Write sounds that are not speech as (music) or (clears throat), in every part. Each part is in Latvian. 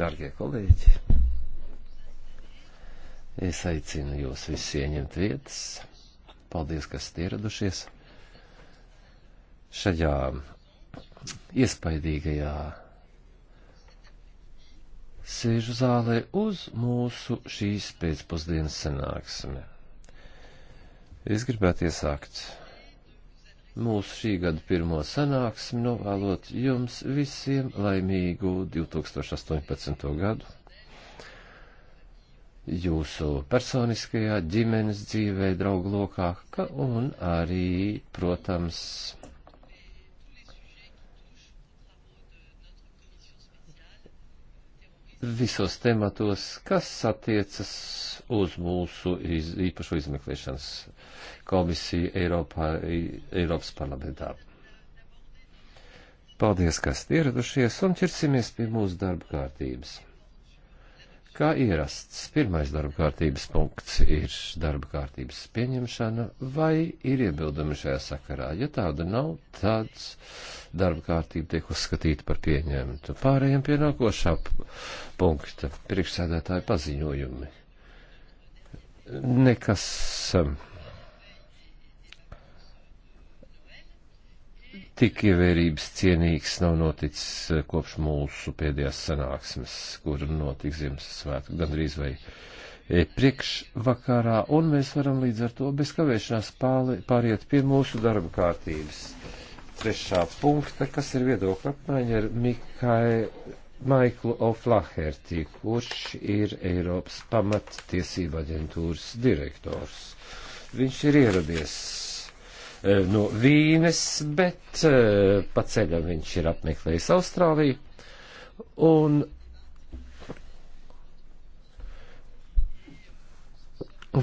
Darbie kolēģi, es aicinu jūs visus ieņemt vietas. Paldies, ka esat ieradušies šajā iespaidīgajā sēžu zālē uz mūsu šīs pēcpusdienas sanāksmi. Es gribētu iesākt mūsu šī gada pirmo sanāksmi, novēlot jums visiem laimīgu 2018. gadu jūsu personiskajā ģimenes dzīvē, draugu lokā, un arī, protams, visos tematos, kas attiecas uz mūsu iz, īpašo izmeklēšanas komisiju Eiropā, Eiropas parlamentā. Paldies, kas ieradušies, un ķersimies pie mūsu darba kārtības. Kā ierasts, pirmais darba kārtības punkts ir darba kārtības pieņemšana, vai ir iebildumi šajā sakarā. Ja tāda nav, tad darba kārtība tiek uzskatīta par pieņemtu. Pārējiem pie nākošā punkta - priekšsēdētāja paziņojumi. Nekas. Um, tik ievērības cienīgs nav noticis eh, kopš mūsu pēdējās sanāksmes, kur notika Ziemassvētku gandrīz vai priekšvakarā, un mēs varam līdz ar to bez kavēšanās pāri, pāriet pie mūsu darba kārtības trešā punkta, kas ir viedokļa apmaiņa ar Mikai Maiklu Oflaherti, kurš ir Eiropas pamattiesība aģentūras direktors. Viņš ir ieradies Eh, no Vīnes, bet eh, pa ceļam viņš ir apmeklējis Austrāliju. Un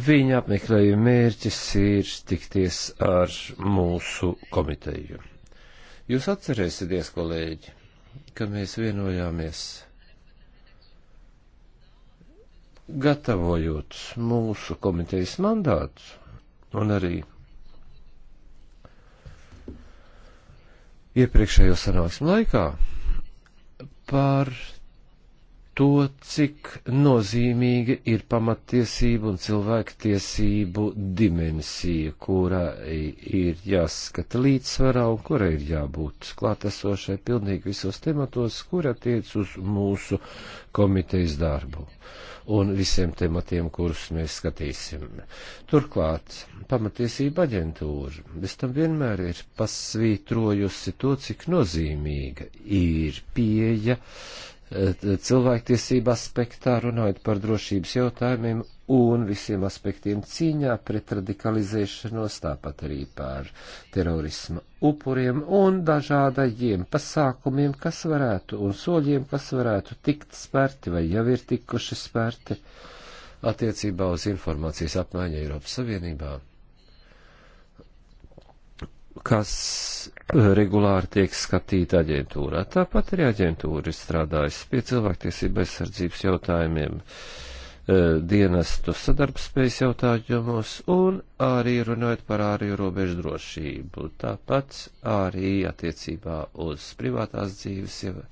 viņa apmeklējuma mērķis ir tikties ar mūsu komiteju. Jūs atcerēsieties, kolēģi, ka mēs vienojāmies gatavojot mūsu komitejas mandātu un arī iepriekšējo sanāksmu laikā par to, cik nozīmīga ir pamatiesība un cilvēku tiesību dimensija, kura ir jāskata līdzsvarā un kura ir jābūt klātesošai pilnīgi visos tematos, kura tiec uz mūsu komitejas darbu. Uh, un visiem tematiem, kurus mēs skatīsim. Turklāt, pamatiesība aģentūra bez tam vienmēr ir pasvītrojusi to, cik nozīmīga ir pieeja eh, cilvēktiesība aspektā, runājot par drošības jautājumiem un visiem aspektiem cīņā pret radikalizēšanos, tāpat arī pār terorisma upuriem un dažādajiem pasākumiem, kas varētu un soļiem, kas varētu tikt spērti vai jau ir tikuši spērti attiecībā uz informācijas apmaiņu Eiropas Savienībā, kas regulāri tiek skatīta aģentūrā. Tāpat arī aģentūra ir strādājusi pie cilvēktiesība aizsardzības jautājumiem. Uh, E, dienestu sadarbspējas jautājumos un arī runājot par ārēju robežu drošību. Tāpat arī attiecībā uz privātās dzīves ieva,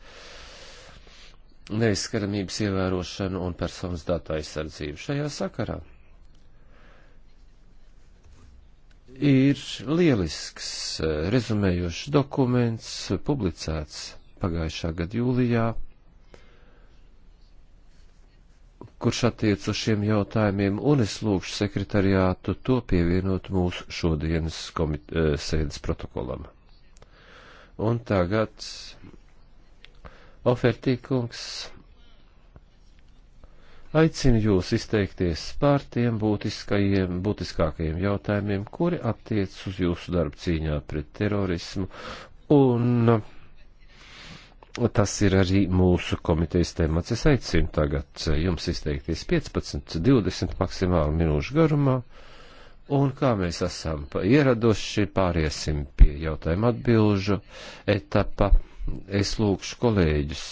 neizskaramības ievērošanu un personas datu aizsardzību šajā sakarā. Ir lielisks e, rezumējošs dokuments, publicēts pagājušā gada jūlijā kurš attiec uz šiem jautājumiem, un es lūgšu sekretariātu to pievienot mūsu šodienas komit, eh, sēdes protokolam. Un tagad ofertīkungs aicinu jūs izteikties pār tiem būtiskajiem, būtiskākajiem jautājumiem, kuri attiec uz jūsu darbu cīņā pret terorismu un uh, tas ir arī mūsu komitejas temats. Es aicinu tagad eh, jums izteikties 15, 20 maksimāli minūšu garumā, un kā mēs esam ieraduši, pāriesim pie jautājumu atbilžu etapa. Es lūkšu kolēģus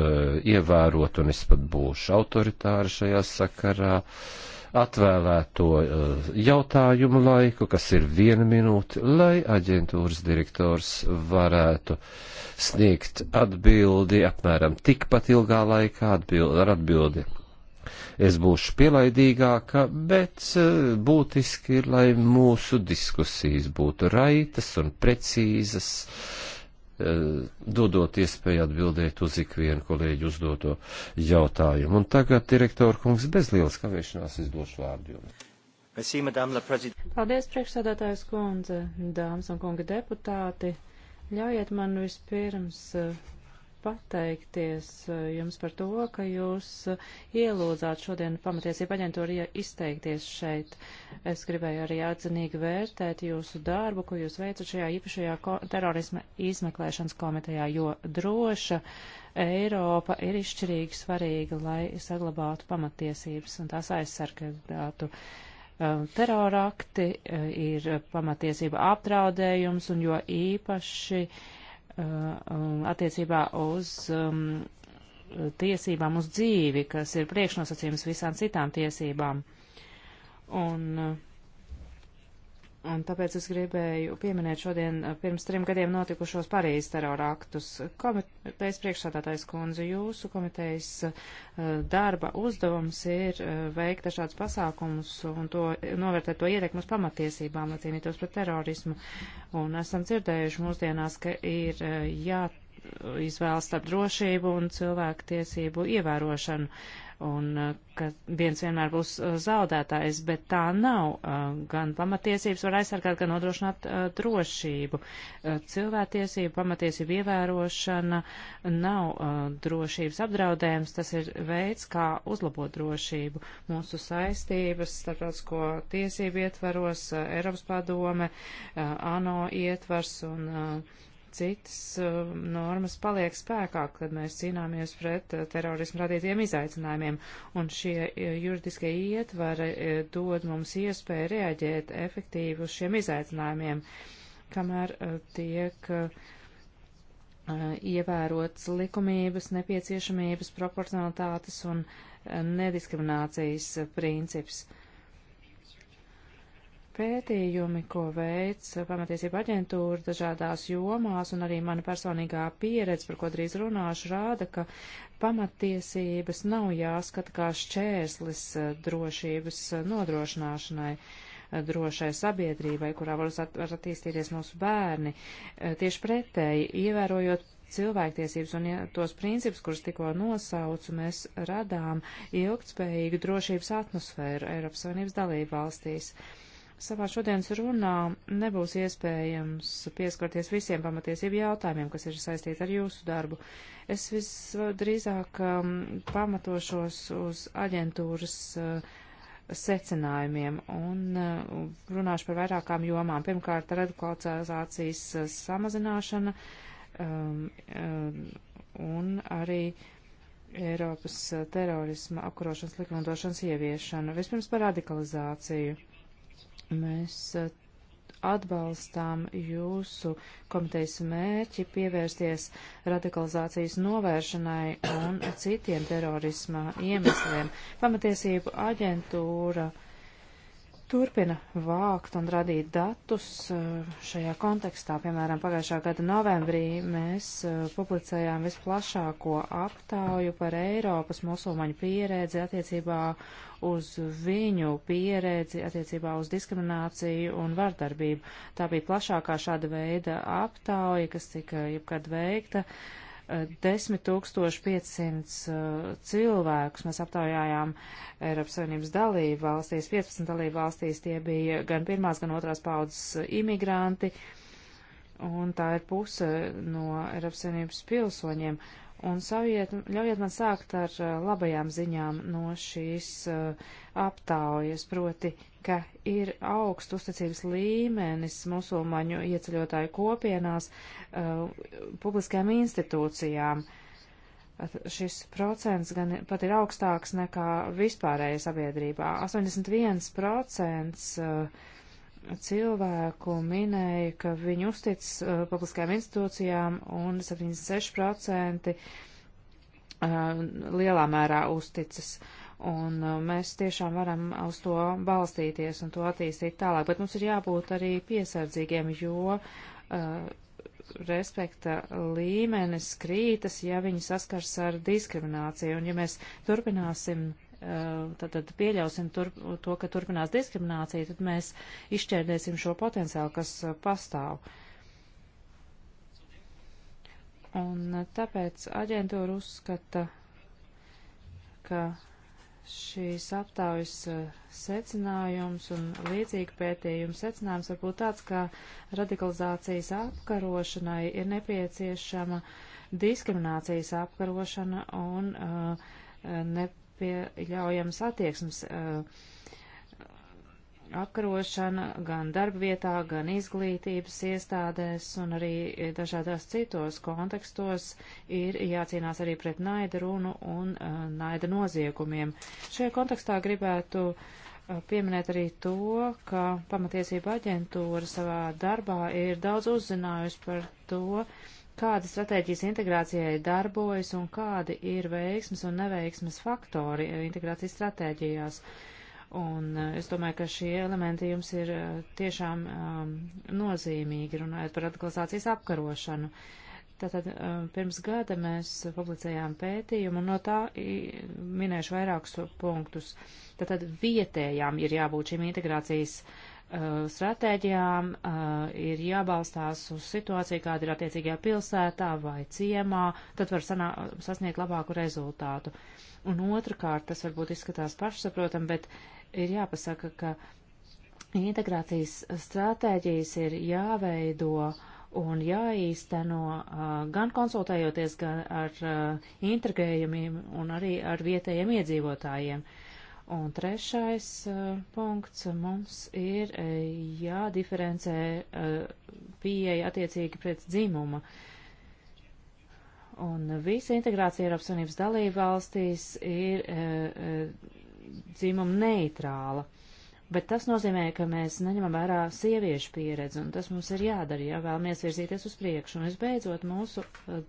eh, ievērot, un es pat būšu autoritāri šajā sakarā. Uh, atvēlēto eh, jautājumu laiku, kas ir viena minūte, lai aģentūras direktors varētu sniegt atbildi apmēram tikpat ilgā laikā atbildi, ar atbildi. Es būšu pielaidīgāka, bet eh, būtiski ir, lai mūsu diskusijas būtu raitas un precīzas E, dodot iespēju atbildēt uz ikvienu kolēģi uzdoto jautājumu. Un tagad, direktora kungs, bez lielas kavēšanās es došu vārdu jums. Paldies, priekšsēdētājs kundze, dāmas un kungi deputāti. Ļaujiet man vispirms pateikties uh, jums par to, ka jūs uh, ielūdzāt šodien pamatiesību aģentūru izteikties šeit. Es gribēju arī atzinīgi vērtēt jūsu darbu, ko jūs veicat šajā īpašajā terorisma izmeklēšanas komitejā, jo droša Eiropa ir izšķirīgi svarīga, lai saglabātu pamatiesības un tās aizsargātu uh, terorakti, ir pamatiesība apdraudējums un jo īpaši Uh, attiecībā uz um, tiesībām uz dzīvi, kas ir priekšnosacījums visām citām tiesībām. Un uh, Un tāpēc es gribēju pieminēt šodien pirms trim gadiem notikušos Parīzes terora aktus. Komitejas priekšsādātais kundze, jūsu komitejas darba uzdevums ir veikt dažādus pasākumus un to, novērtēt to ietekmu uz pamatiesībām, lai cīnītos pret terorismu. Un esam dzirdējuši mūsdienās, ka ir jā izvēles starp drošību un cilvēku tiesību ievērošanu un uh, ka viens vienmēr būs uh, zaudētājs, bet tā nav. Uh, gan pamatiesības var aizsargāt, gan nodrošināt drošību. Cilvēktiesība, pamatiesība ievērošana nav drošības apdraudējums, tas ir veids, kā uzlabot drošību. Mūsu saistības starptautisko tiesību ietvaros, Eiropas padome, ANO ietvars un citas uh, normas paliek spēkā, kad mēs cīnāmies pret uh, terorismu radītiem izaicinājumiem, un šie uh, juridiskie ietvari uh, dod mums iespēju reaģēt efektīvi uz šiem izaicinājumiem, kamēr uh, tiek. Uh, uh ievērots likumības, nepieciešamības, proporcionalitātes un uh, nediskriminācijas uh, princips. Uh, Pētījumi, ko veic pamatiesība aģentūra dažādās jomās un arī mana personīgā pieredze, par ko drīz runāšu, rāda, ka pamatiesības nav jāskata kā šķērslis eh, drošības eh, nodrošināšanai eh, drošai sabiedrībai, kurā var, at var attīstīties mūsu bērni. Tieši pretēji, ievērojot cilvēktiesības un ja tos principus, kurus tikko nosaucu, mēs radām ilgtspējīgu drošības atmosfēru Eiropas Savienības dalību valstīs. Uh, Savā šodienas runā nebūs iespējams pieskarties visiem pamatiesību jautājumiem, kas ir saistīti ar jūsu darbu. Es visdrīzāk um, pamatošos uz aģentūras uh, secinājumiem un uh, runāšu par vairākām jomām. Pirmkārt, radikalizācijas uh, samazināšana um, um, un arī Eiropas uh, terorisma apkarošanas likumdošanas ieviešana. Vispirms par radikalizāciju Mēs eh, atbalstām jūsu komitejas mērķi pievērsties radikalizācijas novēršanai un citiem terorisma iemesliem. Pamatiesību aģentūra uh, turpina vākt un radīt datus eh, šajā kontekstā. Piemēram, pagājušā gada novembrī mēs eh, publicējām visplašāko aptauju par Eiropas musulmaņu pieredzi attiecībā uz viņu pieredzi, attiecībā uz diskrimināciju un vardarbību. Tā bija plašākā šāda veida aptauja, kas tika jebkad veikta. Uh, 10500 uh, cilvēkus mēs aptaujājām Eiropas Savienības dalību valstīs, 15 dalību valstīs tie bija gan pirmās, gan otrās paudzes uh, imigranti, un tā ir puse no Eiropas Savienības pilsoņiem. Uh, Un saviet, ļaujiet man sākt ar labajām ziņām no šīs uh, aptaujas, proti, ka ir augsts uzticības līmenis musulmaņu ieceļotāju kopienās uh, publiskajām institūcijām. At, šis procents gan pat ir augstāks nekā vispārējai sabiedrībā. 81% uh, cilvēku minēja, ka viņi uztic uh, publiskajām institūcijām un 76% uh, lielā mērā uzticas. Un uh, mēs tiešām varam uz to balstīties un to attīstīt tālāk, bet mums ir jābūt arī piesardzīgiem, jo uh, respekta līmenis krītas, ja viņi saskars ar diskrimināciju. Un ja mēs turpināsim tātad eh, pieļausim tur, to, ka turpinās diskriminācija, tad mēs izšķērdēsim šo potenciālu, kas eh, pastāv. Un eh, tāpēc aģentūra uzskata, ka šīs aptaujas secinājums un līdzīga pētījuma secinājums var būt tāds, ka radikalizācijas apkarošanai ir nepieciešama diskriminācijas apkarošana un uh, ne, pieļaujams attieksmes uh, apkarošana gan darbvietā, gan izglītības iestādēs un arī dažādās citos kontekstos ir jācīnās arī pret naida runu un uh, naida noziegumiem. Šajā kontekstā gribētu uh, pieminēt arī to, ka pamatiesība aģentūra savā darbā ir daudz uzzinājusi par to, uh, kāda stratēģijas integrācijai darbojas un kādi ir veiksmes un neveiksmes faktori integrācijas stratēģijās. Un eh, es domāju, ka šie elementi jums ir eh, tiešām um, nozīmīgi, runājot par radikalizācijas apkarošanu. Tātad um, pirms gada mēs publicējām pētījumu, un no tā minēšu vairākus punktus. Tātad vietējām ir jābūt šīm integrācijas uh, Uh, stratēģijām uh, ir jābalstās uz situāciju, kāda ir attiecīgajā pilsētā vai ciemā, tad var sanā, sasniegt labāku rezultātu. Un otrkārt, tas varbūt izskatās pašsaprotam, bet ir jāpasaka, ka integrācijas stratēģijas ir jāveido un jāīsteno uh, gan konsultējoties gan ar integrējumiem un arī ar vietējiem iedzīvotājiem. Uh, Un trešais uh, punkts mums ir uh, jādiferencē uh, pieeja attiecīgi pēc dzimuma. Un visa integrācija Eiropas Savienības dalībvalstīs ir uh, uh, dzimuma neitrāla. Bet tas nozīmē, ka mēs neņemam vērā sieviešu pieredzi, un tas mums ir jādara, ja vēlamies virzīties uz priekšu. Un visbeidzot, mūsu uh,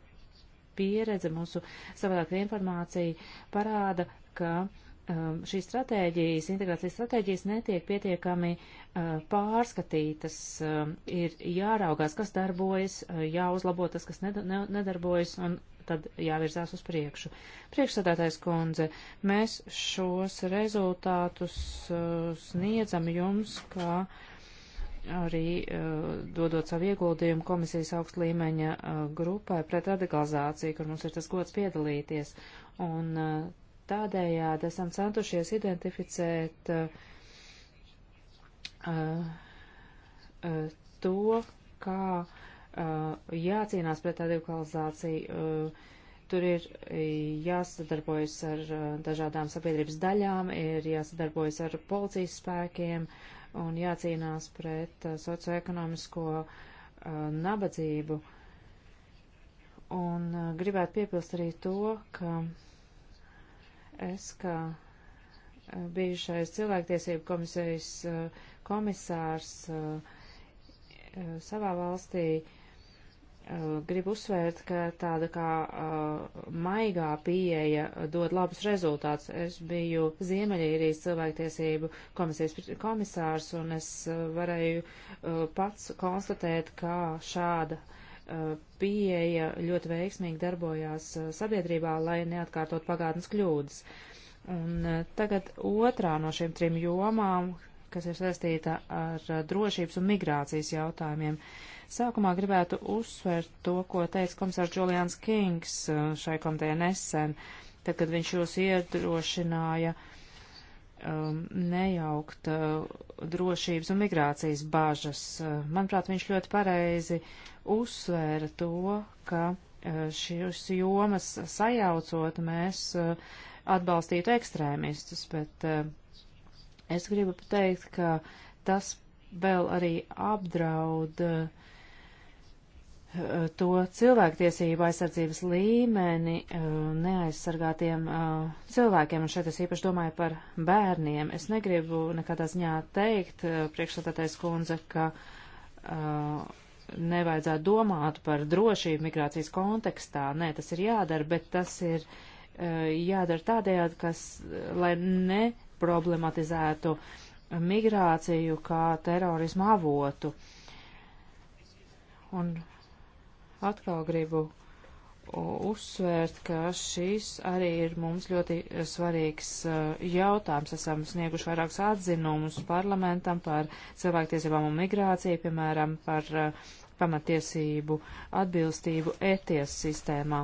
pieredze, mūsu savādākā informācija parāda, ka uh, Um, šīs stratēģijas, integrācijas stratēģijas netiek pietiekami uh, pārskatītas, um, ir jāraugās, kas darbojas, uh, jāuzlabo tas, kas nedarbojas, un tad jāvirzās uz priekšu. Priekšsādātais kundze, mēs šos rezultātus uh, sniedzam jums, kā arī dodot savu ieguldījumu komisijas augst līmeņa grupai pret radikalizāciju, kur mums ir tas gods piedalīties. Un Tādējādi esam centušies identificēt uh, uh, to, kā uh, jācīnās pret radikalizāciju. Uh, tur ir jāsadarbojas ar uh, dažādām sabiedrības daļām, ir jāsadarbojas ar policijas spēkiem un jācīnās pret uh, socioekonomisko uh, nabadzību. Un gribētu piepilst arī to, ka Es kā bijušais cilvēktiesību komisijas komisārs savā valstī gribu uzsvērt, ka tāda kā maigā pieeja dod labus rezultātus. Es biju Ziemeļīrijas cilvēktiesību komisijas komisārs un es varēju pats konstatēt, kā šāda uh, Eh, pieeja ļoti veiksmīgi darbojās eh, sabiedrībā, lai neatkārtot pagātnes kļūdas. Un eh, tagad otrā no šiem trim jomām, kas ir saistīta ar drošības un migrācijas jautājumiem. Sākumā gribētu uzsvērt to, ko teica komisārs Julians Kings šai komitē nesen, tad, kad viņš jūs iedrošināja uh, um, nejaukt uh, drošības un migrācijas bāžas. Uh, manuprāt, viņš ļoti pareizi uzsvēra to, ka uh, šīs jomas sajaucot mēs uh, atbalstītu ekstrēmistus, bet uh, es gribu pateikt, ka tas vēl arī apdraud uh, to cilvēktiesību aizsardzības līmeni eh, neaizsargātiem eh, cilvēkiem, un šeit es īpaši domāju par bērniem. Es negribu nekādā ziņā teikt, eh, priekšstādātais kundze, ka nevajadzētu domāt par drošību migrācijas kontekstā. Nē, tas ir jādara, bet tas ir jādara tādējādi, kas, lai neproblematizētu migrāciju kā terorismu avotu. Un atkal gribu uzsvērt, ka šīs arī ir mums ļoti e, svarīgs e, jautājums. Esam snieguši vairākus atzinumus parlamentam par cilvēktiesībām un migrāciju, piemēram, par e, pamatiesību atbilstību ETIES sistēmā.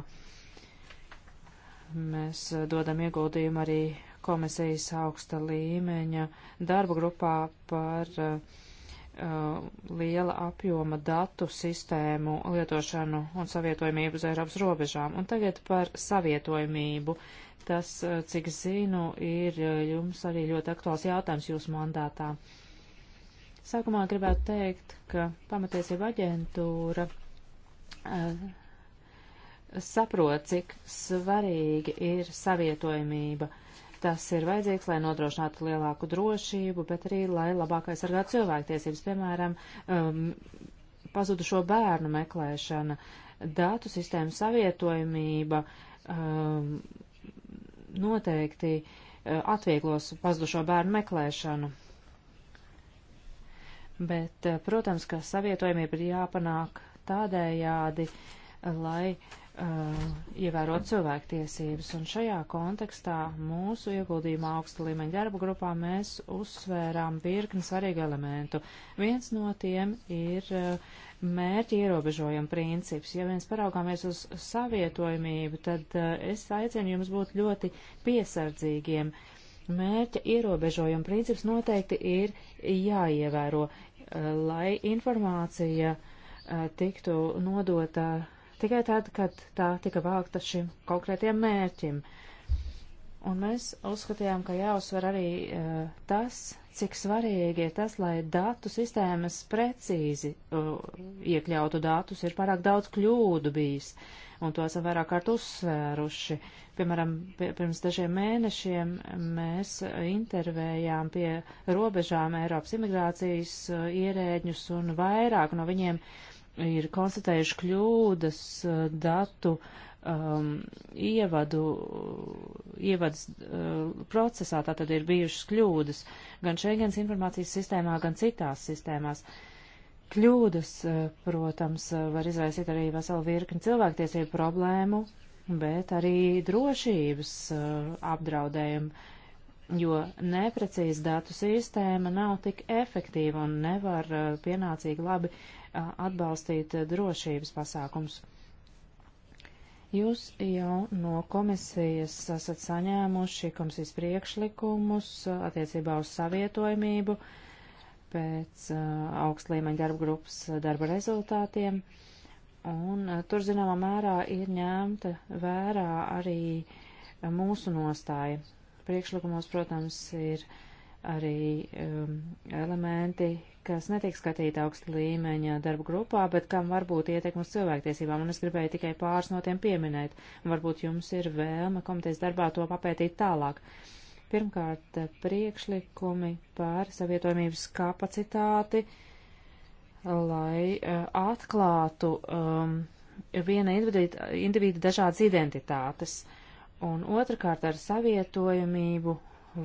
Mēs dodam ieguldījumu arī komisijas augsta līmeņa darba grupā par uh, Uh, liela apjoma datu sistēmu lietošanu un savietojamību uz Eiropas robežām. Un tagad par savietojamību. Tas, uh, cik zinu, ir uh, jums arī ļoti aktuāls jautājums jūsu mandātā. Sākumā gribētu teikt, ka pamatiesība aģentūra uh, saprot, cik svarīga ir savietojamība uh, Tas ir vajadzīgs, lai nodrošinātu lielāku drošību, bet arī, lai labāk aizsargātu cilvēktiesības, piemēram, um, pazudušo bērnu meklēšana, datu sistēmu savietojamība um, noteikti uh, atvieglos pazudušo bērnu meklēšanu. Bet, uh, protams, ka savietojamība ir jāpanāk tādējādi, lai uh, ievērot cilvēktiesības. Un šajā kontekstā mūsu ieguldījumā augsta līmeņa darba grupā mēs uzsvērām virkni svarīgu elementu. Viens no tiem ir uh, mērķi ierobežojuma princips. Ja mēs paraugāmies uz savietojumību, tad uh, es aicinu jums būt ļoti piesardzīgiem. Mērķa ierobežojuma princips noteikti ir jāievēro, uh, lai informācija uh, tiktu nodota tikai tad, kad tā tika vākta šim konkrētiem mērķim. Un mēs uzskatījām, ka jāuzsver arī uh, tas, cik svarīgi ir tas, lai datu sistēmas precīzi uh, iekļautu datus, ir pārāk daudz kļūdu bijis, un to esam vairāk kārt uzsvēruši. Piemēram, pirms dažiem mēnešiem mēs intervējām pie robežām Eiropas imigrācijas uh, eh, ierēģņus, un vairāk no viņiem uh, ir konstatējuši kļūdas uh, datu um, ievadu, ievadas uh, procesā, tātad ir bijušas kļūdas gan Schengens informācijas sistēmā, gan citās sistēmās. Kļūdas, uh, protams, uh, var izraisīt arī veselu virkni cilvēktiesību problēmu, bet arī drošības uh, apdraudējumu jo neprecīza datu sistēma nav tik efektīva un nevar uh, pienācīgi labi uh, atbalstīt uh, drošības pasākums. Jūs jau no komisijas esat saņēmuši komisijas priekšlikumus attiecībā uz savietojamību pēc augstlīmeņa darba grupas darba rezultātiem, un tur zināmā mērā ir ņemta vērā arī mūsu nostāja priekšlikumos, protams, ir arī um, elementi, kas netiek skatīti augsta līmeņa darba grupā, bet kam var būt ietekmes cilvēktiesībām, un es gribēju tikai pāris no tiem pieminēt, un varbūt jums ir vēlme komitejas darbā to papētīt tālāk. Pirmkārt, priekšlikumi par savietojumības kapacitāti, lai uh, atklātu um, viena individu, individu dažādas identitātes. Uh, Un otrkārt ar savietojamību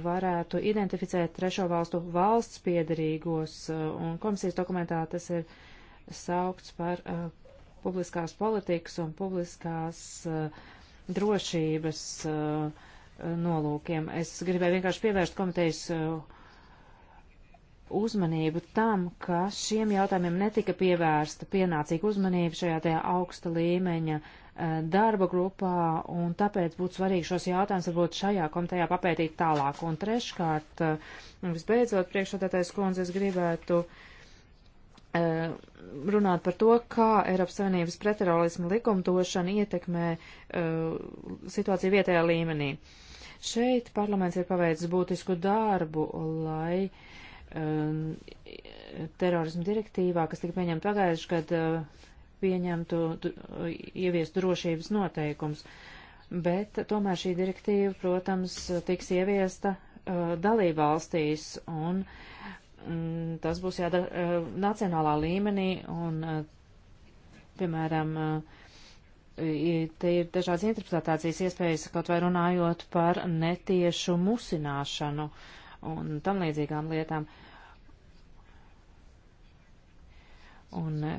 varētu identificēt trešo valstu valsts piedarīgos, uh, un komisijas dokumentā tas ir saukts par uh, publiskās politikas un publiskās uh, drošības uh, nolūkiem. Es gribēju vienkārši pievērst komitejas uh, uzmanību tam, ka šiem jautājumiem netika pievērsta pienācīga uzmanība šajā tajā augsta līmeņa uh, darba grupā, un tāpēc būtu svarīgi šos jautājumus varbūt šajā komitejā papētīt tālāk. Un treškārt, visbeidzot, priekšsādātais kundze, es gribētu uh, runāt par to, kā Eiropas Savienības preterorisma likumdošana ietekmē uh, situāciju vietējā līmenī. Šeit parlaments ir paveicis būtisku darbu, lai uh, terorisma direktīvā, kas tika pieņemta pagājušajā gadā, pieņemtu, ieviest drošības noteikums. Bet tomēr šī direktīva, protams, tiks ieviesta uh, dalībvalstīs un mm, tas būs jādara uh, nacionālā līmenī un, uh, piemēram, uh, te ir dažādas interpretācijas iespējas, kaut vai runājot par netiešu musināšanu un tam līdzīgām lietām. Uh, Un e,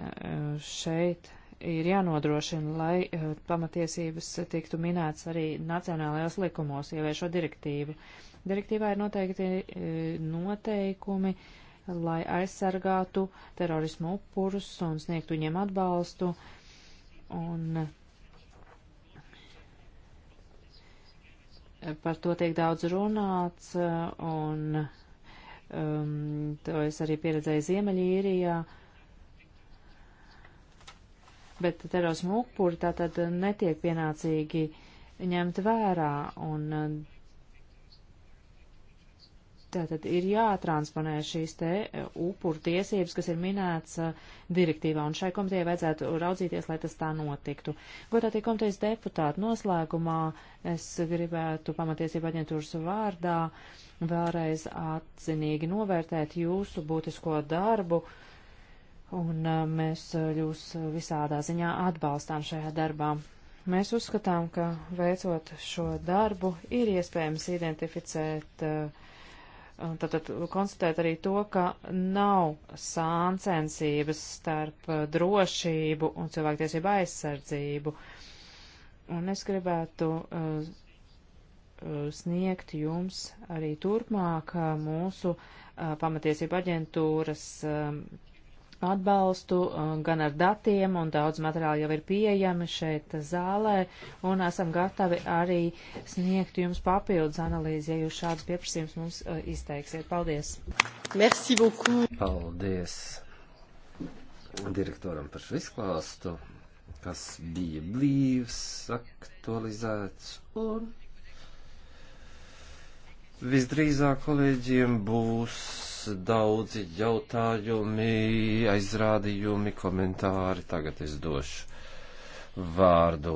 šeit ir jānodrošina, lai e, pamatiesības tiktu minētas arī nacionālajos likumos, ievēršo direktīvu. Direktīvā ir noteikti e, noteikumi, lai aizsargātu terorismu upurus un sniegtu viņiem atbalstu. Un par to tiek daudz runāts, un um, to es arī pieredzēju Ziemeļīrijā. Ja bet terorismu upuri tātad eh, netiek pienācīgi ņemt vērā, un eh, tātad ir jātransponē šīs te eh, upuru tiesības, kas ir minēts direktīvā, un šai komitejai vajadzētu raudzīties, lai tas tā notiktu. Godātie komitejas deputāti, noslēgumā es gribētu pamatiesību aģentūras vārdā vēlreiz atzinīgi novērtēt jūsu būtisko darbu. Uh, un mēs jūs visādā ziņā atbalstām šajā darbā. Mēs uzskatām, ka veicot šo darbu ir iespējams identificēt, tātad konstatēt arī to, ka nav sāncensības starp drošību un cilvēktiesību aizsardzību. Un es gribētu sniegt jums arī turpmāk mūsu pamatiesība aģentūras atbalstu uh, gan ar datiem, un daudz materiāli jau ir pieejami šeit zālē, un esam gatavi arī sniegt jums papildus analīzi, ja jūs šādus pieprasījumus mums uh, izteiksiet. Paldies! Merci beaucoup! Paldies direktoram par šo izklāstu, kas bija blīvs, aktualizēts un visdrīzāk kolēģiem būs daudzi jautājumi, aizrādījumi, komentāri. Tagad es došu vārdu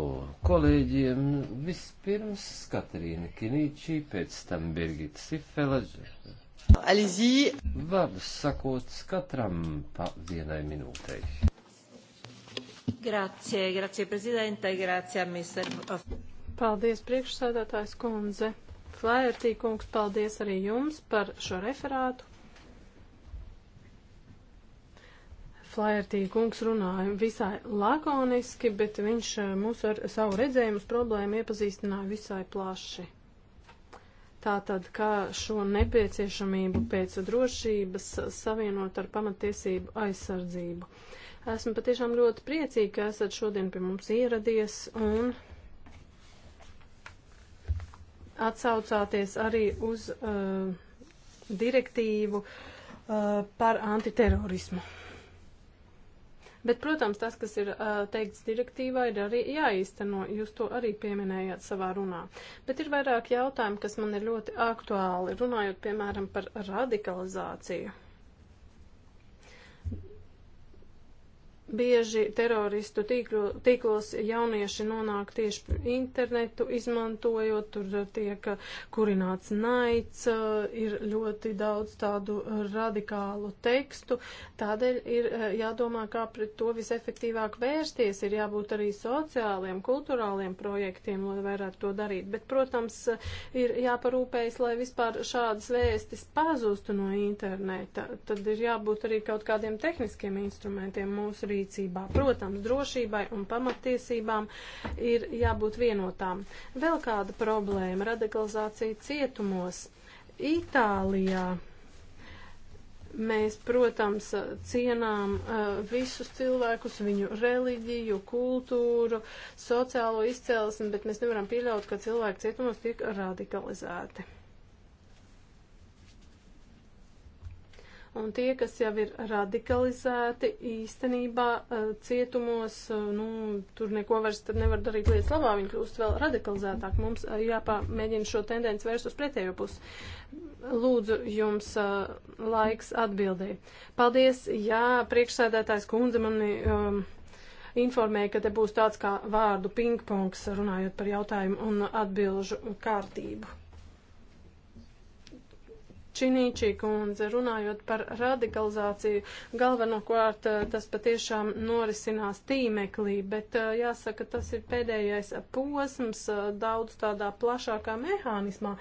kolēģiem. Vispirms Katrīna Kinīčī, pēc tam Birgita Sifela. Alizī. Vārdu sakot katram pa vienai minūtei. Grazie, grazie prezidente, grazie, mister. Paldies, priekšsēdētājs kundze. Flērtī kungs, paldies arī jums par šo referātu. Flaherty kungs runāja visai lakoniski, bet viņš eh, mūs ar savu redzējumu problēmu iepazīstināja visai plaši. Tātad, kā šo nepieciešamību pēc drošības savienot ar pamatiesību aizsardzību. Esmu patiešām ļoti priecīga, ka esat šodien pie mums ieradies un atsaucāties arī uz uh, direktīvu uh, par antiterorismu. Bet, protams, tas, kas ir uh, teikts direktīvā, ir arī jāīsteno. Jūs to arī pieminējāt savā runā. Bet ir vairāk jautājumu, kas man ir ļoti aktuāli, runājot, piemēram, par radikalizāciju. Bieži teroristu tīklu, tīklos jaunieši nonāk tieši internetu izmantojot, tur tiek kurināts naids, ir ļoti daudz tādu radikālu tekstu, tādēļ ir eh, jādomā, kā pret to visefektīvāk vērsties, ir jābūt arī sociāliem, kulturāliem projektiem, lai varētu to darīt, bet, protams, ir jāparūpējas, lai vispār šādas vēstis pazustu no interneta, tad ir jābūt arī kaut kādiem tehniskiem instrumentiem mūsu rīcībā rīcībā. Protams, drošībai un pamatiesībām ir jābūt vienotām. Vēl kāda problēma - radikalizācija cietumos. Itālijā mēs, protams, cienām uh, visus cilvēkus, viņu reliģiju, kultūru, sociālo izcēlesmi, bet mēs nevaram pieļaut, ka cilvēki cietumos tiek radikalizēti. un tie, kas jau ir radikalizēti, īstenībā eh, cietumos, eh, nu, tur neko vairs tad nevar darīt lietas labā, viņi kļūst vēl radikalizētāk. Mums eh, jāpamēģina šo tendenci vērst uz pretējo pusi. Lūdzu, jums uh, laiks atbildēji. Paldies, jā, priekšsēdētājs kundze mani um, informēja, ka te būs tāds kā vārdu pingpongs runājot par jautājumu un atbilžu kārtību. Činīčī kundze, runājot par radikalizāciju, galvenokārt eh, tas patiešām norisinās tīmeklī, bet eh, jāsaka, tas ir pēdējais posms eh, daudz tādā plašākā mehānismā.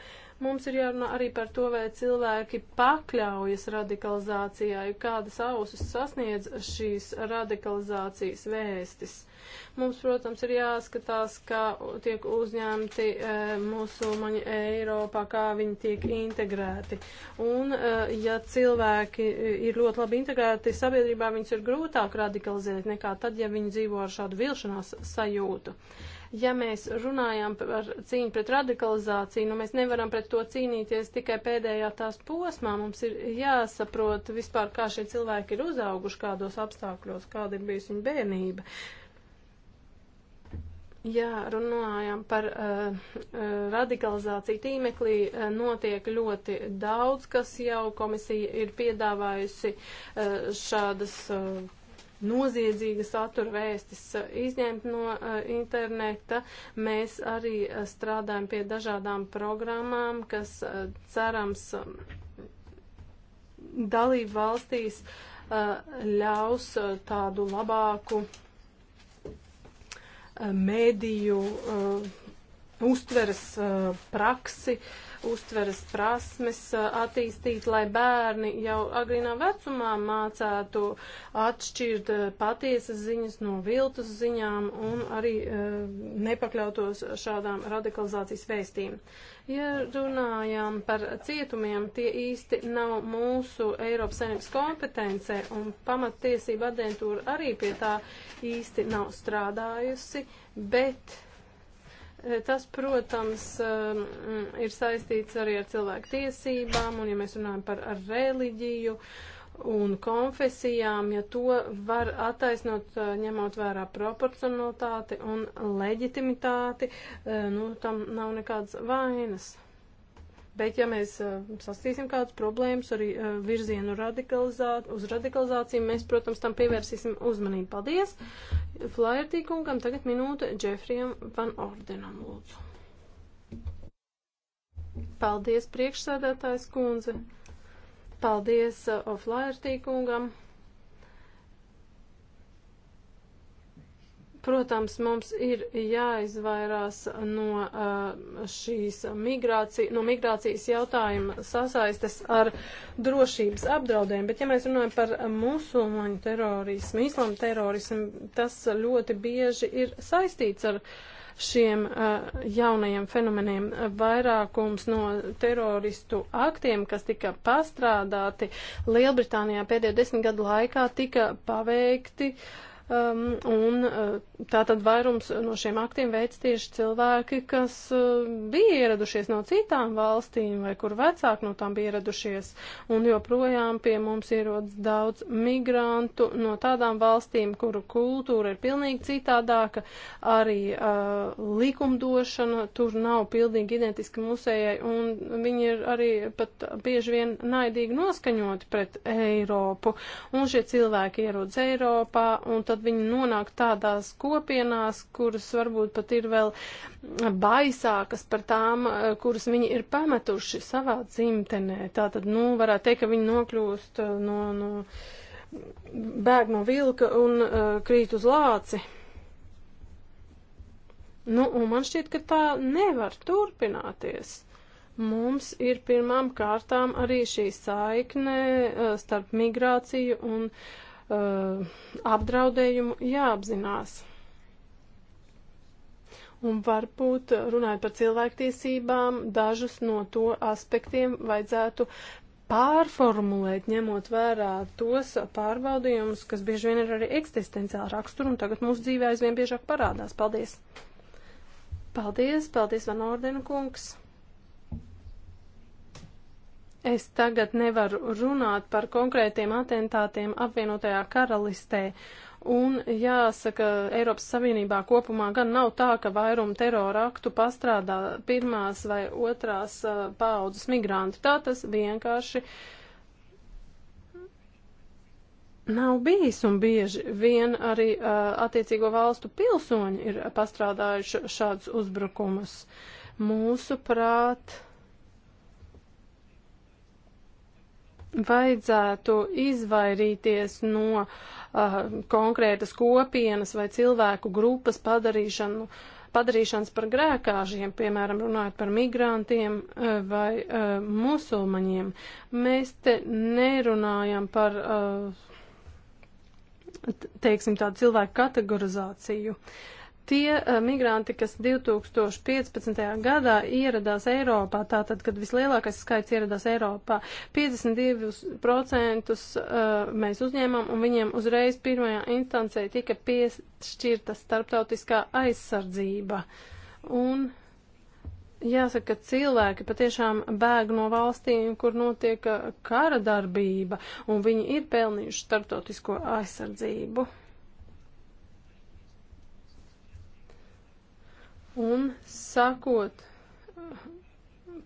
Mums ir jārunā arī par to, vai cilvēki pakļaujas radikalizācijai, kādas ausis sasniedz šīs radikalizācijas vēstis. Mums, protams, ir jāskatās, kā tiek uzņemti e, musulmaņi Eiropā, kā viņi tiek integrēti. Un, e, ja cilvēki eh, ir ļoti labi integrēti sabiedrībā, viņus ir grūtāk radikalizēt nekā tad, ja viņi dzīvo ar šādu vilšanās sajūtu ja mēs runājam par cīņu pret radikalizāciju, nu mēs nevaram pret to cīnīties tikai pēdējā tās posmā. Mums ir jāsaprot vispār, kā šie cilvēki ir uzauguši, kādos apstākļos, kāda ir bijusi viņa bērnība. Jā, runājam par uh, radikalizāciju tīmeklī. Uh, notiek ļoti daudz, kas jau komisija ir piedāvājusi uh, šādas uh, noziedzīgas satura vēstis uh, izņemt no uh, interneta. Mēs arī uh, strādājam pie dažādām programmām, kas uh, cerams um, dalību valstīs uh, ļaus uh, tādu labāku. Uh, mēdīju uh, uztveres uh, praksi, uztveres prasmes uh, attīstīt, lai bērni jau agrīnā vecumā mācētu atšķirt patiesas ziņas no viltus ziņām un arī nepakļautos šādām radikalizācijas vēstīm. Ja runājam par cietumiem, tie īsti nav mūsu Eiropas saimnības kompetencē, un pamattiesība aģentūra arī pie tā īsti nav strādājusi, bet eh, Tas, protams, eh, ir saistīts arī ar cilvēku tiesībām, un ja mēs runājam par reliģiju un konfesijām, ja to var attaisnot, eh, ņemot vērā proporcionalitāti un leģitimitāti, eh, nu, tam nav nekādas vainas. Bet, ja mēs eh, sastīsim kādas problēmas arī virzienu radikalizā uz radikalizāciju, mēs, protams, tam pievērsīsim uzmanību. Paldies! Flahertī kungam tagad minūte Džefrijam Van Ordenam lūdzu. Paldies, priekšsēdētājs kundze! Paldies uh, Oflaertīkungam. protams, mums ir jāizvairās no uh, šīs migrācijas, no migrācijas jautājuma sasaistes ar drošības apdraudēm, bet ja mēs runājam par musulmaņu terorismu, islamu terorismu, tas ļoti bieži ir saistīts ar uh, šiem uh, jaunajiem fenomeniem. Vairākums no teroristu aktiem, kas tika pastrādāti Lielbritānijā pēdējo desmit gadu laikā, tika paveikti uh, Um, un uh, tātad vairums no šiem aktiem veids tieši cilvēki, kas uh, bija ieradušies no citām valstīm vai kur vecāki no tām bija ieradušies. Un joprojām pie mums ierodas daudz migrantu no tādām valstīm, kuru kultūra ir pilnīgi citādāka, arī uh, likumdošana tur nav pilnīgi identiska musējai, un viņi ir arī pat bieži vien naidīgi noskaņoti pret Eiropu. Un šie cilvēki ierodas Eiropā, un tad tad viņi nonāk tādās kopienās, kuras varbūt pat ir vēl baisākas par tām, eh, kuras viņi ir pametuši savā dzimtenē. Tātad, nu, varētu teikt, ka viņi nokļūst eh, no, no bēg no vilka un uh, krīt uz lāci. Nu, un man šķiet, ka tā nevar turpināties. Mums ir pirmām kārtām arī šī saikne starp migrāciju un uh, Uh, apdraudējumu jāapzinās. Un varbūt, runājot par cilvēktiesībām, dažus no to aspektiem vajadzētu pārformulēt, ņemot vērā tos pārbaudījumus, kas bieži vien ir arī eksistenciāli raksturu, un tagad mūsu dzīvē aizvien biežāk parādās. Paldies! Paldies, paldies, Van Ordena kungs! Es tagad nevaru runāt par konkrētiem atentātiem apvienotajā karalistē. Un jāsaka, Eiropas Savienībā kopumā gan nav tā, ka vairumu terora aktu pastrādā pirmās vai otrās uh, paaudzes migranti. Tā tas vienkārši nav bijis un bieži vien arī uh, attiecīgo valstu pilsoņi ir pastrādājuši šādus uzbrukumus. Mūsu prāt. Uh, vajadzētu izvairīties no uh, konkrētas kopienas vai cilvēku grupas padarīšanu, padarīšanas par grēkāžiem, piemēram, runājot par migrantiem uh, vai uh, musulmaņiem. Mēs te nerunājam par, uh, teiksim, tādu cilvēku kategorizāciju. Uh, Tie uh, migranti, kas 2015. gadā ieradās Eiropā, tātad, kad vislielākais skaits ieradās Eiropā, 52% uh, eh, mēs uzņēmām un viņiem uzreiz pirmajā instancē tika piešķirta starptautiskā aizsardzība. Un Jāsaka, ka cilvēki patiešām bēg no valstīm, kur notiek eh, kara darbība, un viņi ir pelnījuši starptautisko aizsardzību. Un sakot,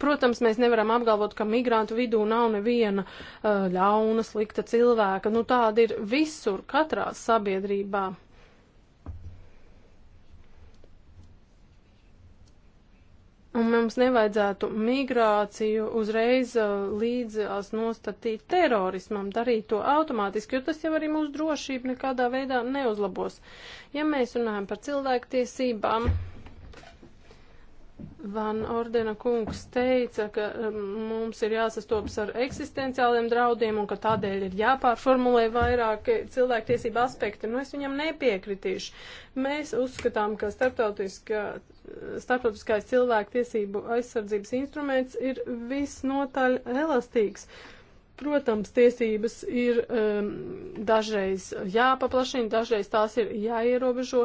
protams, mēs nevaram apgalvot, ka migrantu vidū nav neviena ļauna, slikta cilvēka. Nu, tāda ir visur, katrā sabiedrībā. Un mums nevajadzētu migrāciju uzreiz līdzās nostatīt terorismam, darīt to automātiski, jo tas jau arī mūsu drošību nekādā veidā neuzlabos. Ja mēs runājam par cilvēktiesībām. tiesībām Van Ordena kungs teica, ka um, mums ir jāsastopas ar eksistenciāliem draudiem un ka tādēļ ir jāpārformulē vairāk cilvēktiesība aspekti. Nu, es viņam nepiekritīšu. Mēs uzskatām, ka starptautiskais cilvēktiesību aizsardzības instruments ir visnotaļ elastīgs. Uh, Protams, tiesības ir um, dažreiz jāpaplašina, dažreiz tās ir jāierobežo,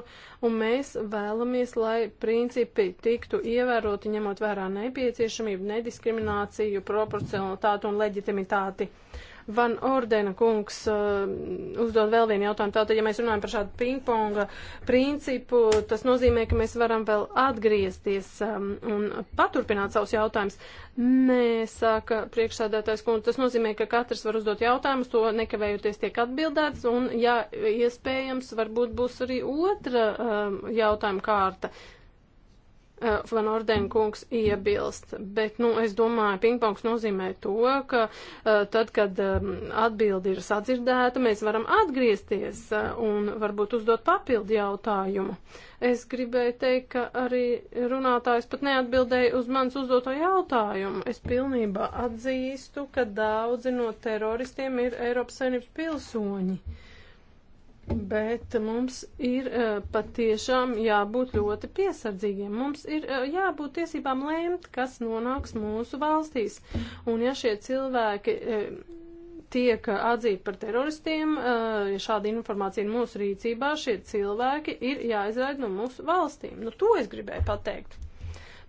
un mēs vēlamies, lai principi tiktu ievēroti, ņemot vērā nepieciešamību, nediskrimināciju, proporcionalitāti un leģitimitāti. Uh, Van Ordena kungs eh, uzdod vēl vienu jautājumu. Tātad, ja mēs runājam par šādu pingponga principu, tas nozīmē, ka mēs varam vēl atgriezties ehm, un paturpināt savus jautājumus. Nē, saka priekšsādātājs kungs, tas nozīmē, ka katrs var uzdot jautājumus, to nekavējoties tiek atbildēts, un, ja iespējams, varbūt būs arī otra ehm, jautājuma kārta. Uh, Eh, Van Orden kungs iebilst, bet, nu, es domāju, pingpongs nozīmē to, ka eh, tad, kad eh, atbildi ir sadzirdēta, mēs varam atgriezties un varbūt uzdot papildu jautājumu. Es gribēju teikt, ka arī runātājs pat neatbildēja uz mans uzdoto jautājumu. Es pilnībā atzīstu, ka daudzi no teroristiem ir Eiropas saimnības pilsoņi. Bet mums ir uh, patiešām jābūt ļoti piesardzīgiem. Mums ir uh, jābūt tiesībām lēmt, kas nonāks mūsu valstīs. Un ja šie cilvēki uh, tiek atzīti par teroristiem, uh, ja šāda informācija ir mūsu rīcībā, šie cilvēki ir jāizraida no mūsu valstīm. Nu, to es gribēju pateikt.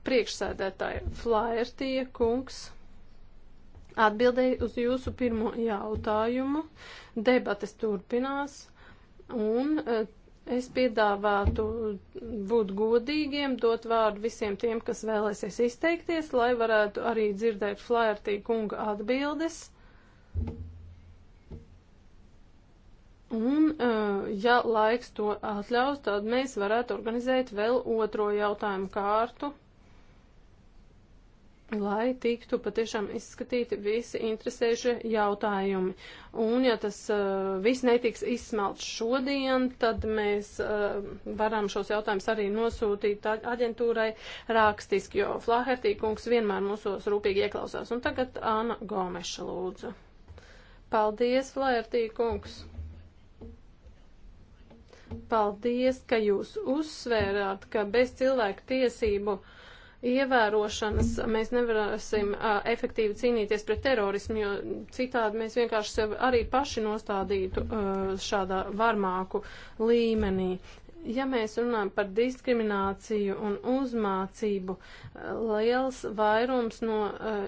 Priekšsēdētāji Flairtie kungs. Atbildēju uz jūsu pirmo jautājumu. Debates turpinās. Uh, Un eh, es piedāvātu būt godīgiem, dot vārdu visiem tiem, kas vēlēsies izteikties, lai varētu arī dzirdēt Flaherty kunga atbildes. Un, eh, ja laiks to atļaus, tad mēs varētu organizēt vēl otro jautājumu kārtu lai tiktu patiešām izskatīti visi interesējušie jautājumi. Un ja tas uh, viss netiks izsmelts šodien, tad mēs uh, varam šos jautājumus arī nosūtīt aģentūrai rakstiski, jo Flahertī kungs vienmēr mūsos rūpīgi ieklausās. Un tagad Anna Gomeša lūdzu. Paldies, Flahertī kungs! Paldies, ka jūs uzsvērāt, ka bez cilvēku tiesību uh, ievērošanas mēs nevarēsim uh, efektīvi cīnīties pret terorismu, jo citādi mēs vienkārši sev arī paši nostādītu uh, šādā varmāku līmenī. Ja mēs runājam par diskrimināciju un uzmācību, liels vairums no uh,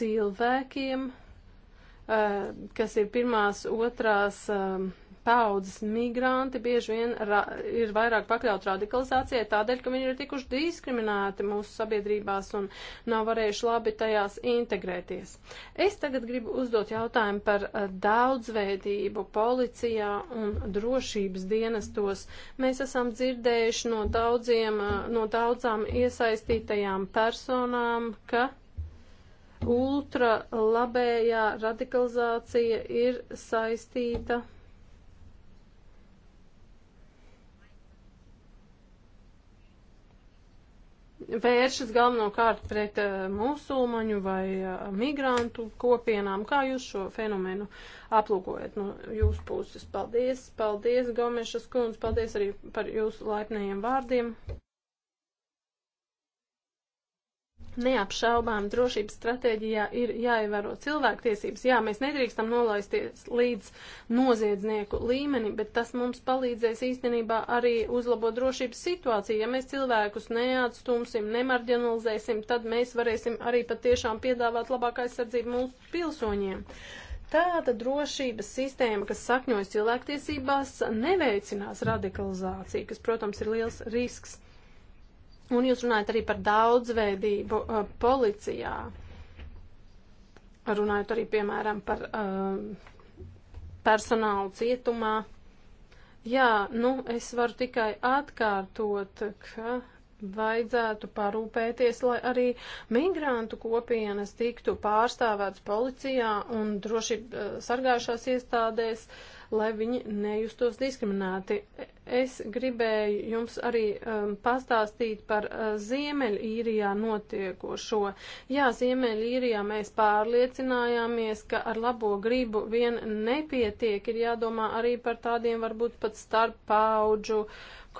cilvēkiem, uh, kas ir pirmās, otrās. Uh, paudzes migranti bieži vien ir vairāk pakļaut radikalizācijai tādēļ, ka viņi ir tikuši diskriminēti mūsu sabiedrībās un nav varējuši labi tajās integrēties. Es tagad gribu uzdot jautājumu par eh, daudzveidību policijā un drošības dienestos. Mēs esam dzirdējuši no, daudziem, eh, no daudzām iesaistītajām personām, ka ultralabējā radikalizācija ir saistīta vēršas galvenokārt pret eh, musulmaņu vai eh, migrantu kopienām. Kā jūs šo fenomenu aplūkojat no jūsu puses? Paldies, paldies, Gomešas kundze, paldies arī par jūsu laipnējiem vārdiem. Neapšaubām drošības stratēģijā ir jāievēro cilvēktiesības. Jā, mēs nedrīkstam nolaisties līdz noziedznieku līmeni, bet tas mums palīdzēs īstenībā arī uzlabot drošības situāciju. Ja mēs cilvēkus neatstumsim, nemarginalizēsim, tad mēs varēsim arī patiešām piedāvāt labāku aizsardzību mūsu pilsoņiem. Tāda drošības sistēma, kas sakņojas cilvēktiesībās, neveicinās radikalizāciju, kas, protams, ir liels risks. Un jūs runājat arī par daudzveidību uh, policijā. Runājot arī, piemēram, par uh, personālu cietumā. Jā, nu, es varu tikai atkārtot, ka vajadzētu parūpēties, lai arī migrantu kopienas tiktu pārstāvētas policijā un droši uh, sargājušās iestādēs. Uh, lai viņi nejustos diskriminēti. Es gribēju jums arī um, pastāstīt par uh, Ziemeļīrijā notiekošo. Jā, Ziemeļīrijā mēs pārliecinājāmies, ka ar labo gribu vien nepietiek, ir jādomā arī par tādiem varbūt pat starp paudžu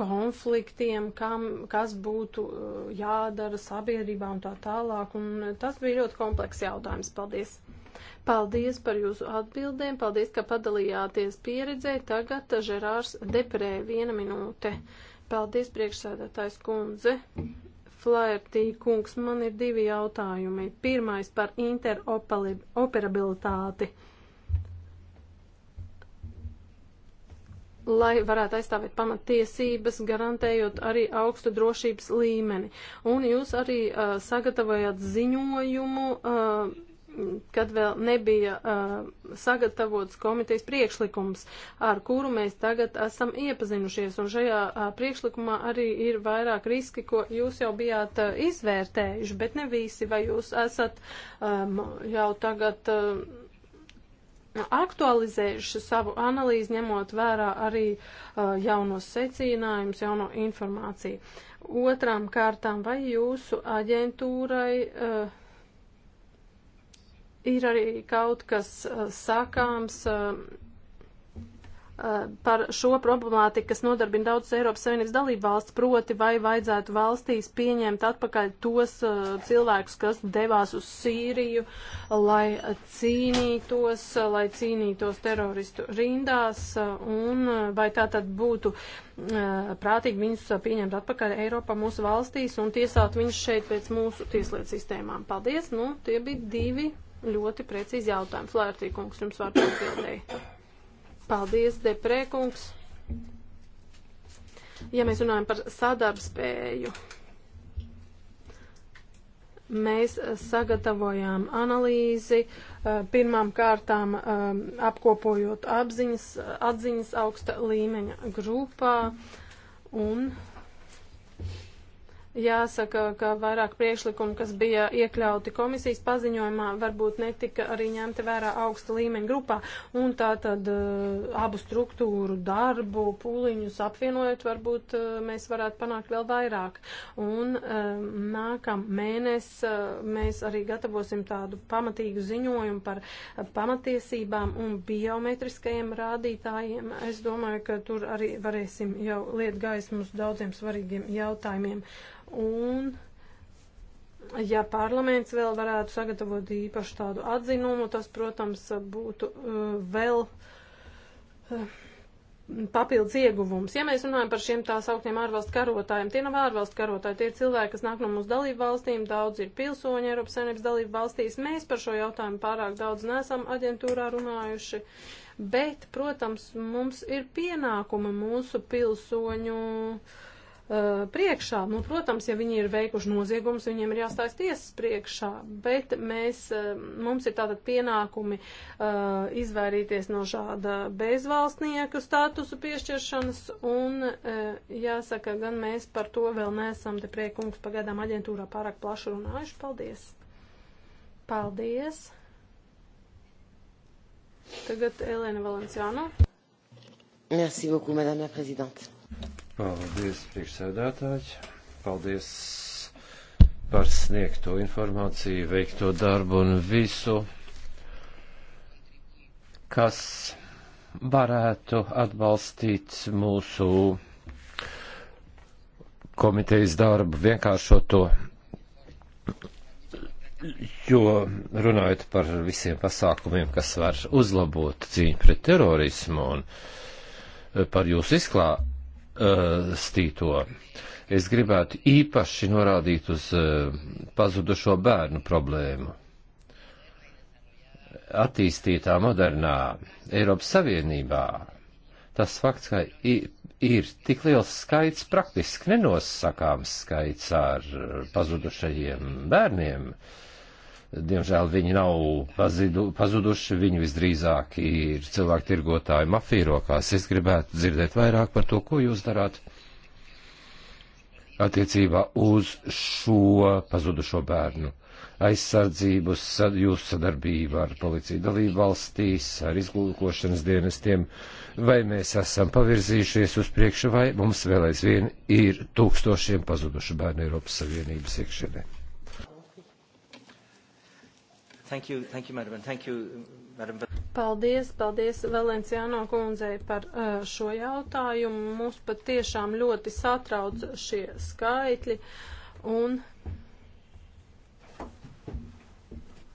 konfliktiem, kam, kas būtu uh, jādara sabiedrībā un tā tālāk. Un tas bija ļoti komplekss jautājums. Paldies! Paldies par jūsu atbildēm, paldies, ka padalījāties pieredzē. Tagad Žerārs Deprē, viena minūte. Paldies, priekšsēdētājs kundze. Flahertī kungs, man ir divi jautājumi. Pirmais par interoperabilitāti. lai varētu aizstāvēt pamatiesības, garantējot arī augstu drošības līmeni. Un jūs arī uh, sagatavojat ziņojumu. Uh, kad vēl nebija uh, sagatavots komitejas priekšlikums, ar kuru mēs tagad esam iepazinušies. Un šajā uh, priekšlikumā arī ir vairāk riski, ko jūs jau bijāt uh, izvērtējuši, bet ne visi, vai jūs esat um, jau tagad. Uh, aktualizējuši savu analīzi, ņemot vērā arī uh, jaunos secinājumus, jauno informāciju. Otrām kārtām, vai jūsu aģentūrai uh, ir arī kaut kas uh, sakāms uh, uh, par šo problemātiku, kas nodarbina daudzas Eiropas Savienības dalību valsts, proti vai vajadzētu valstīs pieņemt atpakaļ tos cilvēkus, kas devās uz Sīriju, lai cīnītos, lai cīnītos teroristu rindās, un vai tā tad būtu prātīgi viņus pieņemt atpakaļ Eiropā mūsu valstīs un tiesāt viņus šeit pēc mūsu tieslietu sistēmām. Paldies, nu, tie bija divi ļoti precīzi jautājums. Lērtī kungs, jums vārds atbildēja. Paldies, Deprē kungs. Ja mēs runājam par sadarbspēju, mēs sagatavojām analīzi, eh, pirmām kārtām eh, apkopojot apziņas, atziņas augsta līmeņa grupā un Jāsaka, ka vairāk priekšlikumu, kas bija iekļauti komisijas paziņojumā, varbūt netika arī ņemti vērā augsta līmeņa grupā. Un tā tad uh, abu struktūru, darbu, pūliņus apvienojot, varbūt uh, mēs varētu panākt vēl vairāk. Un uh, nākam mēnes uh, mēs arī gatavosim tādu pamatīgu ziņojumu par uh, pamatiesībām un biometriskajiem rādītājiem. Es domāju, ka tur arī varēsim jau liet gaismu uz daudziem svarīgiem jautājumiem. Un ja parlaments vēl varētu sagatavot īpašu tādu atzinumu, tas, protams, būtu uh, vēl uh, papildus ieguvums. Ja mēs runājam par šiem tā sauktiem ārvalstu karotājiem, tie nav ārvalstu karotāji, tie ir cilvēki, kas nāk no mūsu dalību valstīm, daudz ir pilsoņi Eiropas Savienības dalību valstīs. Mēs par šo jautājumu pārāk daudz nesam aģentūrā runājuši, bet, protams, mums ir pienākumi mūsu pilsoņu. Uh, uh, priekšā. Nu, protams, ja viņi ir veikuši noziegumus, viņiem ir jāstājas tiesas priekšā, bet mēs, uh, mums ir tātad pienākumi uh, izvairīties no šāda bezvalstnieka statusu piešķiršanas, un uh, jāsaka, gan mēs par to vēl neesam te priekungs pagaidām aģentūrā pārāk plaši runājuši. Paldies! Paldies! Tagad Elena Valenciano. Merci beaucoup, Madame la Présidente. Paldies, priekšsēdētāji. Paldies par sniegto informāciju, veikto darbu un visu, kas varētu atbalstīt mūsu komitejas darbu, vienkāršot to, jo runājot par visiem pasākumiem, kas var uzlabot cīņu pret terorismu un par jūsu izklāstu Eh, stīto. Es gribētu īpaši norādīt uz eh, pazudušo bērnu problēmu. Attīstītā modernā Eiropas Savienībā tas fakts, ka ir tik liels skaits, praktiski nenosakāms skaits ar pazudušajiem bērniem, uh, Diemžēl viņi nav pazidu, pazuduši, viņi visdrīzāk ir cilvēku tirgotāju mafiju rokās. Es gribētu dzirdēt vairāk par to, ko jūs darāt attiecībā uz šo pazudušo bērnu aizsardzību, sad, jūsu sadarbību ar policiju dalību valstīs, ar izglītošanas dienestiem, vai mēs esam pavirzījušies uz priekšu, vai mums vēl aizvien ir tūkstošiem pazudušu bērnu Eiropas Savienības iekšienē. Thank you, thank you, madam, and thank you, madam. Paldies, paldies Valenciāno kundzei par uh, šo jautājumu. Mūs pat tiešām ļoti satrauc šie skaitļi. Un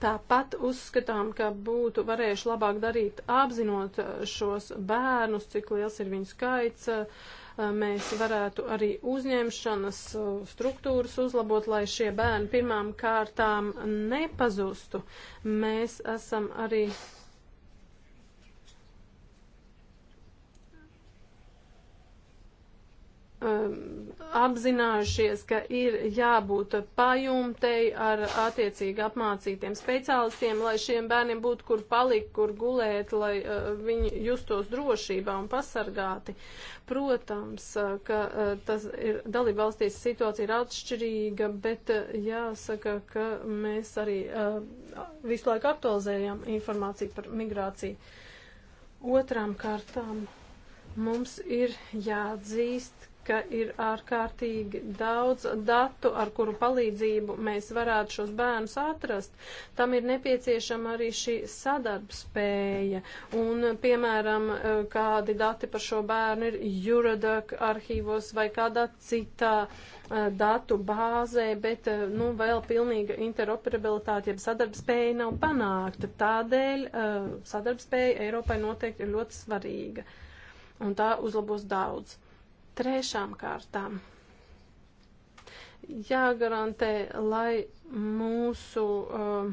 Tāpat uzskatām, ka būtu varējuši labāk darīt apzinot uh, šos bērnus, cik liels ir viņu skaits, uh, mēs varētu arī uzņemšanas uh, struktūras uzlabot, lai šie bērni pirmām kārtām nepazustu. Mēs esam arī Um, apzinājušies, ka ir jābūt pajumtei ar attiecīgi apmācītiem speciālistiem, lai šiem bērniem būtu kur palikt, kur gulēt, lai uh, viņi justos drošībā un pasargāti. Protams, uh, ka uh, tas ir dalībvalstīs situācija ir atšķirīga, bet uh, jāsaka, ka mēs arī uh, visu laiku aktualizējam informāciju par migrāciju. Otrām kārtām mums ir jāatzīst, ka ir ārkārtīgi daudz datu, ar kuru palīdzību mēs varētu šos bērnus atrast. Tam ir nepieciešama arī šī sadarbspēja. Un, piemēram, kādi dati par šo bērnu ir Eurodac arhīvos vai kādā citā eh, datu bāzē, bet, eh, nu, vēl pilnīga interoperabilitāte, jeb sadarbspēja nav panākta. Tādēļ eh, sadarbspēja Eiropai noteikti ir ļoti svarīga. Un tā uzlabos daudz. Trešām kārtām jāgarantē, lai mūsu uh,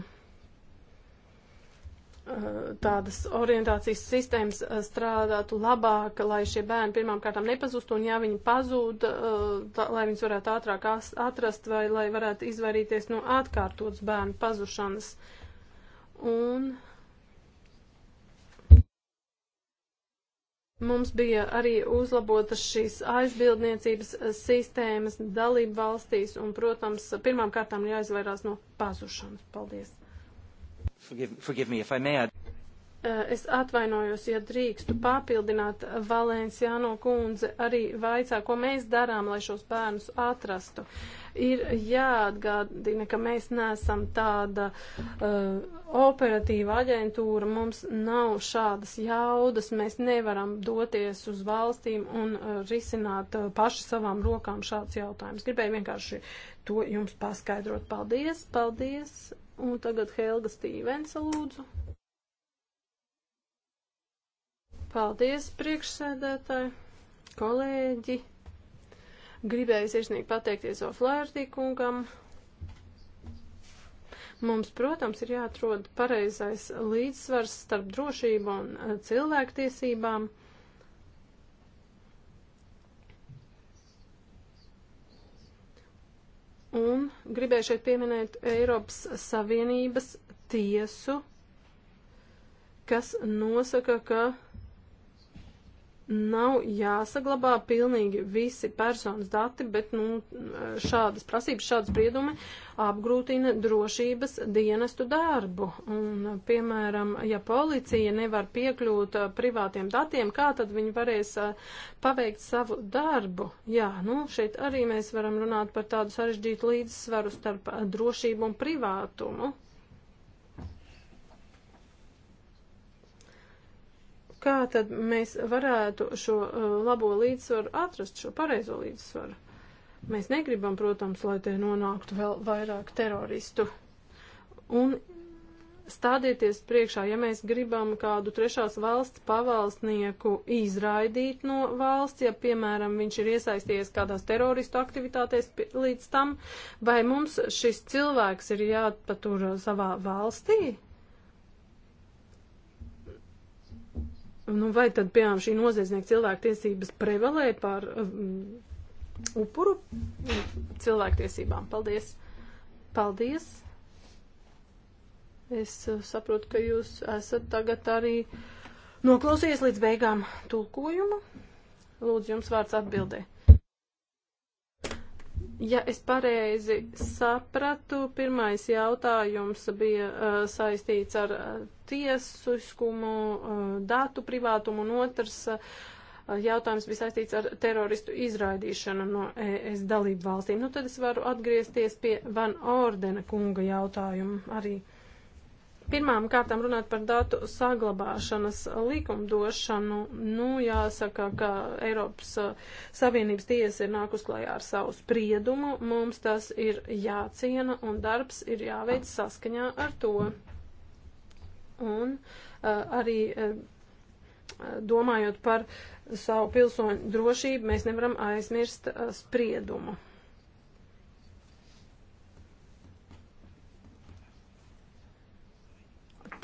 uh tādas orientācijas sistēmas uh, strādātu labāk, lai šie bērni pirmām kārtām nepazustu, un ja viņi pazūd, uh, tā, lai viņus varētu ātrāk atrast vai lai varētu izvairīties no atkārtotas bērnu pazušanas. Un Mums bija arī uzlabotas šīs aizbildniecības eh, sistēmas dalību valstīs, un, protams, pirmām kārtām jāizvairās no pazušanas. Paldies! Forgive, forgive me, if I may add. Eh, es atvainojos, ja drīkstu papildināt, Valēns Jāno kundze arī vaicā, ko mēs darām, lai šos bērnus atrastu. Uh, ir jāatgādina, ka mēs neesam tāda uh, operatīva aģentūra, mums nav šādas jaudas, mēs nevaram doties uz valstīm un uh, risināt uh, paši savām rokām šāds jautājums. Gribēju vienkārši to jums paskaidrot. Paldies, paldies! Un tagad Helga Stīvensa lūdzu. Paldies, priekšsēdētāji, kolēģi! Gribēju sirsnīgi pateikties Oflērtī kungam. Mums, protams, ir jāatrod pareizais līdzsvars starp drošību un eh, cilvēktiesībām. Un gribēju šeit pieminēt Eiropas Savienības tiesu, kas nosaka, ka nav jāsaglabā pilnīgi visi personas dati, bet nu, šādas prasības, šādas spriedumi apgrūtina drošības dienestu darbu. Un, piemēram, ja policija nevar piekļūt uh, privātiem datiem, kā tad viņi varēs uh, paveikt savu darbu? Jā, nu, šeit arī mēs varam runāt par tādu sarežģītu līdzsvaru starp uh, drošību un privātumu. kā tad mēs varētu šo uh, labo līdzsvaru atrast, šo pareizo līdzsvaru? Mēs negribam, protams, lai te nonāktu vēl vairāk teroristu. Un stādieties priekšā, ja mēs gribam kādu trešās valsts pavalsnieku izraidīt no valsts, ja, piemēram, viņš ir iesaistījies kādās teroristu aktivitātēs līdz tam, vai mums šis cilvēks ir jāpatur savā valstī? Nu, vai tad, piemēram, šī noziedznieka cilvēktiesības prevalē par um, upuru cilvēktiesībām? Paldies! Paldies! Es uh, saprotu, ka jūs esat tagad arī noklausījies līdz beigām tulkojumu. Lūdzu, jums vārds atbildēt. Ja es pareizi sapratu, pirmais jautājums bija uh, saistīts ar uh, tiesiskumu, uh, datu privātumu, un otrs uh, jautājums bija saistīts ar teroristu izraidīšanu no ES dalību valstīm. Nu, tad es varu atgriezties pie Van Ordena kunga jautājumu arī. Uh, Pirmām kārtām runāt par datu saglabāšanas likumdošanu, nu jāsaka, ka Eiropas uh, Savienības tiesa ir nākus klajā ar savu spriedumu, mums tas ir jāciena un darbs ir jāveic saskaņā ar to. Un uh, arī uh, domājot par savu pilsoņu drošību, mēs nevaram aizmirst uh, spriedumu.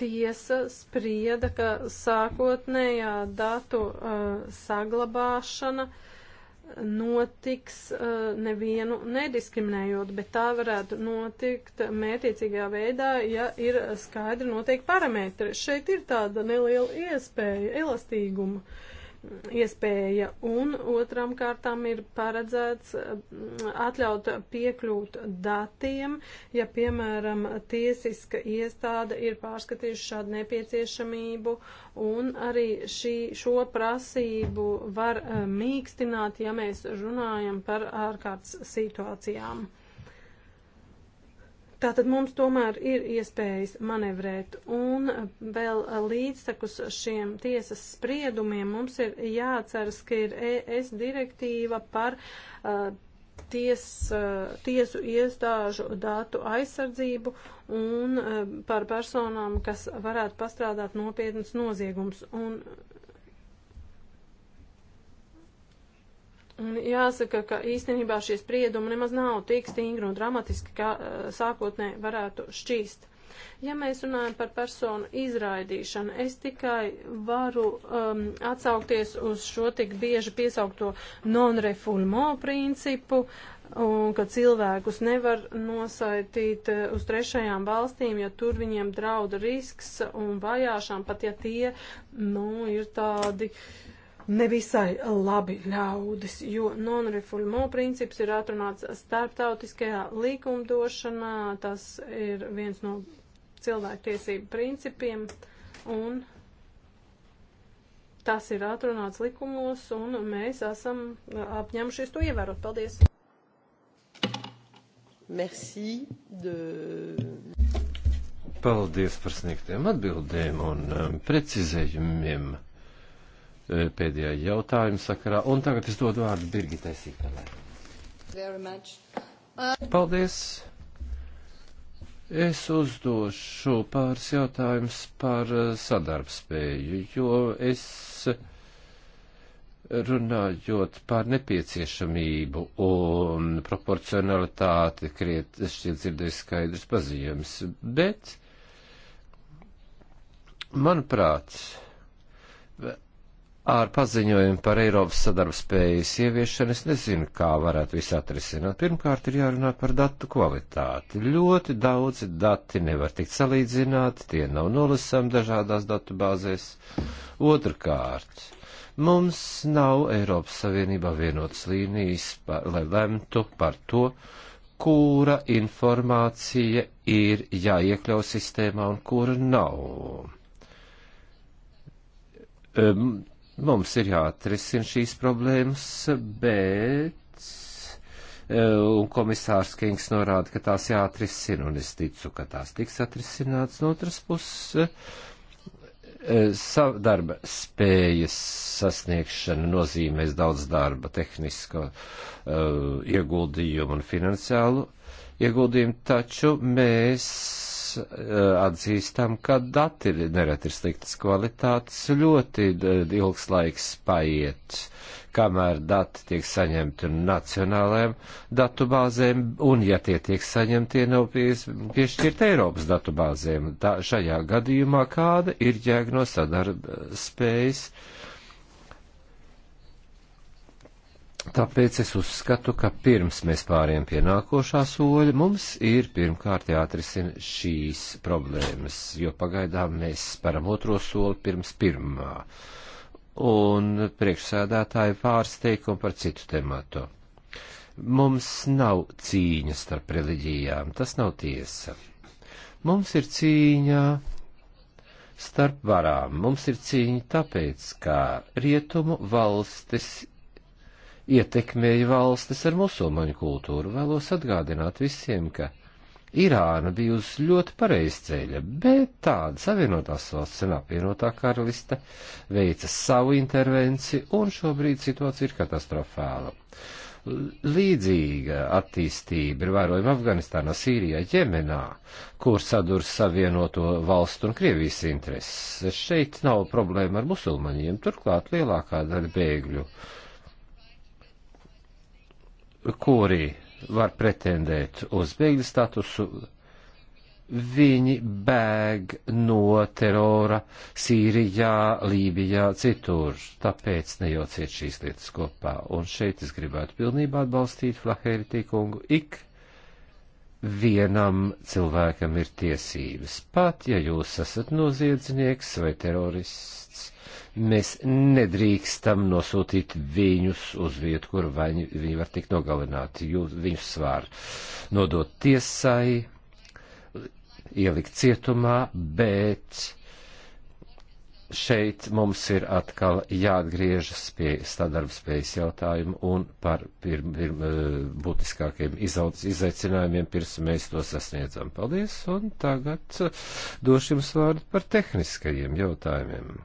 tiesa sprieda, ka sākotnējā datu uh, saglabāšana notiks uh, nevienu nediskriminējot, bet tā varētu notikt mētiecīgā veidā, ja ir skaidri noteikti parametri. Šeit ir tāda neliela iespēja elastīguma. Uh, iespēja, un otram kārtām ir paredzēts mm, atļaut piekļūt datiem, ja, piemēram, tiesiska iestāde ir pārskatījuši šādu nepieciešamību, un arī šī, šo prasību var eh, mīkstināt, ja mēs runājam par ārkārtas situācijām. Tātad mums tomēr ir iespējas manevrēt, un vēl līdztekus šiem tiesas spriedumiem mums ir jāceras, ka ir ES direktīva par uh, ties, uh, tiesu iestāžu datu aizsardzību un uh, par personām, kas varētu pastrādāt nopietnas noziegums. Un, uh, Jāsaka, ka īstenībā šie spriedumi nemaz nav tik stingri un dramatiski, kā eh, sākotnē varētu šķīst. Ja mēs runājam par personu izraidīšanu, es tikai varu um, atsaukties uz šo tik bieži piesaukto non-refulmo principu, un ka cilvēkus nevar nosaitīt eh, uz trešajām valstīm, ja tur viņiem drauda risks un vajāšana, pat ja tie, nu, ir tādi. Uh, nevisai labi ļaudis, jo non-refoulement princips ir atrunāts starptautiskajā likumdošanā, tas ir viens no cilvēktiesību principiem, un tas ir atrunāts likumos, un mēs esam apņemšies to ievērot. Paldies! Merci de... Paldies par sniegtiem atbildēm un um, precizējumiem. E, pēdējā jautājuma sakarā. Un tagad es dodu vārdu Birgitai Sīkalē. Paldies! Es uzdošu pāris jautājumus par e, sadarbspēju, jo es runājot par nepieciešamību un proporcionalitāti, kriet, es šķiet dzirdēju skaidrs paziņojums, bet, manuprāt, ar paziņojumu par Eiropas sadarbspējas ieviešanu es nezinu, kā varētu visu atrisināt. Pirmkārt, ir jārunā par datu kvalitāti. Ļoti daudzi dati nevar tikt salīdzināti, tie nav nolasami dažādās datu bāzēs. Otrkārt, mums nav Eiropas Savienībā vienotas līnijas, par, lai lemtu par to, kura informācija ir jāiekļaus sistēmā un kura nav. Um, Mums ir jāatrisina šīs problēmas, bet e, un komisārs Kings norāda, ka tās jāatrisina, un es ticu, ka tās tiks atrisināts no otras puses. E, Savu darba spējas sasniegšana nozīmēs daudz darba, tehnisko uh, ieguldījumu un finansiālu ieguldījumu, taču mēs Eh, atzīstam, ka dati nereti ir sliktas kvalitātes, ļoti eh, ilgs laiks paiet, kamēr dati tiek saņemti nacionālajām datubāzēm, un ja tie tiek saņemti, tie nav piešķirti Eiropas datubāzēm. Tā, šajā gadījumā kāda ir jēga no sadarbspējas? spējas? Tāpēc es uzskatu, ka pirms mēs pāriem pie nākošā soļa, mums ir pirmkārt jāatrisina šīs problēmas, jo pagaidām mēs speram otro soli pirms pirmā. Un priekšsēdētāji pārsteigumu par citu tematu. Mums nav cīņa starp reliģijām, tas nav tiesa. Mums ir cīņa starp varām. Mums ir cīņa tāpēc, ka rietumu valstis ietekmēja valstis ar musulmaņu kultūru. Vēlos atgādināt visiem, ka Irāna bija uz ļoti pareiz ceļa, bet tāda savienotās valsts un apvienotā karaliste veica savu intervenciju, un šobrīd situācija ir katastrofāla. Līdzīga attīstība ir vērojama Afganistānā, Sīrijā, Jemenā, kur sadurs savienoto valstu un Krievijas intereses. Šeit nav problēma ar musulmaņiem, turklāt lielākā daļa bēgļu kuri var pretendēt uz bēgļu statusu, viņi bēg no terora Sīrijā, Lībijā, citur. Tāpēc nejauciet šīs lietas kopā. Un šeit es gribētu pilnībā atbalstīt Flahēri Tīkungu. Ik vienam cilvēkam ir tiesības. Pat, ja jūs esat noziedznieks vai terorists, Mēs nedrīkstam nosūtīt viņus uz vietu, kur viņi, viņi var tikt nogalināti. Viņus var nodot tiesai, ielikt cietumā, bet šeit mums ir atkal jāatgriežas pie sadarbspējas jautājuma un par pirm, pirm, eh, būtiskākiem izauc, izaicinājumiem, pirms mēs to sasniedzam. Paldies, un tagad došu jums vārdu par tehniskajiem jautājumiem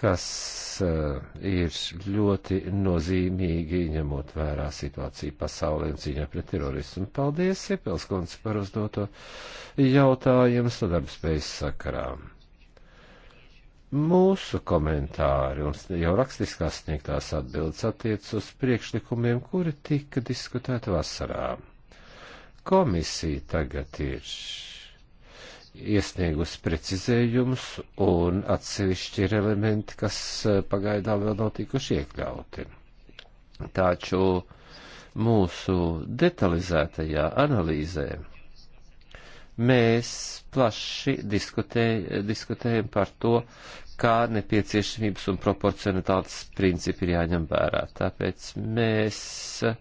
kas eh, ir ļoti nozīmīgi ņemot vērā situāciju pasaulē un cīņā pret terorismu. Paldies, Iepilskundze, par uzdoto jautājumu sadarbspējas sakarā. Mūsu komentāri un jau rakstiskās sniegtās atbildes attiec uz priekšlikumiem, kuri tika diskutēti vasarā. Komisija tagad ir iesniegusi precizējumus un atsevišķi ir elementi, kas eh, pagaidām vēl nav tikuši iekļauti. Taču mūsu detalizētajā analīzē mēs plaši diskutē, diskutējam par to, kā nepieciešamības un proporcionalitātes principi ir jāņem vērā. Tāpēc mēs uh,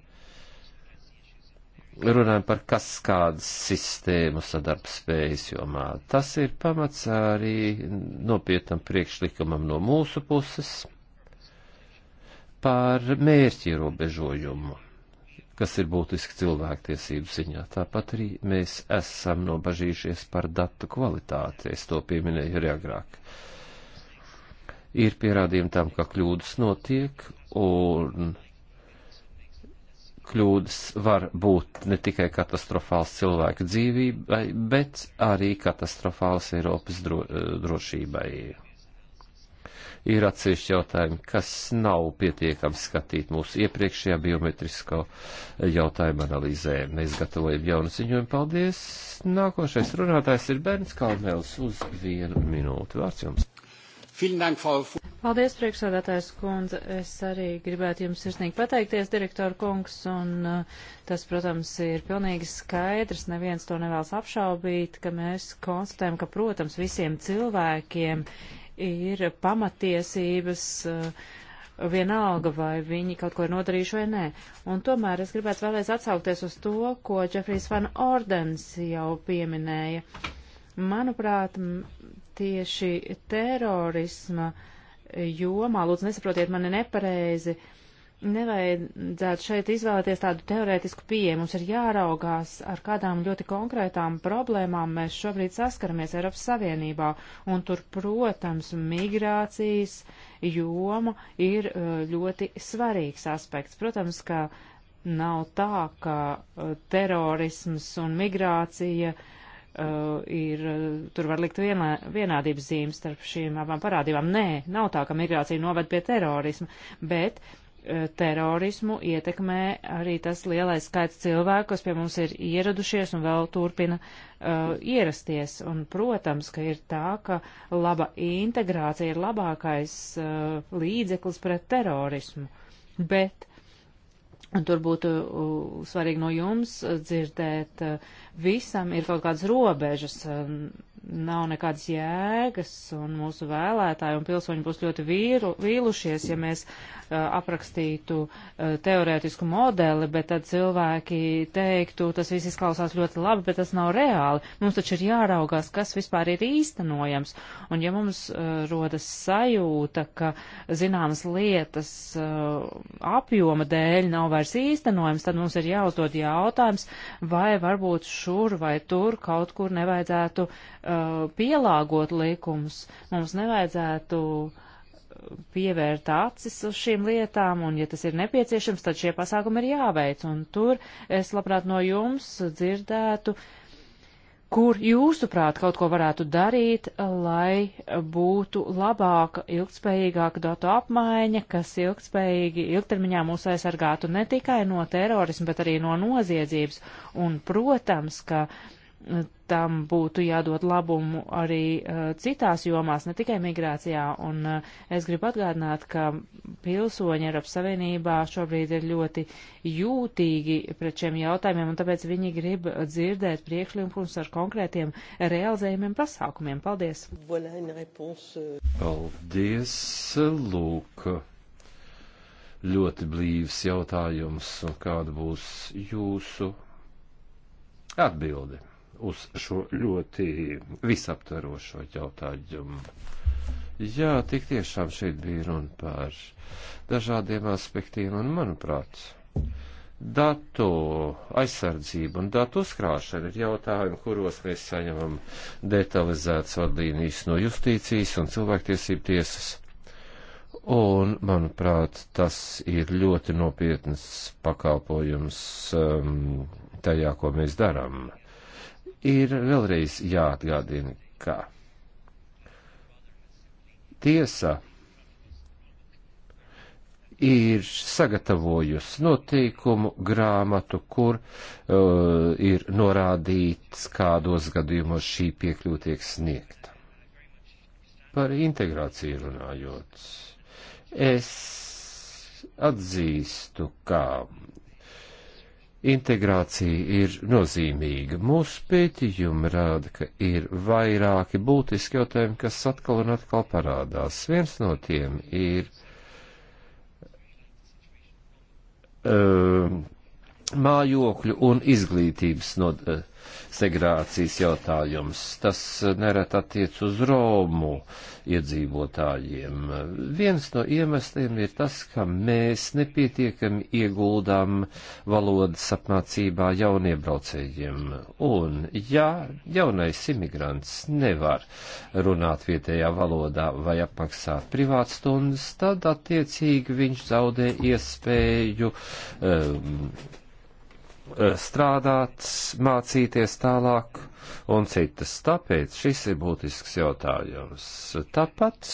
runājam par kaskādas sistēmu sadarbspējas jomā. Tas ir pamats arī nopietnam priekšlikumam no mūsu puses par mērķi ierobežojumu, kas ir būtiski cilvēktiesību ziņā. Tāpat arī mēs esam nobažījušies par datu kvalitāti, es to pieminēju arī agrāk. Ir pierādījumi tam, ka kļūdas notiek, un kļūdas var būt ne tikai katastrofāls cilvēku dzīvībai, bet arī katastrofāls Eiropas dro eh, drošībai. Ir atsevišķi jautājumi, kas nav pietiekami skatīt mūsu iepriekšējā biometrisko jautājumu analīzē. Mēs gatavojam jaunu ziņojumu. Paldies! Nākošais runātājs ir Bērns Kalmēls uz vienu minūti. Vārds jums! Paldies, priekšsādātājs kundze. Es arī gribētu jums sirsnīgi pateikties, direktora kungs, un uh, tas, protams, ir pilnīgi skaidrs, neviens to nevēlas apšaubīt, ka mēs konstatējam, ka, protams, visiem cilvēkiem ir pamatiesības uh, vienalga, vai viņi kaut ko ir nodarījuši vai nē. Un tomēr es gribētu vēlreiz atsaukties uz to, ko Džefrijs Van Ordens jau pieminēja. Manuprāt, tieši terorisma jomā, lūdzu, nesaprotiet mani nepareizi, nevajadzētu šeit izvēlēties tādu teorētisku pieeju. Mums ir jāraugās, ar kādām ļoti konkrētām problēmām mēs šobrīd saskaramies Eiropas Savienībā, un tur, protams, migrācijas joma ir uh, ļoti svarīgs aspekts. Protams, ka nav tā, ka uh, terorisms un migrācija uh, Uh, ir, uh, tur var likt vienā, vienādības zīmes starp šīm abām parādībām. Nē, nav tā, ka migrācija noved pie terorisma, bet uh, terorismu ietekmē arī tas lielais skaits cilvēku, kas pie mums ir ieradušies un vēl turpina uh, ierasties. Un, protams, ka ir tā, ka laba integrācija ir labākais uh, līdzeklis pret terorismu. Bet Un tur būtu uh, svarīgi no jums uh, dzirdēt, uh, visam ir kaut kādas robežas, um, nav nekādas jēgas, un mūsu vēlētāji un pilsoņi būs ļoti vīru, vīlušies, ja mēs uh, aprakstītu uh, teorētisku modeli, bet tad cilvēki teiktu, tas viss izklausās ļoti labi, bet tas nav reāli. Mums taču ir jāraugās, kas vispār ir īstenojams, un ja mums uh, rodas sajūta, ka zināmas lietas uh, apjoma dēļ nav vairs īstenojams, tad mums ir jāuzdod jautājums, vai varbūt šur vai tur kaut kur nevajadzētu uh, uh, pielāgot likumus. Mums nevajadzētu pievērt acis uz šīm lietām, un, ja tas ir nepieciešams, tad šie pasākumi ir jāveic. Un tur es labprāt no jums dzirdētu, kur jūsuprāt kaut ko varētu darīt, lai būtu labāka, ilgspējīgāka datu apmaiņa, kas ilgspējīgi ilgtermiņā mūs aizsargātu ne tikai no terorismu, bet arī no noziedzības. Un, protams, ka tam būtu jādod labumu arī uh, citās jomās, ne tikai migrācijā. Un uh, es gribu atgādināt, ka pilsoņi Eiropas Savienībā šobrīd ir ļoti jūtīgi pret šiem jautājumiem, un tāpēc viņi grib dzirdēt priekšlikumus ar konkrētiem realizējumiem pasākumiem. Paldies! Euh, Paldies, Lūk! Ļoti blīvs jautājums, un kāda būs jūsu atbildi? uz šo ļoti visaptverošo jautājumu. Jā, tik tiešām šeit bija runa par dažādiem aspektiem, un manuprāt, datu aizsardzība un datu uzkrāšana ir jautājumi, kuros mēs saņemam detalizētas vadlīnijas no justīcijas un cilvēktiesību tiesas. Un, manuprāt, tas ir ļoti nopietns pakalpojums um, tajā, ko mēs darām ir vēlreiz jāatgādina, ka tiesa ir sagatavojusi noteikumu grāmatu, kur uh, ir norādīts, kādos gadījumos šī piekļuva tiek sniegta. Par integrāciju runājot, es atzīstu, ka integrācija ir nozīmīga. Mūsu pētījumi rāda, ka ir vairāki būtiski jautājumi, kas atkal un atkal parādās. Viens no tiem ir um, mājokļu un izglītības nodrošināšana eh, segrācijas jautājums. Tas nereti attiec uz Romu iedzīvotājiem. Viens no iemesliem ir tas, ka mēs nepietiekami ieguldām valodas apmācībā jauniebraucējiem. Un, ja jaunais imigrants nevar runāt vietējā valodā vai apmaksāt privātstundas, tad attiecīgi viņš zaudē iespēju um, Eh, strādāt, mācīties tālāk un citas. Tāpēc šis ir būtisks jautājums. Tāpat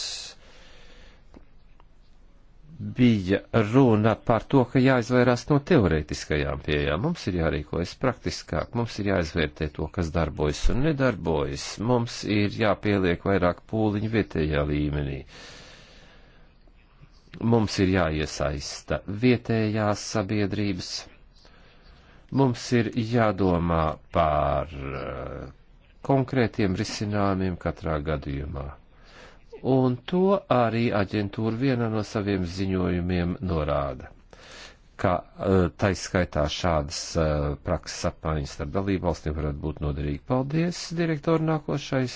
bija runa par to, ka jāizvairās no teorētiskajām pieejām. Mums ir jārīkojas praktiskāk, mums ir jāizvērtē to, kas darbojas un nedarbojas, mums ir jāpieliek vairāk pūliņu vietējā līmenī. Mums ir jāiesaista vietējās sabiedrības Mums ir jādomā par eh, konkrētiem risinājumiem katrā gadījumā. Un to arī aģentūra vienā no saviem ziņojumiem norāda ka e, taiskaitā šādas e, prakses apmaiņas starp dalībvalstīm varētu būt noderīgi. Paldies, direktori, nākošais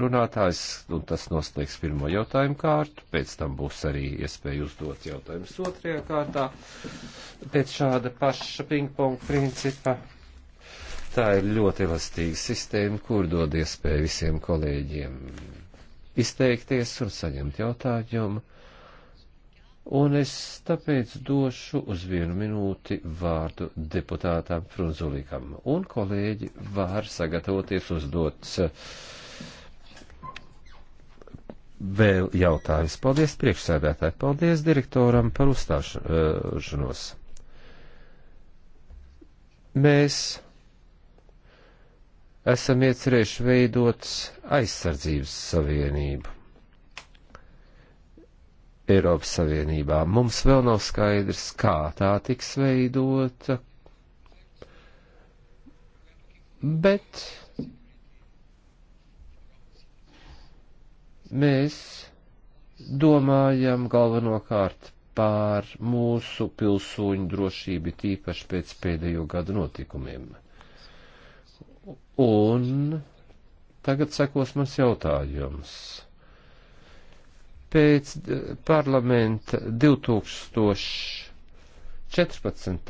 runātājs, un tas noslēgs pirmo jautājumu kārtu, pēc tam būs arī iespēja uzdot jautājumus otrajā kārtā, pēc šāda paša pingpong principa. Tā ir ļoti elastīga sistēma, kur dod iespēju visiem kolēģiem izteikties un saņemt jautājumu un es tāpēc došu uz vienu minūti vārdu deputātām Frunzulīkam, un kolēģi var sagatavoties uzdot eh, vēl jautājums. Paldies priekšsēdētāji, paldies direktoram par uzstāšanos. Mēs esam iecerējuši veidot aizsardzības savienību Eiropas Savienībā. Mums vēl nav skaidrs, kā tā tiks veidota, bet mēs domājam galvenokārt pār mūsu pilsoņu drošību, tīpaši pēc pēdējo gadu notikumiem. Un tagad sekos mans jautājums. Pēc eh, parlamenta 2014.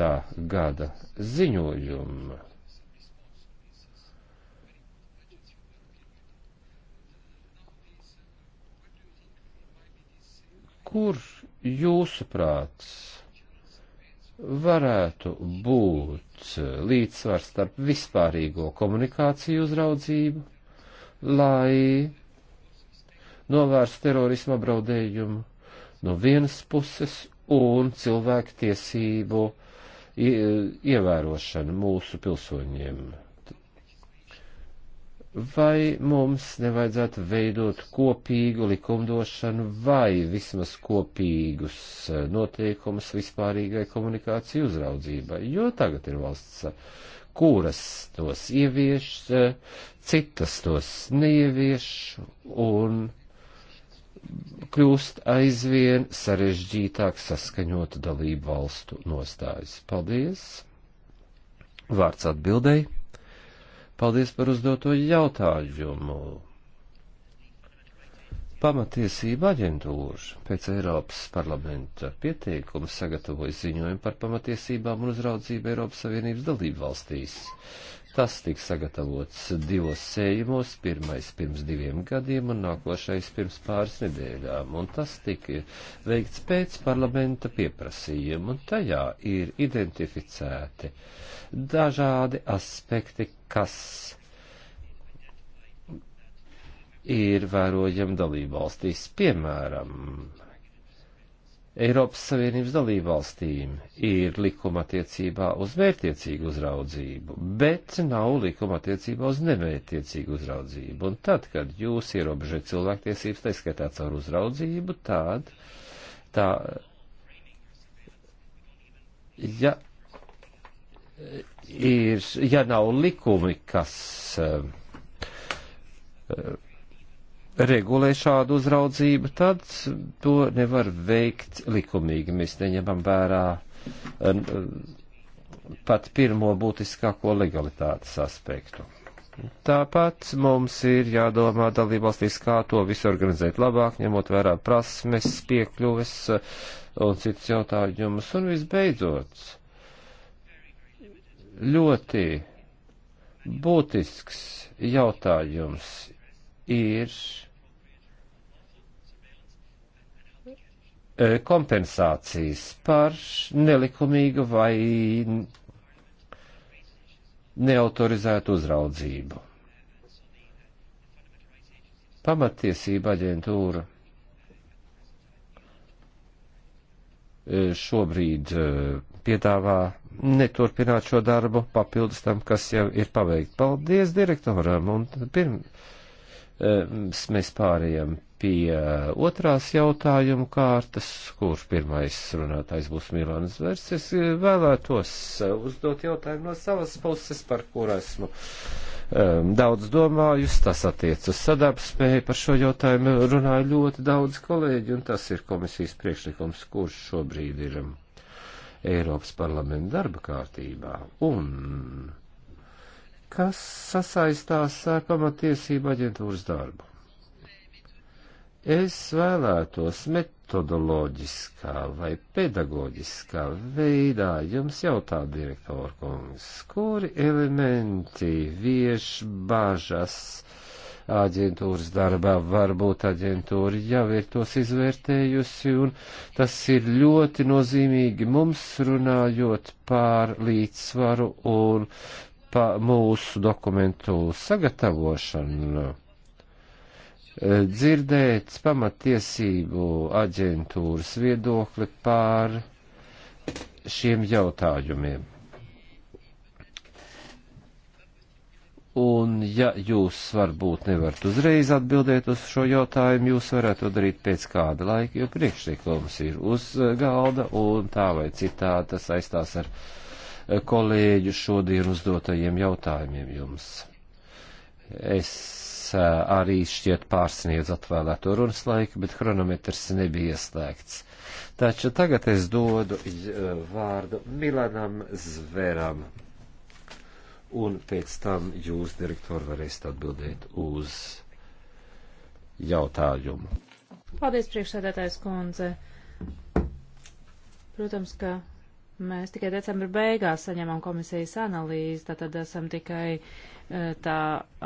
gada ziņojuma kur jūsuprāt varētu būt līdzsvars starp vispārīgo komunikāciju uzraudzību, lai novērst terorismu apdraudējumu no vienas puses un cilvēku tiesību ievērošanu mūsu pilsoņiem. Vai mums nevajadzētu veidot kopīgu likumdošanu vai vismaz kopīgus e, noteikumus vispārīgai komunikāciju uzraudzībai? Jo tagad ir valsts, kuras tos ievieš, e, citas tos neievieš un kļūst aizvien sarežģītāk saskaņot dalību valstu nostājas. Paldies! Vārds atbildēji. Paldies par uzdoto jautājumu. Pamatiesība aģentūra pēc Eiropas parlamenta pieteikuma sagatavoja ziņojumu par pamatiesībām un uzraudzību Eiropas Savienības dalību valstīs. Tas tika sagatavots divos sējumos, pirmais pirms diviem gadiem un nākošais pirms pāris nedēļām, un tas tika veikts pēc parlamenta pieprasījuma, un tajā ir identificēti dažādi aspekti, kas ir vērojami dalībvalstīs, piemēram, Eiropas Savienības dalībvalstīm ir likuma attiecībā uz vērtiecīgu uzraudzību, bet nav likuma attiecībā uz nevērtiecīgu uzraudzību. Un tad, kad jūs ierobežat cilvēktiesības, tā skaitā caur uzraudzību, tād, tā, ja, ir, ja nav likumi, kas. Uh, uh, regulē šādu uzraudzību, tad to nevar veikt likumīgi. Mēs neņemam vērā eh, pat pirmo būtiskāko legalitātes aspektu. Tāpat mums ir jādomā dalībvalstīs, kā to visu organizēt labāk, ņemot vērā prasmes, piekļuves eh, un citus jautājumus. Un visbeidzot, ļoti būtisks jautājums ir E, kompensācijas par nelikumīgu vai neautorizētu uzraudzību. Pamattiesība aģentūra e, šobrīd e, piedāvā neturpināt šo darbu papildus tam, kas jau ir paveikt. Paldies direktoram un pirms mēs pārējām pie uh, otrās jautājuma kārtas, kurš pirmais runātājs būs Milāns Zvers. Es uh, vēlētos uh, uzdot jautājumu no savas puses, par kuru esmu um, daudz domājusi. Tas attiec uz sadarbspēju. Par šo jautājumu runāja ļoti daudz kolēģi, un tas ir komisijas priekšlikums, kurš šobrīd ir um, Eiropas parlamenta darba kārtībā. Un kas sasaistās ar pamatiesību aģentūras darbu? Es vēlētos metodoloģiskā vai pedagoģiskā veidā jums jautāt, direktor kungs, kuri elementi vieš bažas aģentūras darbā, varbūt aģentūra jau ir tos izvērtējusi, un tas ir ļoti nozīmīgi mums runājot pār līdzsvaru un pa mūsu dokumentu sagatavošanu dzirdēt pamatiesību aģentūras viedokli pār šiem jautājumiem. Un, ja jūs varbūt nevarat uzreiz atbildēt uz šo jautājumu, jūs varētu to darīt pēc kāda laika, jo priekšlikums ir uz galda un tā vai citādi tas aizstās ar eh, kolēģu šodien uzdotajiem jautājumiem jums. Es Eh, arī šķiet pārsniedz atvēlēto runas laiku, bet chronometrs nebija ieslēgts. Taču tagad es dodu eh, vārdu Milanam Zveram, un pēc tam jūs, direktori, varēsiet atbildēt uz jautājumu. Paldies, priekšsēdētājs kundze. Protams, ka mēs tikai decembra beigās saņemam komisijas analīzi, tātad esam tikai uh, tā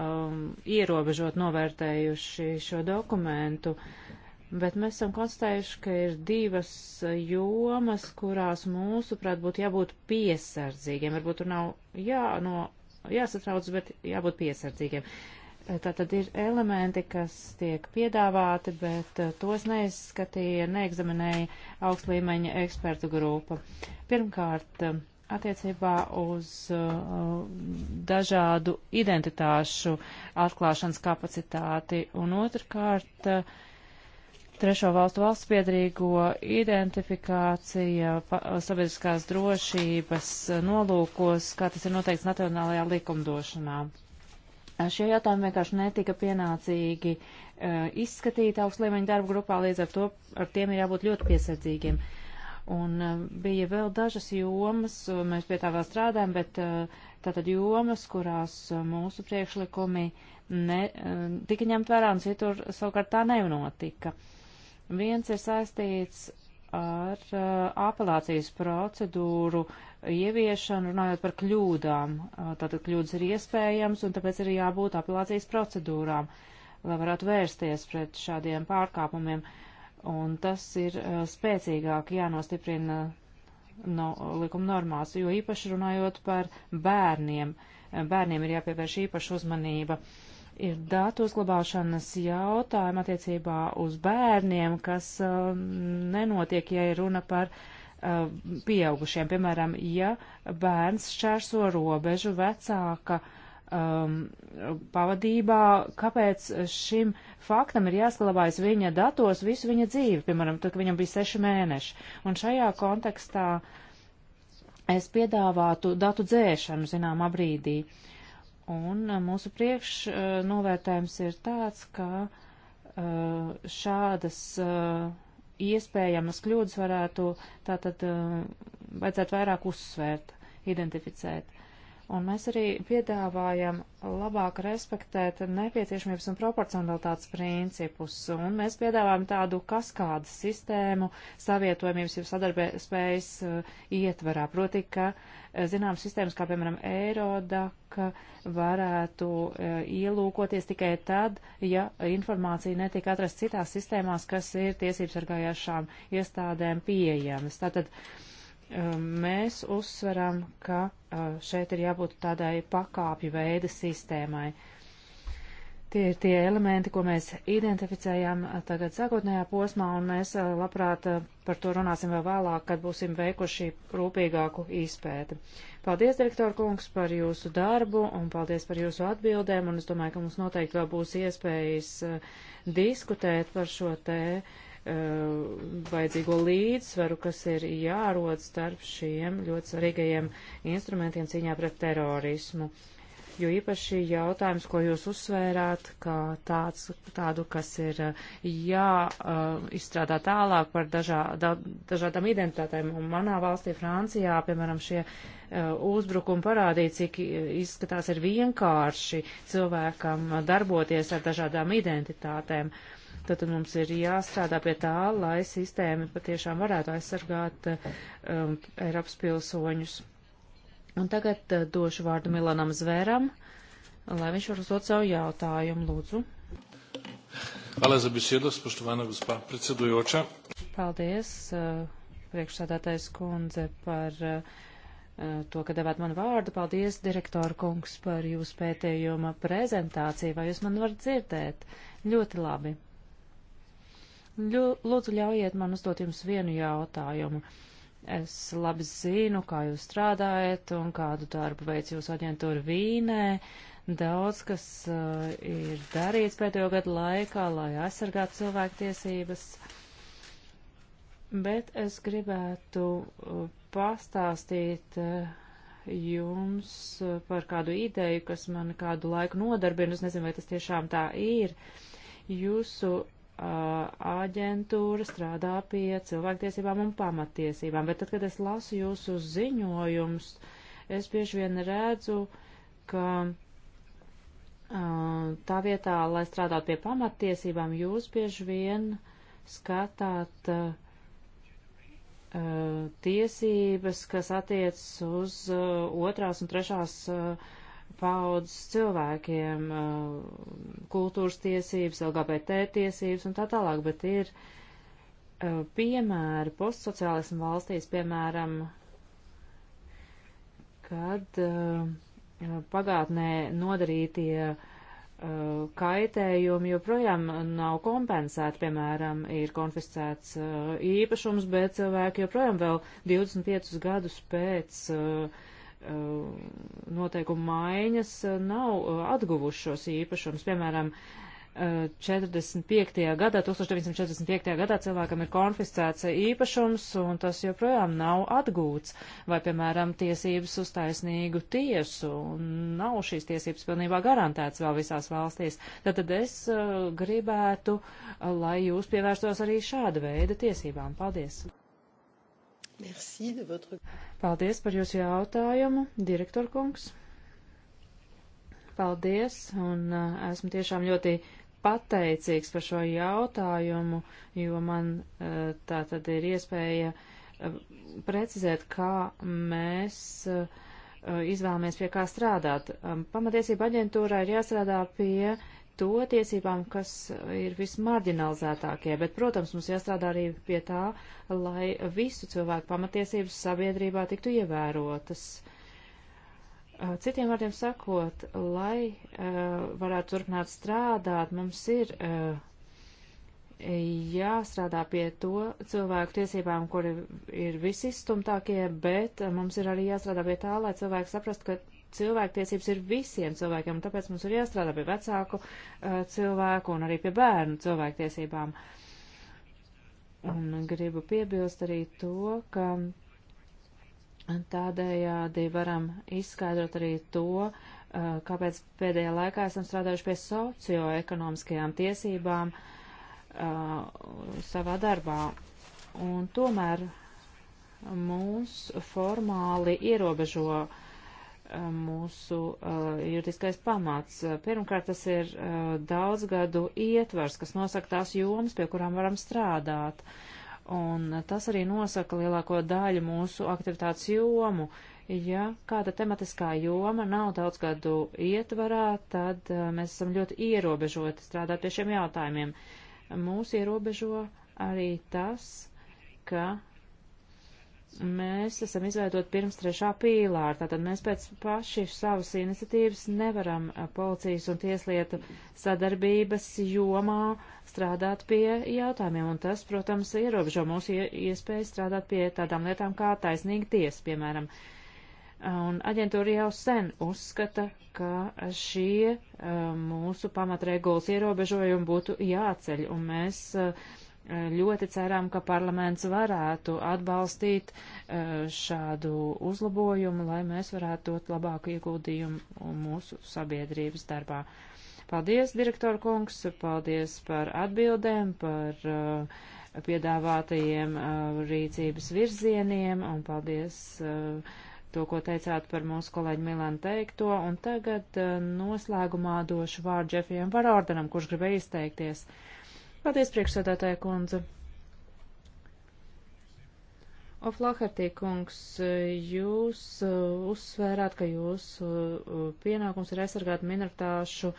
um, ierobežot novērtējuši šo dokumentu. Bet mēs esam konstatējuši, ka ir divas jomas, kurās mūsuprāt būtu jābūt piesardzīgiem. Varbūt tur nav jā, no, jāsatrauc, bet jābūt piesardzīgiem. Tātad ir elementi, kas tiek piedāvāti, bet uh, tos neizskatīja, neegzaminēja augstlīmeņa ekspertu grupa. Pirmkārt, uh, attiecībā uz uh, dažādu identitāšu atklāšanas kapacitāti un otrkārt uh, trešo valstu valsts piedrīgo identifikācija pa, uh, sabiedriskās drošības uh, nolūkos, kā tas ir noteikts nacionālajā likumdošanā. Uh, šie jautājumi vienkārši netika pienācīgi uh, izskatīti augst līmeņa darba grupā, līdz ar to ar tiem ir jābūt ļoti piesardzīgiem. Uh, Un e, bija vēl dažas jomas, e, mēs pie tā vēl strādājam, bet e, tātad jomas, kurās mūsu priekšlikumi ne, tika ņemt vērā un citur savukārt tā nenotika. Viens ir saistīts ar apelācijas procedūru ieviešanu, runājot par kļūdām. Tātad kļūdas ir iespējams un tāpēc ir jābūt apelācijas procedūrām, lai varētu vērsties pret šādiem pārkāpumiem. Uh, Un tas ir eh, spēcīgāk jānostiprina eh, no likuma normās, jo īpaši runājot par bērniem. Eh, bērniem ir jāpievērš īpaša uzmanība. Ir datu uzglabāšanas jautājumi attiecībā uz bērniem, kas uh, nenotiek, ja ir runa par uh, pieaugušiem. Piemēram, ja bērns šķērso robežu vecāka uh, um, pavadībā, kāpēc šim faktam ir jāskalabājas viņa datos visu viņa dzīvi, piemēram, tad, kad viņam bija seši mēneši. Un šajā kontekstā es piedāvātu datu dzēšanu zināmā brīdī. Un mūsu priekšnovērtējums uh, ir tāds, ka uh, šādas uh, iespējamas kļūdas varētu tātad vajadzētu vairāk uzsvērt, identificēt. Un mēs arī piedāvājam labāk respektēt nepieciešamības un proporcionalitātes principus, un mēs piedāvājam tādu kaskādas sistēmu savietojumības jau sadarbspējas uh, ietvarā. Proti, ka uh, zinām sistēmas, kā piemēram Eirodak, varētu uh, ielūkoties tikai tad, ja informācija netiek atrast citās sistēmās, kas ir tiesības argājošām iestādēm pieejamas. Tātad, uh, Um, mēs uzsveram, ka uh, šeit ir jābūt tādai pakāpju veida sistēmai. Tie ir tie elementi, ko mēs identificējām uh, tagad sākotnējā posmā, un mēs uh, labprāt par to runāsim vēl vēlāk, kad būsim veikuši rūpīgāku izpēti. Paldies, direktor kungs, par jūsu darbu, un paldies par jūsu atbildēm, un es domāju, ka mums noteikti vēl būs iespējas diskutēt par šo tēmu Eh, vajadzīgo līdzsvaru, kas ir jārod starp šiem ļoti svarīgajiem instrumentiem cīņā pret terorismu. Jo īpaši jautājums, ko jūs uzsvērāt, kā tāds, tādu, kas ir eh, jāizstrādā eh, uh, tālāk par dažā, da, dažādām identitātēm. Un manā valstī, Francijā, piemēram, šie uh, uzbrukumi parādīja, cik izskatās ir vienkārši cilvēkam darboties ar dažādām identitātēm. Uh, Tad mums ir jāstrādā pie tā, lai sistēma patiešām varētu aizsargāt um, Eiropas pilsoņus. Un tagad uh, došu vārdu Milanam Zvēram, lai viņš var uzdot savu jautājumu, lūdzu. Hvala za besedo, spoštovana gospa predsedujoča. Paldies, uh, priekšsādātais kundze, par uh, to, ka devāt man vārdu. Paldies, direktora kungs, par jūsu pētījuma prezentāciju. Vai jūs man varat dzirdēt? Ļoti labi. Lūdzu, ļaujiet man uzdot jums vienu jautājumu. Es labi zinu, kā jūs strādājat un kādu darbu veic jūsu aģentūra Vīnē. Daudz, kas uh, ir darīts pēdējo gadu laikā, lai aizsargātu cilvēktiesības. Bet es gribētu uh, pastāstīt uh, jums uh, par kādu ideju, kas man kādu laiku nodarbina. Es nezinu, vai tas tiešām tā ir. Jūsu aģentūra strādā pie cilvēktiesībām un pamatiesībām, bet tad, kad es lasu jūsu ziņojumus, es bieži vien redzu, ka tā vietā, lai strādātu pie pamatiesībām, jūs bieži vien skatāt tiesības, kas attiecas uz otrās un trešās uh, paudzes cilvēkiem, uh, kultūras tiesības, LGBT tiesības un tā tālāk, bet ir uh, piemēri postsociālismu valstīs, piemēram, kad uh, pagātnē nodarītie kaitējumi joprojām nav kompensēti, piemēram, ir konfiscēts īpašums, bet cilvēki joprojām vēl 25 gadus pēc uh, Uh, noteikumu maiņas uh, nav uh, atguvuši šos īpašumus. Piemēram, 45. gadā, 1945. gadā cilvēkam ir konfiscēts īpašums, un tas joprojām nav atgūts, vai, piemēram, tiesības uz taisnīgu tiesu, un nav šīs tiesības pilnībā garantētas vēl visās valstīs. Tad, tad es gribētu, lai jūs pievērstos arī šāda veida tiesībām. Paldies! Merci de votre... Paldies par jūsu jautājumu, direktor kungs. Paldies, un uh, esmu tiešām ļoti pateicīgs par šo jautājumu, jo man uh, tā tad ir iespēja uh, precizēt, kā mēs uh, uh izvēlamies pie kā strādāt. Um, pamatiesība aģentūrā ir jāstrādā pie to tiesībām, kas ir vismarginalizētākie, bet, protams, mums jāstrādā arī pie tā, lai visu cilvēku pamatiesības sabiedrībā tiktu ievērotas. Citiem vārdiem sakot, lai uh, varētu turpināt strādāt, mums ir uh, jāstrādā pie to cilvēku tiesībām, kuri ir visizstumtākie, bet mums ir arī jāstrādā pie tā, lai cilvēki saprastu, ka cilvēktiesības ir visiem cilvēkiem, un tāpēc mums ir jāstrādā pie vecāku uh, cilvēku un arī pie bērnu cilvēktiesībām. Un gribu piebilst arī to, ka tādējādi varam izskaidrot arī to, uh, kāpēc pēdējā laikā esam strādājuši pie socioekonomiskajām tiesībām uh, savā darbā. Un tomēr mūs formāli ierobežo uh, mūsu uh, juridiskais pamats. Pirmkārt, tas ir uh, eh, daudzgadu ietvers, kas nosaka tās jomas, pie kurām varam strādāt. Un tas arī nosaka lielāko daļu mūsu aktivitātes jomu. Ja kāda tematiskā joma nav daudzgadu ietvarā, tad uh, mēs esam ļoti ierobežoti strādāt pie šiem jautājumiem. Mūs ierobežo arī tas, ka mēs esam izveidot pirms trešā pīlāra, tātad mēs pēc paši savas iniciatīvas nevaram eh, policijas un tieslietu sadarbības jomā strādāt pie jautājumiem, un tas, protams, ierobežo mūsu iespēju strādāt pie tādām lietām kā taisnīga tiesa, piemēram. Un aģentūra jau sen uzskata, ka šie eh, mūsu pamatregulas ierobežojumi būtu jāceļ, un mēs uh, ļoti ceram, ka parlaments varētu atbalstīt e, šādu uzlabojumu, lai mēs varētu dot labāku ieguldījumu mūsu sabiedrības darbā. Paldies, direktor kungs, paldies par atbildēm, par e, piedāvātajiem e, rīcības virzieniem un paldies to, ko teicāt par mūsu kolēģi Milānu teikto. Un tagad noslēgumā došu vārdu Džefijam Varordanam, kurš gribēja izteikties. Uh, Paldies, priekšsēdētāja kundze. Oflahertī kungs, jūs uh, uzsvērāt, ka jūsu uh, pienākums ir aizsargāt minoritāšu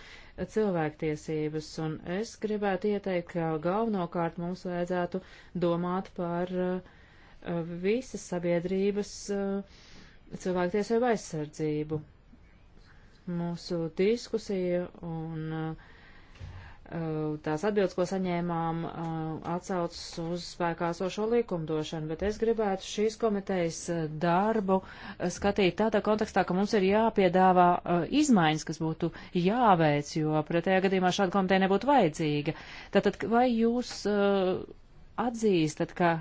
cilvēktiesības, un es gribētu ieteikt, ka galvenokārt mums vajadzētu domāt par uh, visas sabiedrības cilvēktiesību aizsardzību. Mūsu diskusija un uh, Eh, tās atbildes, ko saņēmām, eh, atsaucas uz spēkā sošo likumdošanu, bet es gribētu šīs komitejas eh, darbu skatīt tādā kontekstā, ka mums ir jāpiedāvā izmaiņas, kas būtu jāveic, jo pretējā gadījumā šāda komiteja nebūtu vajadzīga. Tātad, vai jūs atzīstat, ka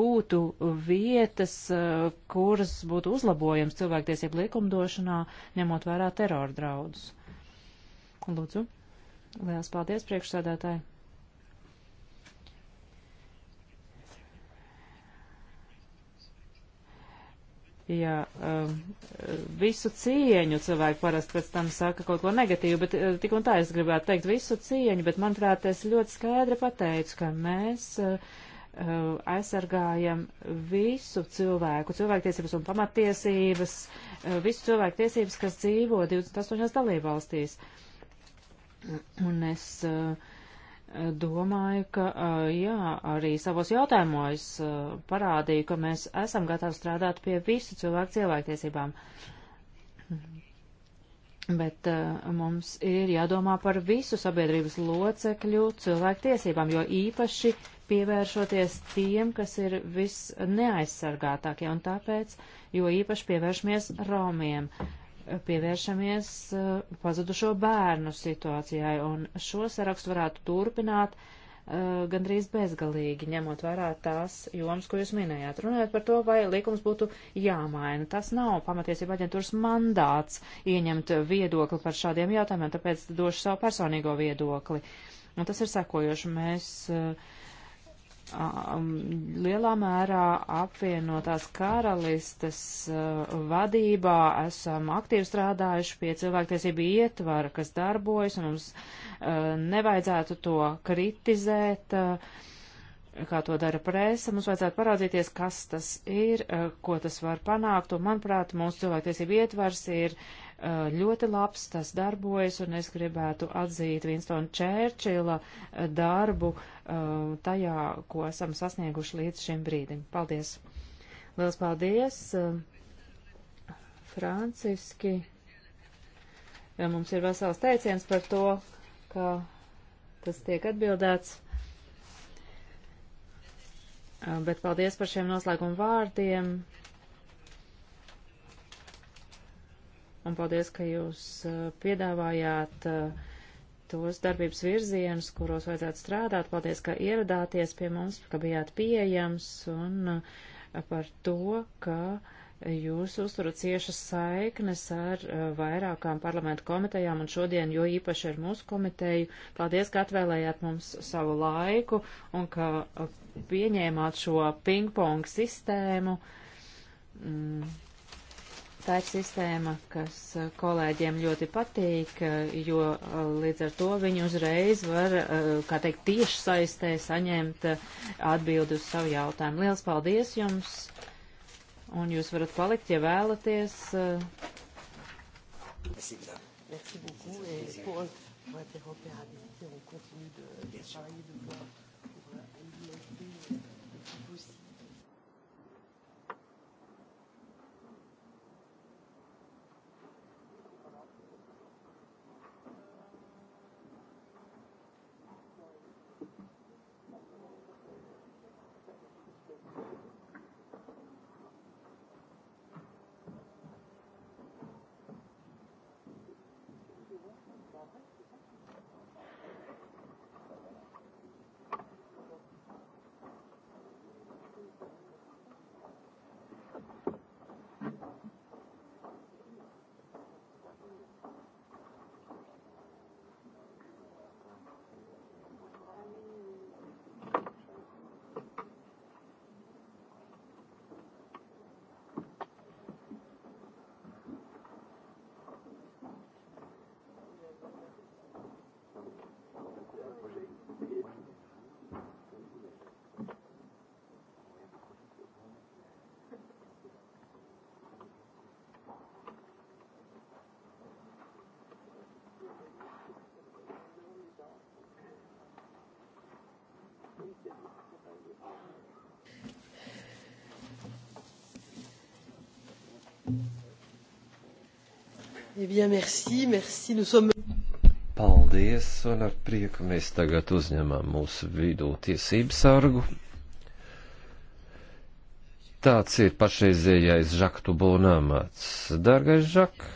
būtu vietas, kuras būtu uzlabojums cilvēktiesību likumdošanā, ņemot vērā terora draudus? Lūdzu. Lielas paldies priekšsēdētāji! Jā, um, visu cieņu cilvēki parasti pēc tam saka kaut ko negatīvu, bet uh, tik un tā es gribētu teikt visu cieņu, bet manuprāt, es ļoti skaidri pateicu, ka mēs uh, uh aizsargājam visu cilvēku, cilvēktiesības un pamatiesības, uh, visu cilvēku tiesības, kas dzīvo 28 dalībvalstīs. Uh, Un es eh, domāju, ka, eh, jā, arī savos jautājumos eh, parādīju, ka mēs esam gatavi strādāt pie visu cilvēku cilvēktiesībām. Bet uh, mums ir jādomā par visu sabiedrības locekļu cilvēktiesībām, jo īpaši pievēršoties tiem, kas ir visneaizsargātākie, un tāpēc, jo īpaši pievēršamies Romiem pievēršamies eh, pazudušo bērnu situācijai, un šo sarakstu varētu turpināt eh, gandrīz bezgalīgi, ņemot vērā tās jomas, ko jūs minējāt. Runājot par to, vai likums būtu jāmaina. Tas nav pamatiesība aģentūras mandāts ieņemt viedokli par šādiem jautājumiem, tāpēc došu savu personīgo viedokli. Un tas ir sekojoši. Mēs uh, Um, lielā mērā apvienotās karalistes uh, vadībā esam aktīvi strādājuši pie cilvēktiesību ietvara, kas darbojas, un mums uh, nevajadzētu to kritizēt, uh, kā to dara presa. Mums vajadzētu paraudzīties, kas tas ir, uh, ko tas var panākt, un, manuprāt, mūsu cilvēktiesību ietvars ir uh, ļoti labs, tas darbojas, un es gribētu atzīt Winstona Čērčila uh, darbu uh, Uh, tajā, ko esam sasnieguši līdz šim brīdim. Paldies! Liels paldies, uh, Franciski! Ja mums ir vesels teiciens par to, ka tas tiek atbildēts. Uh, bet paldies par šiem noslēguma vārdiem. Un paldies, ka jūs piedāvājāt uh, tos darbības virzienus, kuros vajadzētu strādāt. Paldies, ka ieradāties pie mums, ka bijāt pieejams un uh, par to, ka jūs uzturat ciešas saiknes ar uh, vairākām parlamentu komitejām un šodien, jo īpaši ar mūsu komiteju. Paldies, ka atvēlējāt mums savu laiku un ka uh, pieņēmāt šo ping-pong sistēmu. Mm Tā ir sistēma, kas uh, kolēģiem ļoti patīk, uh, jo uh, līdz ar to viņi uzreiz var, kā teikt, tieši saistē saņemt atbildi uz savu jautājumu. Liels paldies jums! Un jūs varat palikt, ja vēlaties. Merci beaucoup et pour, pour interrompre, on continue de, de travailler de voir. Eh bien, merci, merci. Nous sommes... Paldies, un ar prieku mēs tagad uzņemam mūsu vidū tiesību sargu. Tāds ir pašreizējais Žaktu Bonamats. Dārgais Žak,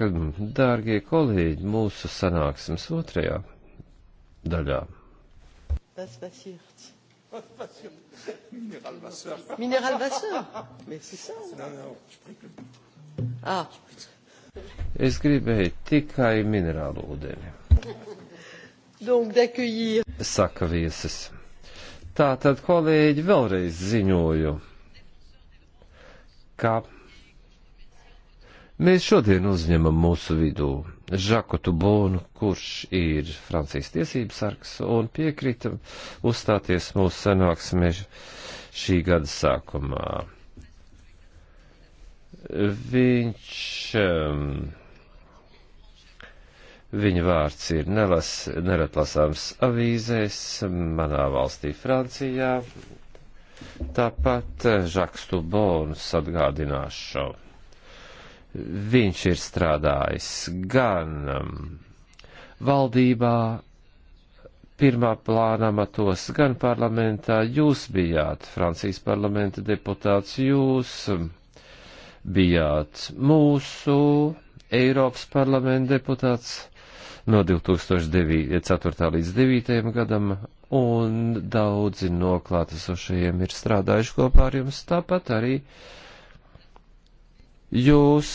dārgie kolēģi, mūsu sanāksmes otrajā daļā. Mineral Vasseur. Mais c'est ça. Non, non, je prie que. Ah. Je prie que... Es gribēju tikai minerālu ūdeni. Saka viesis. Tā tad, kolēģi, vēlreiz ziņoju, ka mēs šodien uzņemam mūsu vidū Žaku Tubonu, kurš ir Francijas tiesības sargs, un piekrita uzstāties mūsu sanāksmē šī gada sākumā. Viņš. Um, Viņa vārds ir nelas, neretlasāms avīzēs manā valstī Francijā. Tāpat eh, Žaks Tubons atgādināšu. Viņš ir strādājis gan um, valdībā, pirmā plāna matos, gan parlamentā. Jūs bijāt Francijas parlamenta deputāts, jūs. Um, bijāt mūsu Eiropas parlamenta deputāts no 2004. līdz 2009. gadam, un daudzi no klātesošajiem ir strādājuši kopā ar jums. Tāpat arī jūs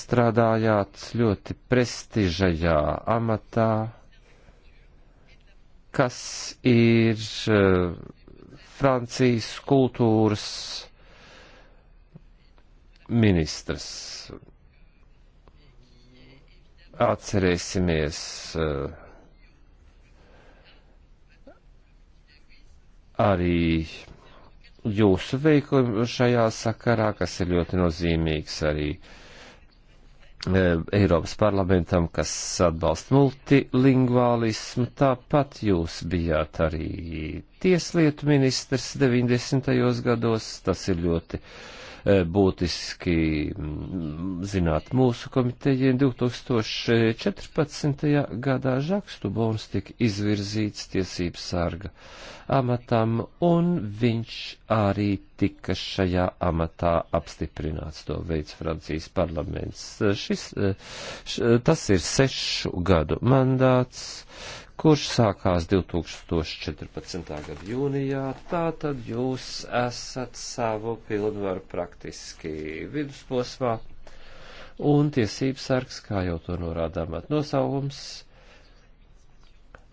strādājāt ļoti prestižajā amatā, kas ir uh, Francijas kultūras ministrs. Atcerēsimies eh, arī jūsu veikumu šajā sakarā, kas ir ļoti nozīmīgs arī uh, E, Eiropas parlamentam, kas atbalsta multilingvālismu, tāpat jūs bijāt arī tieslietu ministrs 90. gados, tas ir ļoti uh, Eh, būtiski mm, zināt mūsu komitejiem. 2014. gadā Žaks Tubons tika izvirzīts tiesības sarga amatam, un viņš arī tika šajā amatā apstiprināts. To veids Francijas parlaments. Šis, eh, š, tas ir sešu gadu mandāts, kurš sākās 2014. gada jūnijā, tā tad jūs esat savu pilnvaru praktiski vidusposmā, un tiesības sargs, kā jau to norādāmāt nosaukums,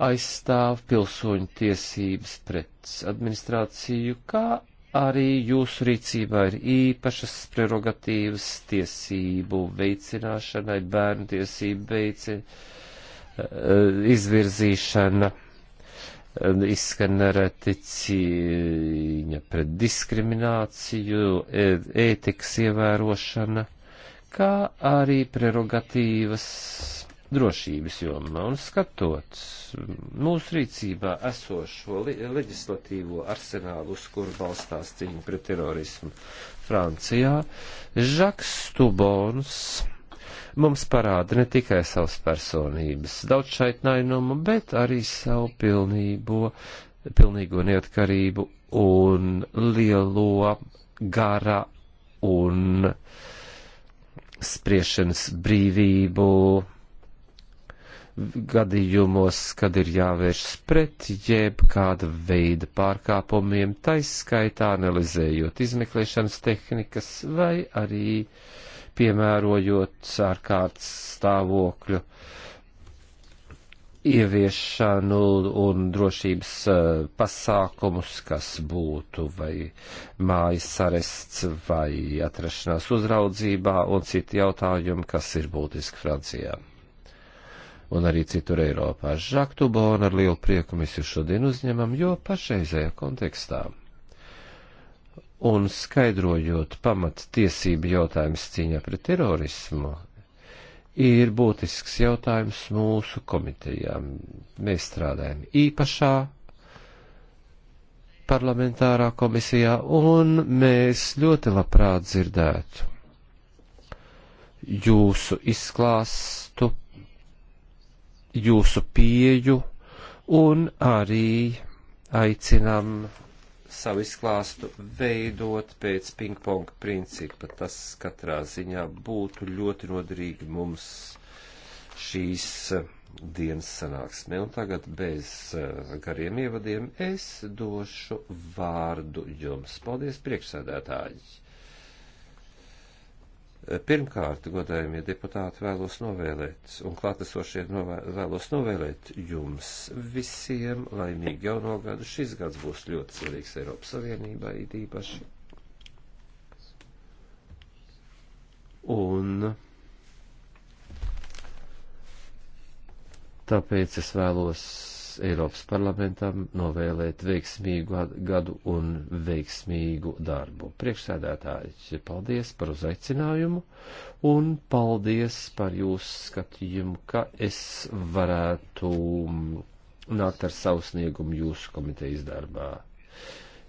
aizstāv pilsoņu tiesības pret administrāciju, kā arī jūsu rīcībā ir īpašas prerogatīvas tiesību veicināšanai, bērnu tiesību veicināšanai, Eh, izvirzīšana eh, izskan reti cīņa pret diskrimināciju, e, ētikas ievērošana, kā arī prerogatīvas drošības jomā un skatot mūsu rīcībā esošo leģislatīvo arsenālu, uz kuru balstās cīņa pret terorismu Francijā, Žaks Stubons mums parāda ne tikai savas personības daudzšaitnainumu, bet arī savu pilnībo, pilnīgo neatkarību un lielo gara un spriešanas brīvību gadījumos, kad ir jāvēršas pret jebkāda veida pārkāpumiem, taiskaitā analizējot izmeklēšanas tehnikas vai arī uh, piemērojot ārkārtas stāvokļu ieviešanu un drošības eh, pasākumus, kas būtu vai mājas arests vai atrašanās uzraudzībā un citi jautājumi, kas ir būtiski Francijā. Un arī citur Eiropā. Žaktubonu ar lielu prieku mēs jūs šodien uzņemam, jo pašreizējā kontekstā un skaidrojot pamat tiesību jautājumus cīņā pret terorismu, ir būtisks jautājums mūsu komitejām. Mēs strādājam īpašā parlamentārā komisijā, un mēs ļoti labprāt dzirdētu jūsu izklāstu, jūsu pieju, un arī aicinām savu izklāstu veidot pēc ping-pong principa. Tas katrā ziņā būtu ļoti noderīgi mums šīs eh, dienas sanāksmē. Un tagad bez eh, gariem ievadiem es došu vārdu jums. Paldies, priekšsēdētāji! Pirmkārt, godējumie deputāti, vēlos novēlēt, un klātesošie novē, vēlos novēlēt jums visiem laimīgu jauno gadu. Šis gads būs ļoti svarīgs Eiropas Savienībai īpaši. Un tāpēc es vēlos Eiropas parlamentam novēlēt veiksmīgu gadu un veiksmīgu darbu. Priekšsēdētāji, paldies par uzaicinājumu un paldies par jūsu skatījumu, ka es varētu nākt ar savu sniegumu jūsu komitejas darbā.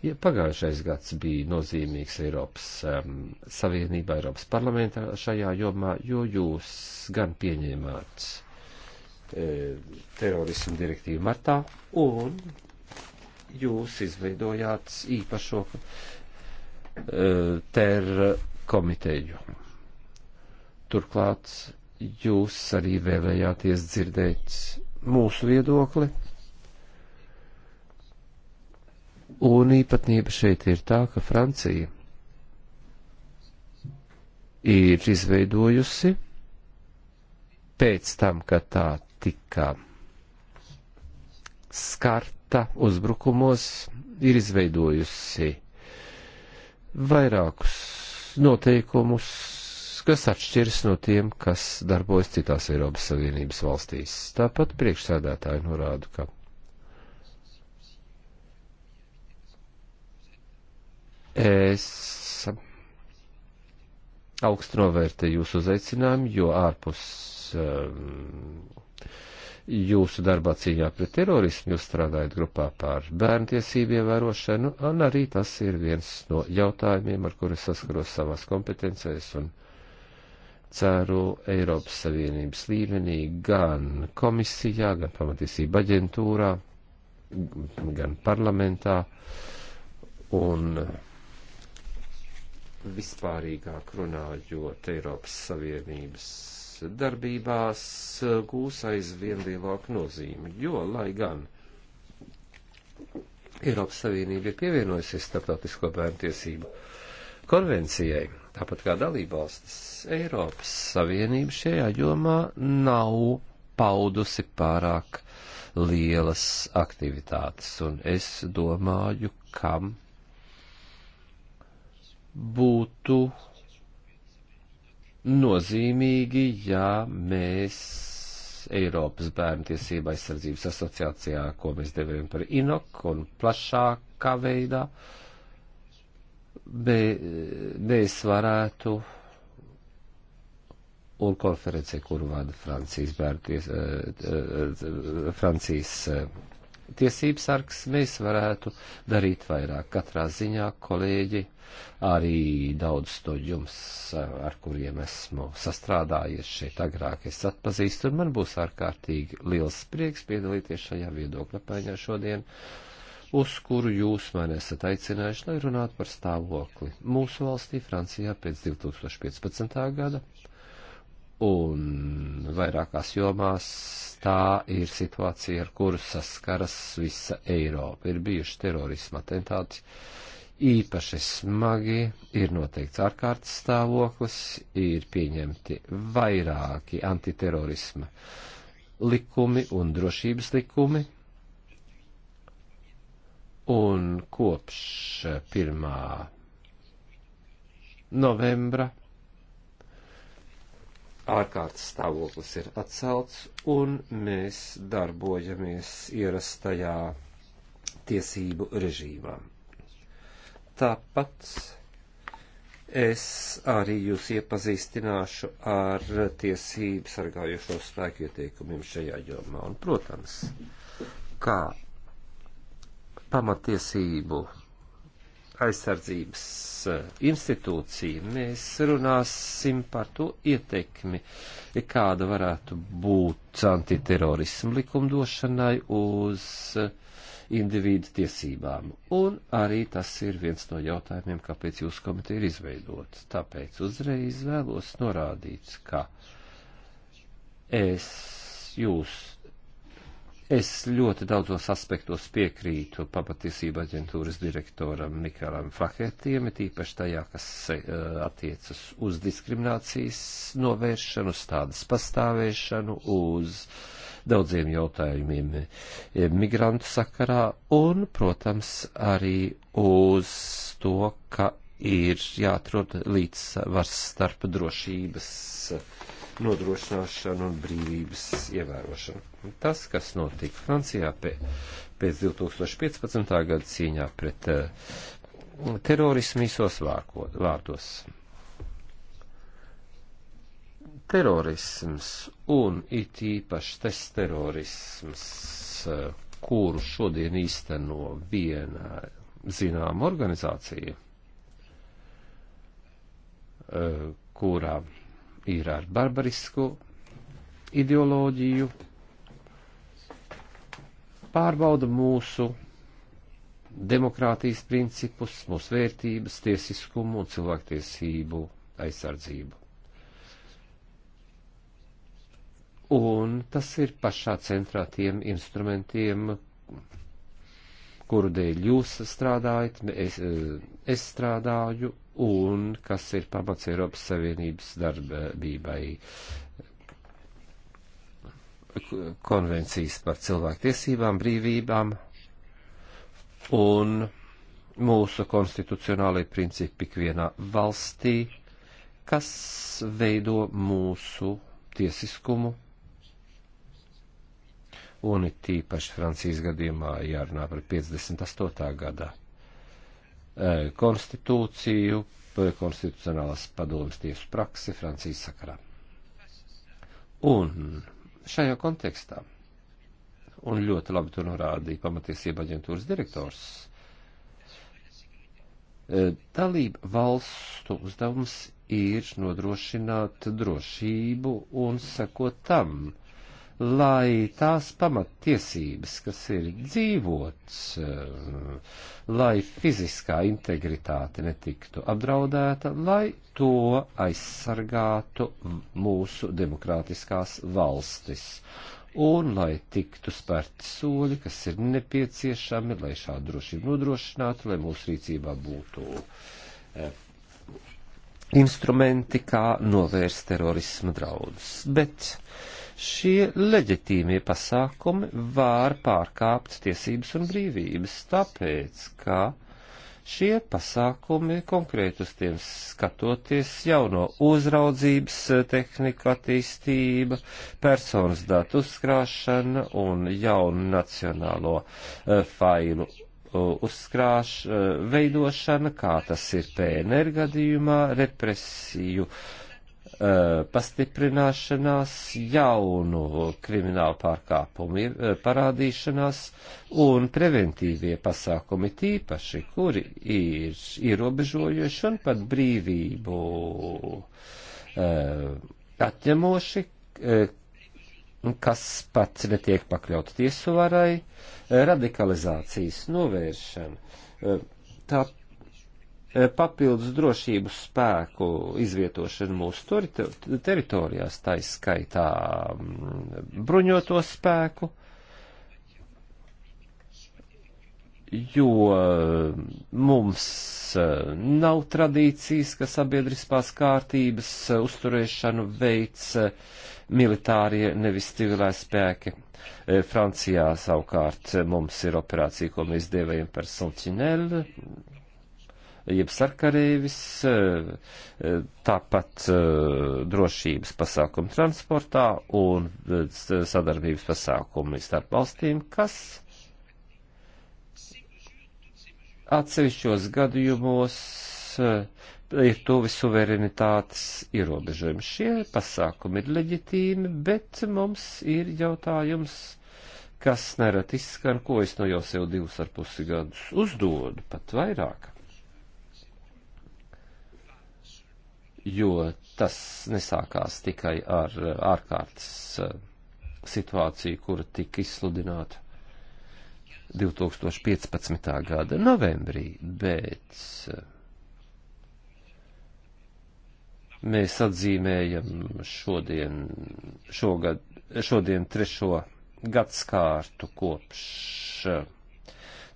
Ja pagājušais gads bija nozīmīgs Eiropas um, Savienībā, Eiropas parlamentā šajā jomā, jo jūs gan pieņēmāt E, terorismu direktīvu martā, un jūs izveidojāt īpašo e, ter komiteju. Turklāt jūs arī vēlējāties dzirdēt mūsu viedokli. Un īpatnība šeit ir tā, ka Francija ir izveidojusi pēc tam, kad tā tika skarta uzbrukumos, ir izveidojusi vairākus noteikumus, kas atšķiras no tiem, kas darbojas citās Eiropas Savienības valstīs. Tāpat priekšsēdētāji norāda, ka es augstu novērtēju jūsu uzaicinājumu, jo ārpus um, jūsu darbā cīņā pret terorismu, jūs strādājat grupā pār bērntiesību ievērošanu, un arī tas ir viens no jautājumiem, ar kuru saskaros savās kompetencēs un ceru Eiropas Savienības līmenī gan komisijā, gan pamatīsība aģentūrā, gan parlamentā un vispārīgāk runājot Eiropas Savienības darbībās eh, gūs aizvien lielāku nozīmi, jo, lai gan Eiropas Savienība ir pievienojusies starptautisko bērnu tiesību konvencijai, tāpat kā dalībvalstis, Eiropas Savienība šajā jomā nav paudusi pārāk lielas aktivitātes, un es domāju, kam būtu nozīmīgi, ja mēs Eiropas bērnu tiesība aizsardzības asociācijā, ko mēs devējam par INOK un plašākā veidā, be, mēs varētu un konferencē, kuru vada Francijas bērnu ties, eh, eh, eh, Francijas tiesības sargs, mēs varētu darīt vairāk. Katrā ziņā kolēģi, arī daudz to jums, eh, ar kuriem esmu sastrādājies šeit agrāk, es atpazīstu, un man būs ārkārtīgi liels prieks piedalīties šajā viedokļa paiņā šodien, uz kuru jūs mani esat aicinājuši, lai runātu par stāvokli mūsu valstī, Francijā, pēc 2015. gada un vairākās jomās tā ir situācija, ar kuru saskaras visa Eiropa. Ir bijuši terorisma atentāti īpaši smagi, ir noteikts ārkārtas stāvoklis, ir pieņemti vairāki antiterorisma likumi un drošības likumi. Un kopš 1. novembra ārkārtas stāvoklis ir atcelts, un mēs darbojamies ierastajā tiesību režīmā. Tāpat es arī jūs iepazīstināšu ar tiesību sargājušo spēku ieteikumiem šajā jomā. Un, protams, kā pamatiesību aizsardzības eh, institūcija, mēs runāsim par to ietekmi, kāda varētu būt antiterorismu likumdošanai uz eh, individu tiesībām. Un arī tas ir viens no jautājumiem, kāpēc jūsu komiteja ir izveidota. Tāpēc uzreiz vēlos norādīt, ka es jūs Es ļoti daudzos aspektos piekrītu pamatiesība aģentūras direktoram Mikēlam Fahetiem, tīpaši tajā, kas e, attiecas uz diskriminācijas novēršanu, uz tādas pastāvēšanu, uz daudziem jautājumiem e, migrantu sakarā un, protams, arī uz to, ka ir jāatrod līdzsvars starp drošības uh, nodrošināšanu un brīvības ievērošanu. Tas, kas notika Francijā pēc 2015. gada cīņā pret eh, terorismu visos vārdos. Terorisms un it īpaši tas terorisms, eh, kuru šodien īsteno viena zināma organizācija, eh, kurā ir ar barbarisku ideoloģiju, pārbauda mūsu demokrātijas principus, mūsu vērtības, tiesiskumu un cilvēktiesību aizsardzību. Un tas ir pašā centrā tiem instrumentiem, kuru dēļ jūs strādājat, es, es strādāju un kas ir pamats Eiropas Savienības darbībai konvencijas par cilvēktiesībām, brīvībām un mūsu konstitucionālai principi ikvienā valstī, kas veido mūsu tiesiskumu. Un it īpaši Francijas gadījumā jārunā par 58. gadā Eh, konstitūciju, eh, konstitucionālās padomas tiesu praksi Francijas sakarā. Un šajā kontekstā, un ļoti labi to norādīja pamatiesība aģentūras direktors, eh, dalība valstu uzdevums ir nodrošināt drošību un sekot tam, lai tās pamattiesības, kas ir dzīvots, eh, lai fiziskā integritāte netiktu apdraudēta, lai to aizsargātu mūsu demokrātiskās valstis. Un lai tiktu spērti soļi, kas ir nepieciešami, lai šādu drošību nodrošinātu, lai mūsu rīcībā būtu eh, instrumenti, kā novērst terorisma draudus. Bet uh, Šie leģitīmie pasākumi var pārkāpt tiesības un brīvības, tāpēc, ka šie pasākumi konkrēt uz tiem skatoties jauno uzraudzības tehniku attīstība, personas datu uzkrāšana un jaunu nacionālo uh, failu eh, uzkrāš, eh, veidošana, kā tas ir PNR gadījumā, represiju Eh, pastiprināšanās, jaunu kriminālu pārkāpumu eh, parādīšanās un preventīvie pasākumi tīpaši, kuri ir ierobežojoši un pat brīvību eh, atņemoši, kas pats netiek pakļauts tiesu varai, radikalizācijas novēršana. Tā Eh, papildus drošības spēku izvietošanu mūsu ter teritorijās, tā izskaitā mm, bruņoto spēku, jo eh, mums eh, nav tradīcijas, ka sabiedriskās kārtības uzturēšanu veids militārie, nevis civilē spēki. Francijā savukārt mums ir operācija, ko mēs dēvējam par Salčinēlu, jeb sarkarēvis, eh, eh, tāpat eh, drošības pasākumu transportā un sadarbības pasākumi starp valstīm, kas atsevišķos gadījumos ir tuvi suverenitātes ierobežojumi. Šie pasākumi ir leģitīmi, bet mums ir jautājums kas nerad izskan, ko es no jau sev divus ar pusi gadus uzdodu, pat vairāk. jo tas nesākās tikai ar eh, ārkārtas eh, situāciju, kura tika izsludināta 2015. gada novembrī, bet eh, mēs atzīmējam šodien, šogad, šodien trešo gadskārtu kopš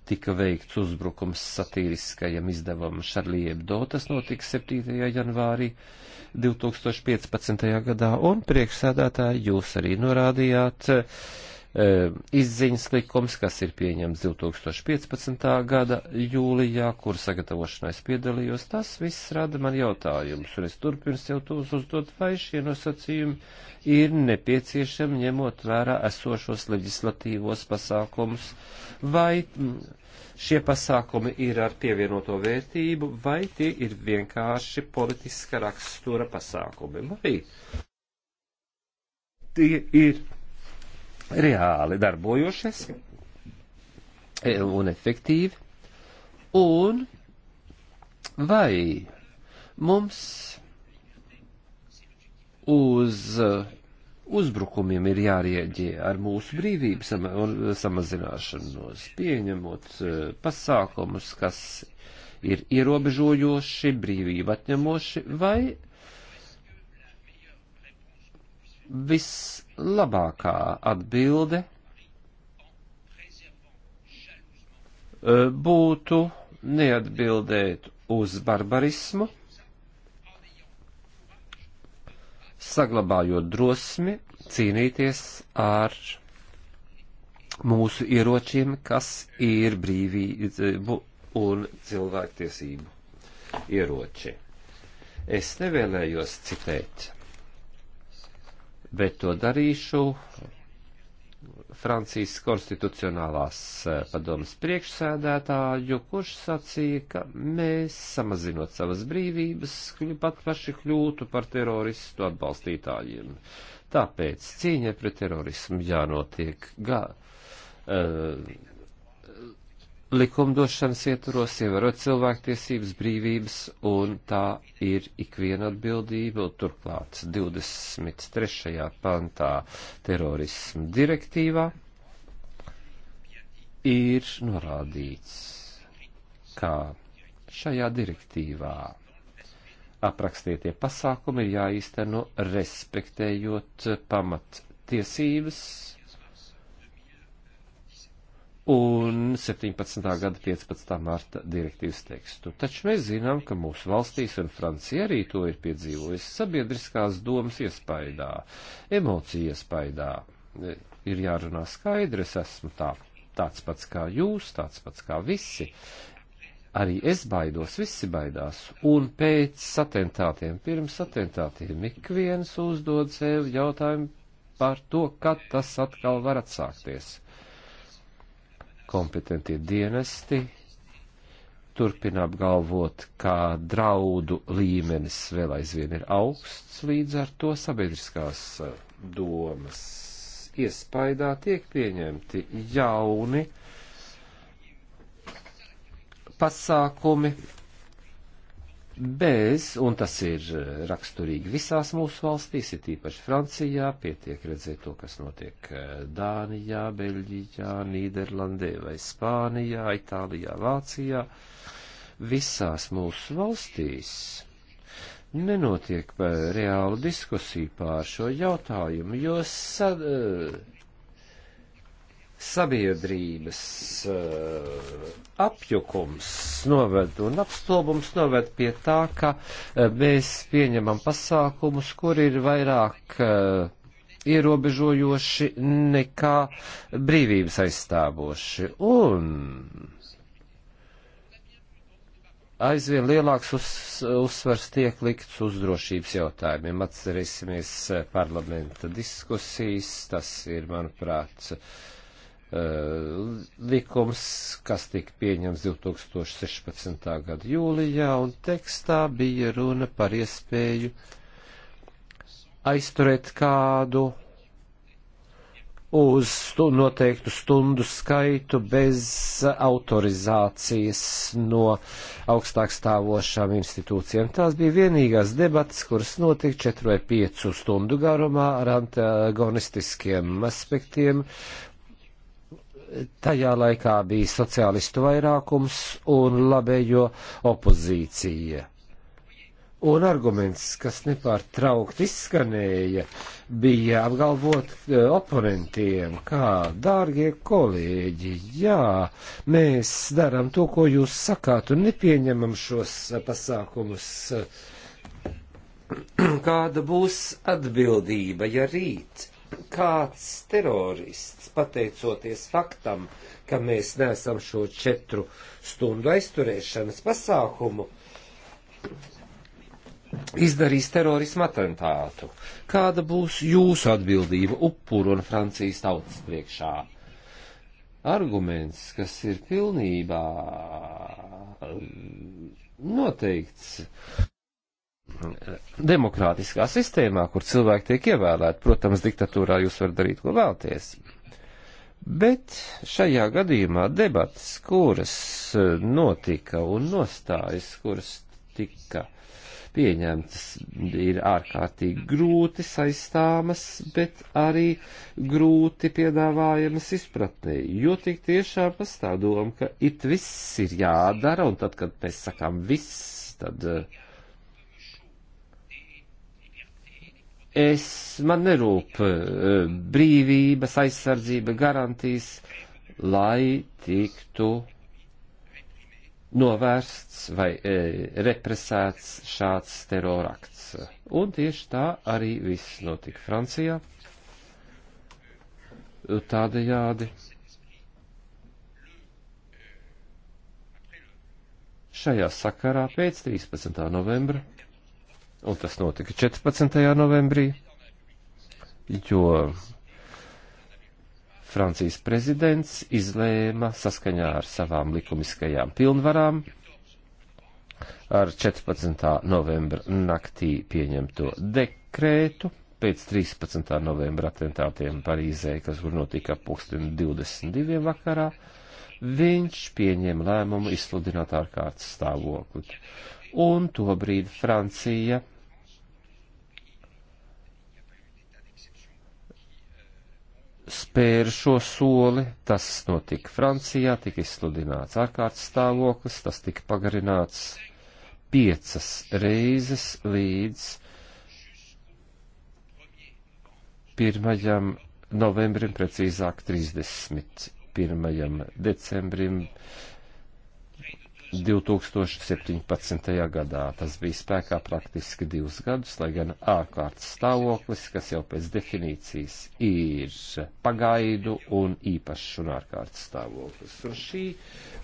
tika veikts uzbrukums satīriskajam izdevumam Šarlī Ebdo. Tas notika 7. janvārī 2015. gadā, un priekšsēdētāji jūs arī norādījāt, uh, E, izziņas likums, kas ir pieņemts 2015. gada jūlijā, kur sagatavošanais piedalījos, tas viss rada man jautājumus, un es turpins jau tos uzdot, vai šie nosacījumi ir nepieciešami ņemot vērā esošos leģislatīvos pasākumus, vai šie pasākumi ir ar pievienoto vērtību, vai tie ir vienkārši politiska rakstura pasākumi, vai tie ir reāli darbojošas e, un efektīvi, un vai mums uz uzbrukumiem ir jārieģē ar mūsu brīvības sama, samazināšanos, pieņemot e, pasākumus, kas ir ierobežojoši, brīvība atņemoši, vai vislabākā atbilde eh, būtu neatbildēt uz barbarismu, saglabājot drosmi cīnīties ar mūsu ieročiem, kas ir brīvību un cilvēktiesību ieroči. Es nevēlējos citēt bet to darīšu Francijas konstitucionālās eh, padomas priekšsēdētāju, kurš sacīja, ka mēs, samazinot savas brīvības, pat paši kļūtu par teroristu atbalstītājiem. Tāpēc cīņa pret terorismu jānotiek gan. Uh, eh, likumdošanas ietvaros ievērot cilvēktiesības, brīvības, un tā ir ikviena atbildība, un turklāt 23. pantā terorismu direktīvā ir norādīts, ka šajā direktīvā aprakstītie pasākumi ir jāīsteno respektējot pamat tiesības un 17. gada 15. marta direktīvas tekstu. Taču mēs zinām, ka mūsu valstīs un Francija arī to ir piedzīvojusi sabiedriskās domas iespaidā, emociju iespaidā. E, ir jārunā skaidri, es esmu tā, tāds pats kā jūs, tāds pats kā visi. Arī es baidos, visi baidās, un pēc atentātiem, pirms atentātiem, ik viens uzdod sev jautājumu par to, kad tas atkal var atsākties kompetentie dienesti turpina apgalvot, ka draudu līmenis vēl aizvien ir augsts, līdz ar to sabiedriskās eh, domas iespaidā tiek pieņemti jauni pasākumi, bez, un tas ir eh, raksturīgi visās mūsu valstīs, ir tīpaši Francijā, pietiek redzēt to, kas notiek eh, Dānijā, Beļģijā, Nīderlandē vai Spānijā, Itālijā, Vācijā, visās mūsu valstīs. Nenotiek eh, reāla diskusija pār šo jautājumu, jo sad, sabiedrības uh, apjukums noved un apstulbums noved pie tā, ka uh, mēs pieņemam pasākumus, kur ir vairāk uh, ierobežojoši nekā brīvības aizstāvoši. Un aizvien lielāks uz, uzsvars tiek likts uz drošības jautājumiem. Atcerēsimies parlamenta diskusijas, tas ir, manuprāt, uh, Eh, likums, kas tika pieņems 2016. gada jūlijā, un tekstā bija runa par iespēju aizturēt kādu uz stu, noteiktu stundu skaitu bez autorizācijas no augstāk stāvošām institūcijām. Tās bija vienīgās debatas, kuras notika 4 vai 5 stundu garumā ar antagonistiskiem aspektiem, tajā laikā bija sociālistu vairākums un labējo opozīcija. Un arguments, kas nepārtraukti izskanēja, bija apgalvot eh, oponentiem, kā, dārgie kolēģi, jā, mēs darām to, ko jūs sakāt, un nepieņemam šos eh, pasākumus. (clears throat) Kāda būs atbildība, ja rīt kāds terorists, pateicoties faktam, ka mēs neesam šo četru stundu aizturēšanas pasākumu, izdarīs terorismu atentātu. Kāda būs jūsu atbildība upuru un Francijas tautas priekšā? Arguments, kas ir pilnībā mm, noteikts demokrātiskā sistēmā, kur cilvēki tiek ievēlēti, protams, diktatūrā jūs varat darīt, ko vēlties. Bet šajā gadījumā debatas, kuras eh, notika un nostājas, kuras tika pieņemtas, ir ārkārtīgi grūti saistāmas, bet arī grūti piedāvājamas izpratnē, jo tik tiešām pastāv doma, ka it viss ir jādara, un tad, kad mēs sakām viss, tad uh, Es, man nerūp eh, brīvības, aizsardzība, garantijas, lai tiktu novērsts vai e, represēts šāds terorakts. Un tieši tā arī viss notika Francijā. Tādējādi šajā sakarā pēc 13. novembra un tas notika 14. novembrī, jo Francijas prezidents izlēma saskaņā ar savām likumiskajām pilnvarām ar 14. novembra naktī pieņemto dekrētu pēc 13. novembra atentātiem Parīzē, kas tur notika pulksten 22. vakarā, viņš pieņēma lēmumu izsludināt ārkārtas stāvokli. Un tobrīd Francija spēra šo soli, tas notika Francijā, tika izsludināts ārkārtas stāvoklis, tas tika pagarināts piecas reizes līdz 1. novembrim, precīzāk 31. decembrim 2017. gadā. Tas bija spēkā praktiski divus gadus, lai gan ārkārtas stāvoklis, kas jau pēc definīcijas ir pagaidu un īpašs un ārkārtas stāvoklis. Un šī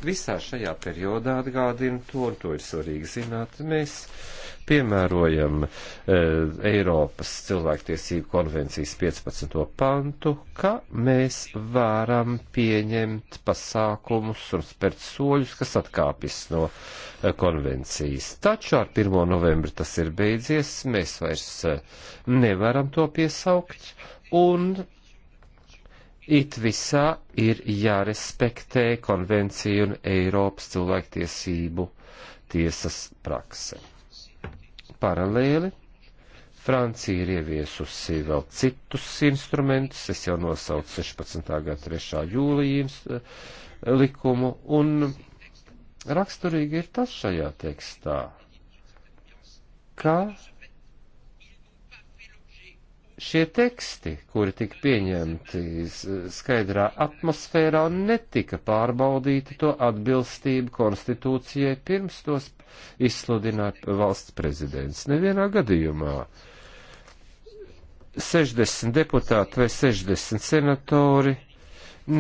visā šajā periodā atgādina to, un to ir svarīgi zināt, mēs piemērojam e, Eiropas cilvēktiesību konvencijas 15. pantu, ka mēs varam pieņemt pasākumus un spērt soļus, kas atkāpjas no e, konvencijas. Taču ar 1. novembri tas ir beidzies, mēs vairs e, nevaram to piesaukt. Un It visā ir jārespektē konvencija un Eiropas cilvēktiesību tiesas prakse paralēli Francija ir ieviesusi vēl citus instrumentus, es jau nosaucu 16. gada 3. jūlija eh, likumu, un raksturīgi ir tas šajā tekstā, ka šie teksti, kuri tika pieņemti skaidrā atmosfērā, netika pārbaudīti to atbilstību konstitūcijai pirms tos izsludināja valsts prezidents. Nevienā gadījumā 60 deputāti vai 60 senatori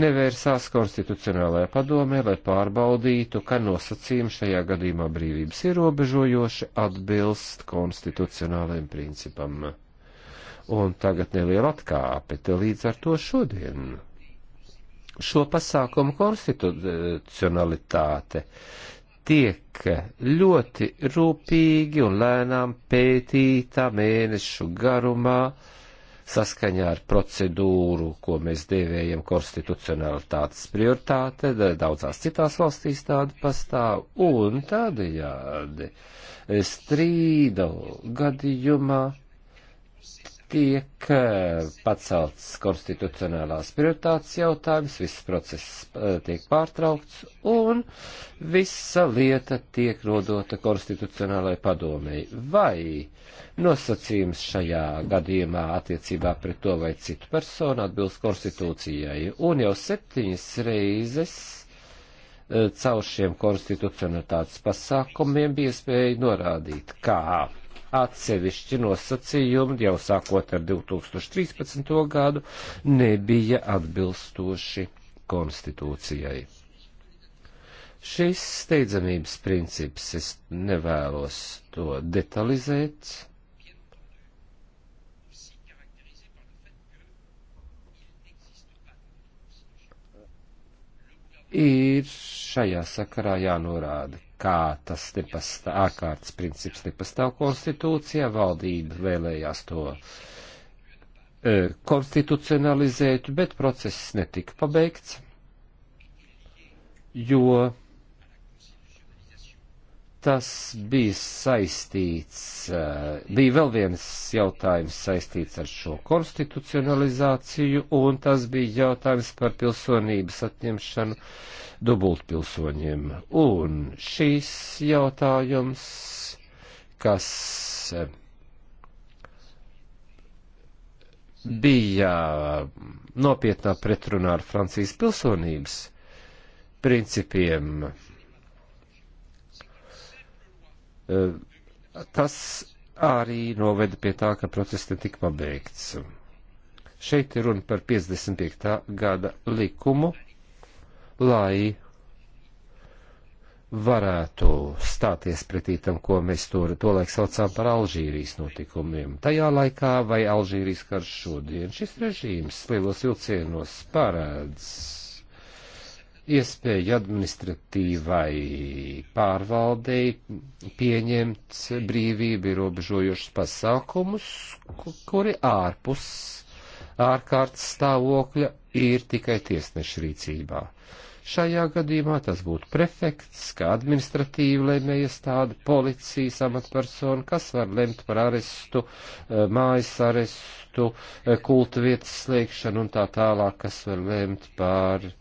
nevērsās konstitucionālajā padomē, lai pārbaudītu, ka nosacījumi šajā gadījumā brīvības ierobežojoši atbilst konstitucionālajiem principam un tagad neliela atkāpe. Līdz ar to šodien šo pasākumu konstitucionalitāte tiek ļoti rūpīgi un lēnām pētīta mēnešu garumā saskaņā ar procedūru, ko mēs dēvējam konstitucionalitātes prioritāte, daudzās citās valstīs tāda pastāv, un tādējādi strīda gadījumā tiek eh, pacelts konstitucionālās prioritātes jautājums, viss process eh, tiek pārtraukts un visa lieta tiek nodota konstitucionālai padomēji. Vai nosacījums šajā gadījumā attiecībā pret to vai citu personu atbilst konstitūcijai? Un jau septiņas reizes eh, caur šiem konstitucionalitātes pasākumiem bija spēja norādīt, kā atsevišķi nosacījumi jau sākot ar 2013. gadu nebija atbilstoši konstitūcijai. Šis steidzamības princips, es nevēlos to detalizēt, ir šajā sakarā jānorāda, kā tas nepastāv, ārkārtas princips nepastāv konstitūcijā, valdība vēlējās to e, konstitucionalizēt, bet process netika pabeigts, jo tas bija saistīts, eh, bija vēl viens jautājums saistīts ar šo konstitucionalizāciju, un tas bija jautājums par pilsonības atņemšanu dubultpilsoņiem. Un šīs jautājums, kas eh, bija nopietnā pretrunā ar Francijas pilsonības principiem, Eh, tas arī noveda pie tā, ka protests netika pabeigts. Šeit ir runa par 55. gada likumu, lai varētu stāties pretī tam, ko mēs to, to laiku saucām par Alžīrijas notikumiem. Tajā laikā vai Alžīrijas karš šodien šis režīms lielos vilcienos parādz iespēju administratīvai pārvaldei pieņemt brīvību ierobežojošus pasākumus, kuri ārpus ārkārtas stāvokļa ir tikai tiesneša rīcībā. Šajā gadījumā tas būtu prefekts, kā administratīva lemējiestāde, policijas amatpersona, kas var lemt par arestu, eh, mājas arestu, eh, kulta vietas slēgšanu un tā tālāk, kas var lemt par uh,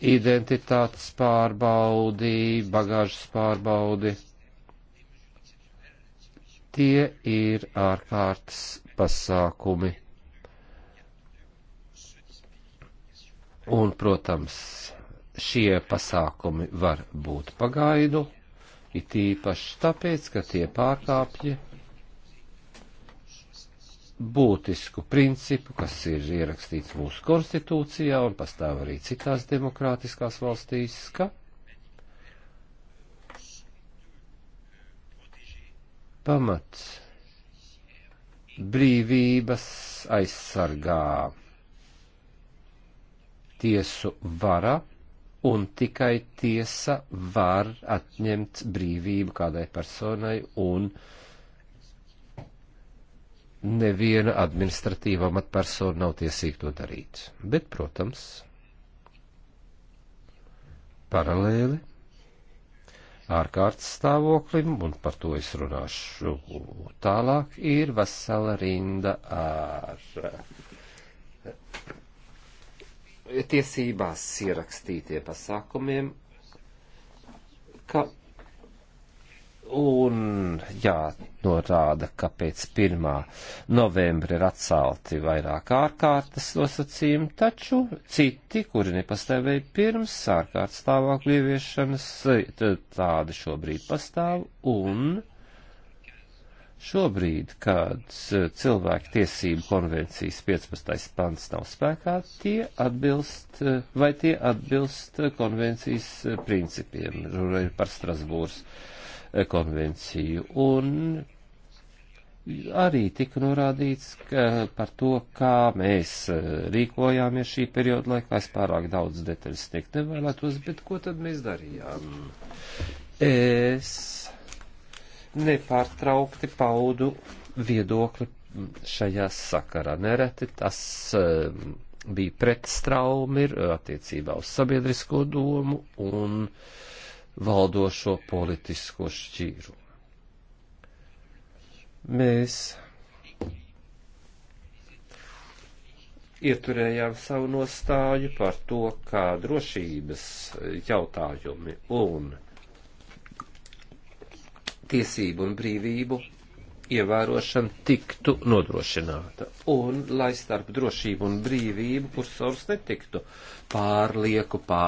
identitātes pārbaudi, bagāžas pārbaudi. Tie ir ārkārtas pasākumi. Un, protams, šie pasākumi var būt pagaidu, it īpaši tāpēc, ka tie pārkāpja būtisku principu, kas ir ierakstīts mūsu konstitūcijā un pastāv arī citās demokrātiskās valstīs, ka pamats brīvības aizsargā tiesu vara un tikai tiesa var atņemt brīvību kādai personai un uh, neviena administratīva amatpersona nav tiesīga to darīt. Bet, protams, paralēli ārkārtas stāvoklim, un par to es runāšu tālāk, ir vesela rinda ar eh, tiesībās ierakstītie pasākumiem, ka Un jānorāda, ka pēc 1. novembra ir atcelti vairāk ārkārtas nosacījumi, taču citi, kuri nepastāvēja pirms ārkārtas stāvokļa ieviešanas, tādi šobrīd pastāv. Un šobrīd, kad cilvēku tiesību konvencijas 15. pants nav spēkā, tie atbilst, vai tie atbilst konvencijas principiem, runājot par Strasbūras konvenciju. Un arī tika norādīts ka, par to, kā mēs eh, rīkojāmies šī perioda laikā. Es pārāk daudz detaļas sniegt nevēlētos, bet ko tad mēs darījām? Es nepārtraukti paudu viedokli šajā sakarā. Nereti tas eh, bija pretstraumi eh, attiecībā uz sabiedrisko domu un uh, valdošo politisko šķīrumu. Mēs ieturējām savu nostāju par to, kā drošības jautājumi un tiesību un brīvību ievērošana tiktu nodrošināta, un lai starp drošību un brīvību kursors netiktu pārlieku pā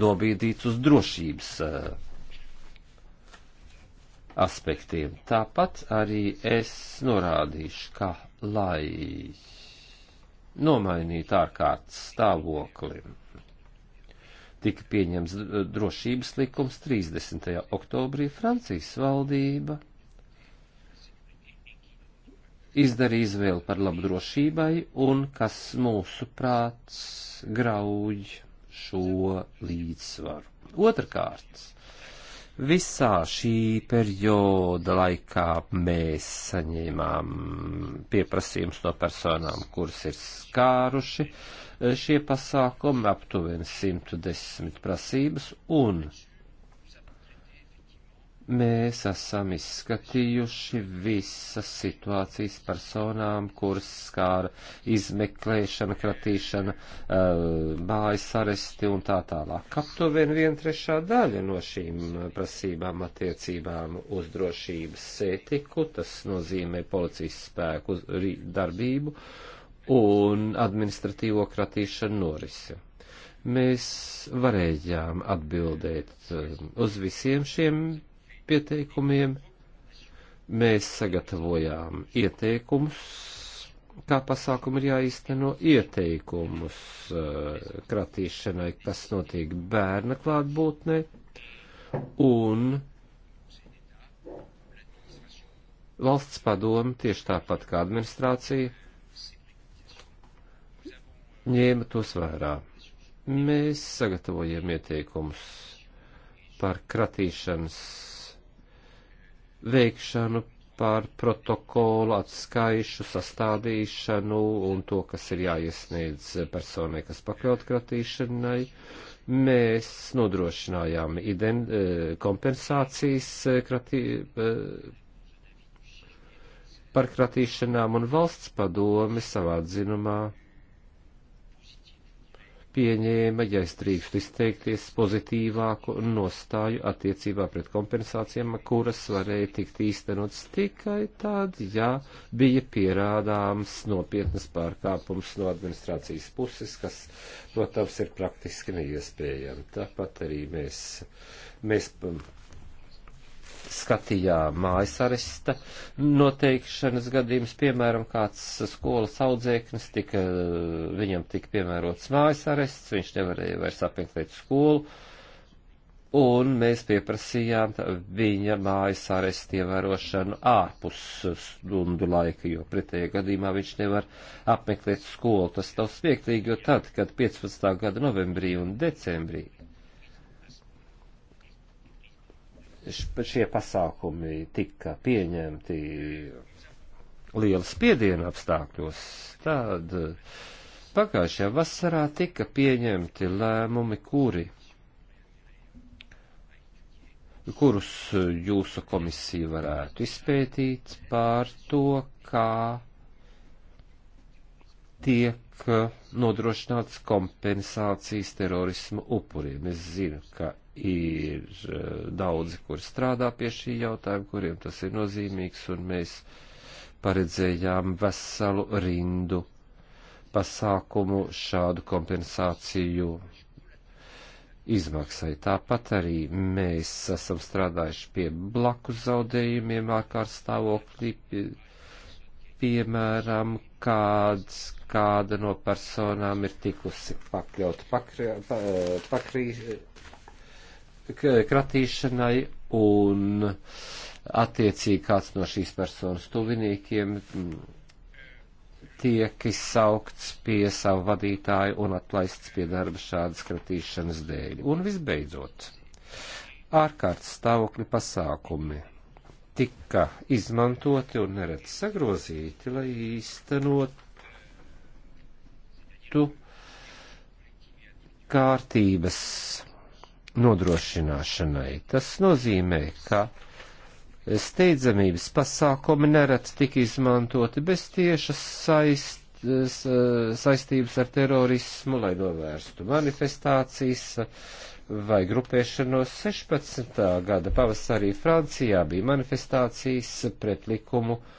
nobīdīts uz drošības uh, aspektiem. Tāpat arī es norādīšu, ka lai nomainītu ārkārtas stāvokli, tika pieņems drošības likums 30. oktobrī Francijas valdība izdara izvēli par labu drošībai un kas mūsu prāts grauj šo līdzsvaru. Otrakārt, visā šī perioda laikā mēs saņēmām pieprasījums no personām, kuras ir skāruši eh, šie pasākumi, aptuveni 110 prasības, un Mēs esam izskatījuši visas situācijas personām, kuras skāra izmeklēšana, kratīšana, eh, mājas aresti un tā tālāk. Aptuveni viena trešā daļa no šīm prasībām attiecībām uz drošības ētiku, tas nozīmē policijas spēku darbību un administratīvo kratīšanu norisi mēs varējām atbildēt eh, uz visiem šiem pieteikumiem. Mēs sagatavojām ieteikumus, kā pasākumi ir jāizteno ieteikumus eh, kratīšanai, kas notiek bērna klātbūtnē, un valsts padoma, tieši tāpat kā administrācija, ņēma tos vērā. Mēs sagatavojam ieteikumus par kratīšanas veikšanu, par protokolu atskaišu sastādīšanu un to, kas ir jāiesniedz personai, kas pakļaut kratīšanai. Mēs nodrošinājām ident, e, kompensācijas e, kratī, e, par kratīšanām un valsts padomi savā dzinumā pieņēma, ja es drīkstu izteikties, pozitīvāku nostāju attiecībā pret kompensācijām, kuras varēja tikt īstenots tikai tad, ja bija pierādāms nopietnas pārkāpums no administrācijas puses, kas, protams, ir praktiski neiespējami. Tāpat arī mēs, mēs skatījām mājas aresta noteikšanas gadījumus, piemēram, kāds skolas audzēknis tika, viņam tika piemērots mājas arests, viņš nevarēja vairs apmeklēt skolu, un mēs pieprasījām viņa mājas arestu ievērošanu ārpus stundu laika, jo pretējā gadījumā viņš nevar apmeklēt skolu. Tas nav smieklīgi, jo tad, kad 15. gada novembrī un decembrī šie pasākumi tika pieņemti liela spiediena apstākļos, tad eh, pagājušajā vasarā tika pieņemti lēmumi, kuri, kurus eh, jūsu komisija varētu izpētīt pār to, kā tiek eh, nodrošināts kompensācijas terorismu upuriem. Es zinu, ka ir eh, daudzi, kur strādā pie šī jautājuma, kuriem tas ir nozīmīgs, un mēs paredzējām veselu rindu pasākumu šādu kompensāciju izmaksai. Tāpat arī mēs esam strādājuši pie blakus zaudējumiem ārkārtas stāvoklī, piemēram, kāds, kāda no personām ir tikusi pakļauta pakrī, eh, pakrī, kratīšanai un attiecīgi kāds no šīs personas tuviniekiem tiek izsaukts pie savu vadītāju un atlaists pie darba šādas kratīšanas dēļ. Un visbeidzot, ārkārtas stāvokļa pasākumi tika izmantoti un neredz sagrozīti, lai īstenotu kārtības nodrošināšanai. Tas nozīmē, ka steidzamības pasākumi nerad tik izmantoti bez tiešas saist, saistības ar terorismu, lai novērstu manifestācijas vai grupēšanos 16. gada pavasarī Francijā bija manifestācijas pret likumu uh,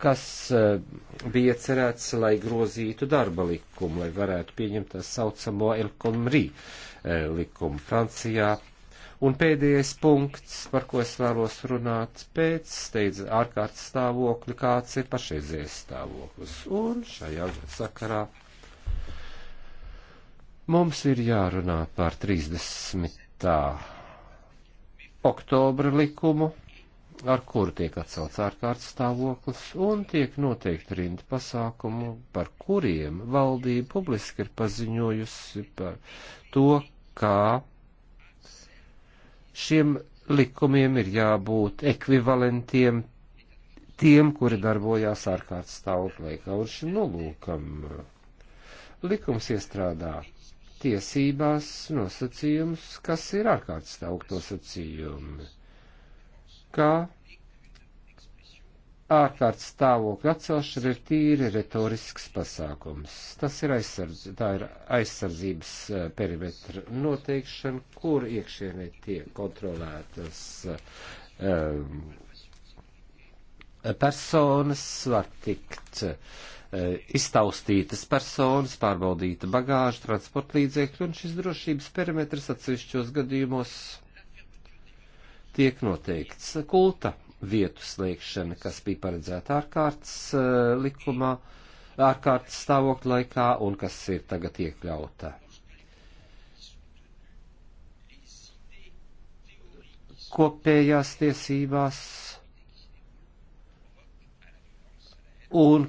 kas eh, bija cerēts, lai grozītu darba likumu, lai varētu pieņemt tā saucamo Elkomrī eh, likumu Francijā. Un pēdējais punkts, par ko es vēlos runāt pēc steidz ārkārtas stāvokļa, kāds ir pašreizējais stāvoklis. Un šajā sakarā mums ir jārunā par 30. oktobra likumu, ar kuru tiek atcelts ārkārtas stāvoklis, un tiek noteikti rinda pasākumu, par kuriem valdība publiski ir paziņojusi par to, kā šiem likumiem ir jābūt ekvivalentiem tiem, kuri darbojās ārkārtas stāvokļa laikā, un šim nolūkam likums iestrādā tiesībās nosacījums, kas ir ārkārtas stāvokļa nosacījumi ka ārkārtas stāvokļa atcelšana ir tīri retorisks pasākums. Tas ir, aizsardz, ir aizsardzības eh, perimetra noteikšana, kur iekšienē tiek kontrolētas um, personas, var tikt uh, iztaustītas personas, pārbaudīta bagāža, transportlīdzekļi, un šis drošības perimetrs atsevišķos gadījumos tiek noteikts kulta vietu slēgšana, kas bija paredzēta ārkārtas eh, likumā, ārkārtas stāvokļa laikā un kas ir tagad iekļauta. Kopējās tiesībās un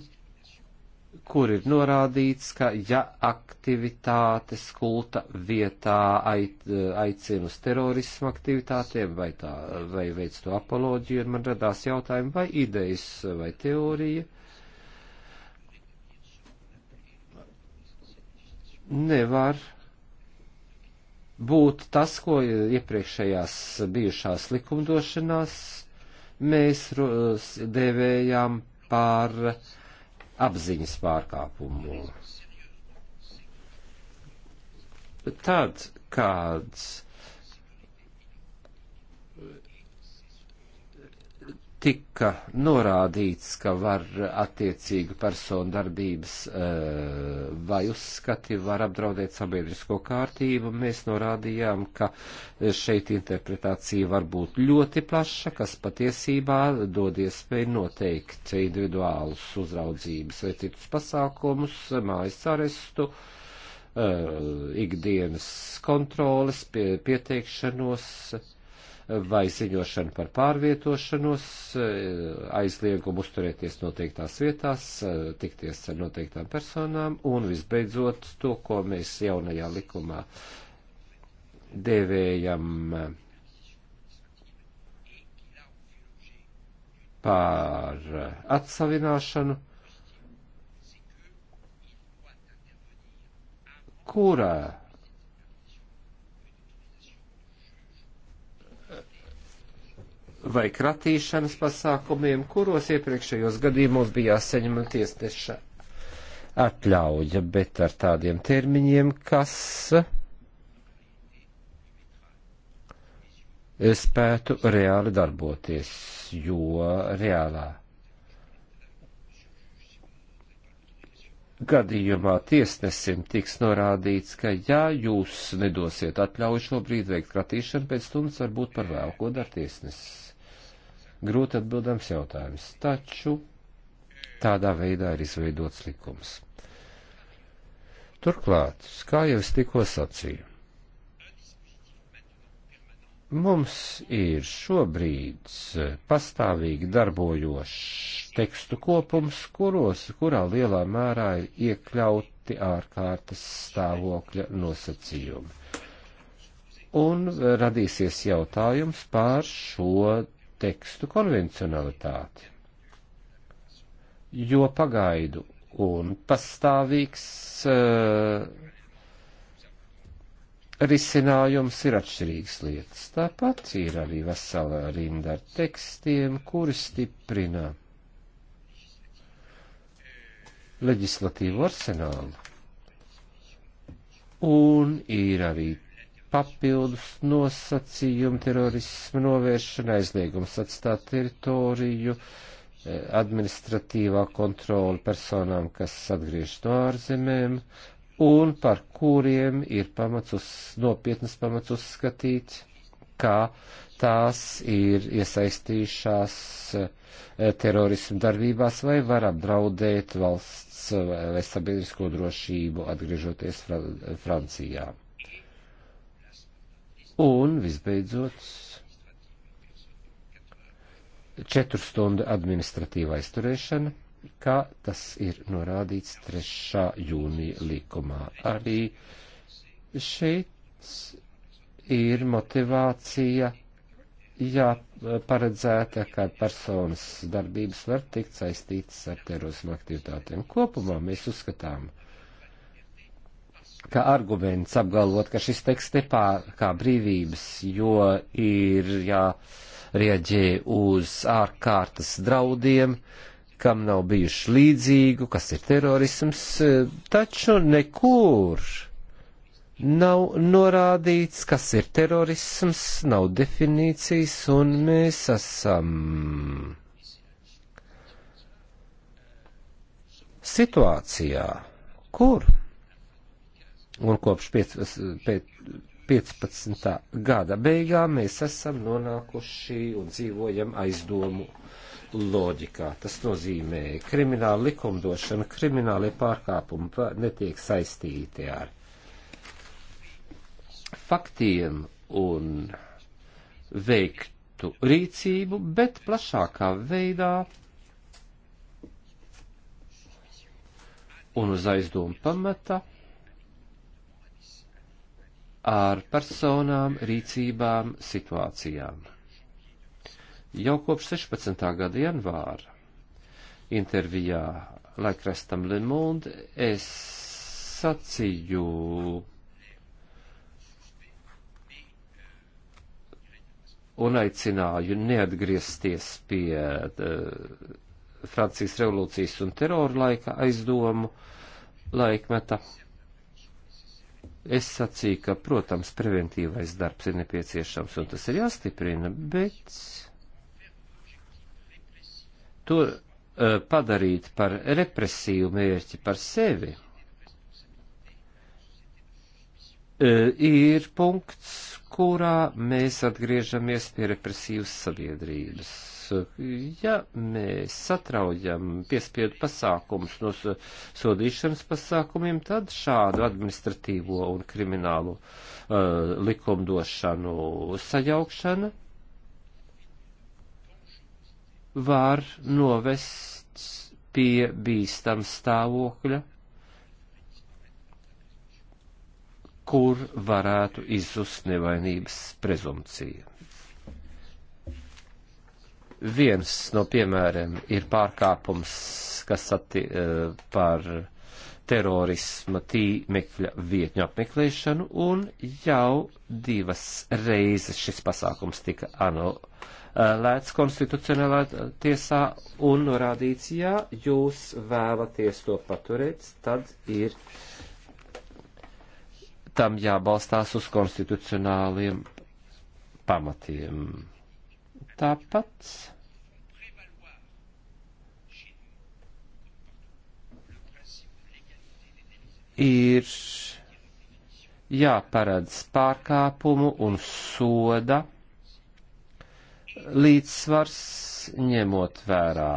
kur ir norādīts, ka ja aktivitātes kulta vietā aicina uz terorismu aktivitātiem vai, tā, vai veic to apoloģiju, un man radās jautājumi vai idejas vai teorija. Nevar būt tas, ko iepriekšējās bijušās likumdošanās mēs dēvējām par uh, apziņas pārkāpumu. Tad, kāds tika norādīts, ka var attiecīga persona darbības e, vai uzskati var apdraudēt sabiedrisko kārtību. Mēs norādījām, ka šeit interpretācija var būt ļoti plaša, kas patiesībā dod iespēju noteikt individuālus uzraudzības vai citus pasākumus, mājas arestu e, ikdienas kontroles, pie, pieteikšanos, uh, vai ziņošanu par pārvietošanos, eh, aizliegumu uzturēties noteiktās vietās, eh, tikties ar noteiktām personām un visbeidzot to, ko mēs jaunajā likumā dēvējam eh, par atsavināšanu, kurā vai kratīšanas pasākumiem, kuros iepriekšējos gadījumos bija jāsaņem tiesneša atļauja, bet ar tādiem termiņiem, kas spētu reāli darboties, jo reālā gadījumā tiesnesim tiks norādīts, ka ja jūs nedosiet atļauju šobrīd veikt kratīšanu, pēc stundas varbūt par vēl ko dar tiesnesis grūti atbildams jautājums, taču tādā veidā ir izveidots likums. Turklāt, kā jau es tikko sacīju, mums ir šobrīd pastāvīgi darbojošs tekstu kopums, kuros, kurā lielā mērā ir iekļauti ārkārtas stāvokļa nosacījumi. Un radīsies jautājums pār šo tekstu konvencionalitāti, jo pagaidu un pastāvīgs uh, risinājums ir atšķirīgs lietas. Tāpat ir arī vesela rinda ar tekstiem, kuri stiprina leģislatīvu arsenālu. Un ir arī papildus nosacījumi terorismu novēršana, aizliegums atstāt teritoriju, eh, administratīvā kontrola personām, kas atgriež no ārzemēm, un par kuriem ir pamats uz, nopietnas pamats uzskatīt, kā tās ir iesaistījušās eh, terorismu darbībās vai var apdraudēt valsts eh, vai sabiedrisko drošību atgriežoties Francijā. Un, visbeidzot, četru stundu administratīva aizturēšana, kā tas ir norādīts 3. jūnija likumā. Arī šeit ir motivācija jāparedzēta, ka personas darbības var tikt saistītas ar terorismu aktivitātēm. Kopumā mēs uzskatām, kā arguments apgalvot, ka šis teksts nepārkā brīvības, jo ir jārieģē uz ārkārtas draudiem, kam nav bijuši līdzīgu, kas ir terorisms, taču nekur nav norādīts, kas ir terorisms, nav definīcijas, un mēs esam situācijā, kur Un kopš 15. gada beigām mēs esam nonākuši un dzīvojam aizdomu loģikā. Tas nozīmē, krimināla likumdošana, kriminālie pārkāpumi netiek saistīti ar faktiem un veiktu rīcību, bet plašākā veidā un uz aizdomu pamata ar personām, rīcībām, situācijām. Jau kopš 16. gada janvāra intervijā laikrastam Le Monde es sacīju un aicināju neatgriezties pie uh, Francijas revolūcijas un terora laika aizdomu laikmeta. Uh, Es sacīju, ka, protams, preventīvais darbs ir nepieciešams un tas ir jāstiprina, bet to uh, padarīt par represīvu mērķi par sevi uh, ir punkts, kurā mēs atgriežamies pie represīvas sabiedrības ja mēs satraujam piespiedu pasākumus no sodīšanas pasākumiem, tad šādu administratīvo un kriminālu uh, likumdošanu sajaukšana var novest pie bīstam stāvokļa, kur varētu izzust nevainības prezumcija. Viens no piemēriem ir pārkāpums, kas atti, eh, par terorisma tīmekļa vietņu apmeklēšanu, un jau divas reizes šis pasākums tika anulēts eh, konstitucionālā tiesā un norādīts, ja jūs vēlaties to paturēt, tad ir tam jābalstās uz konstitucionāliem pamatiem. Tāpat ir jāparedz pārkāpumu un soda līdzsvars ņemot vērā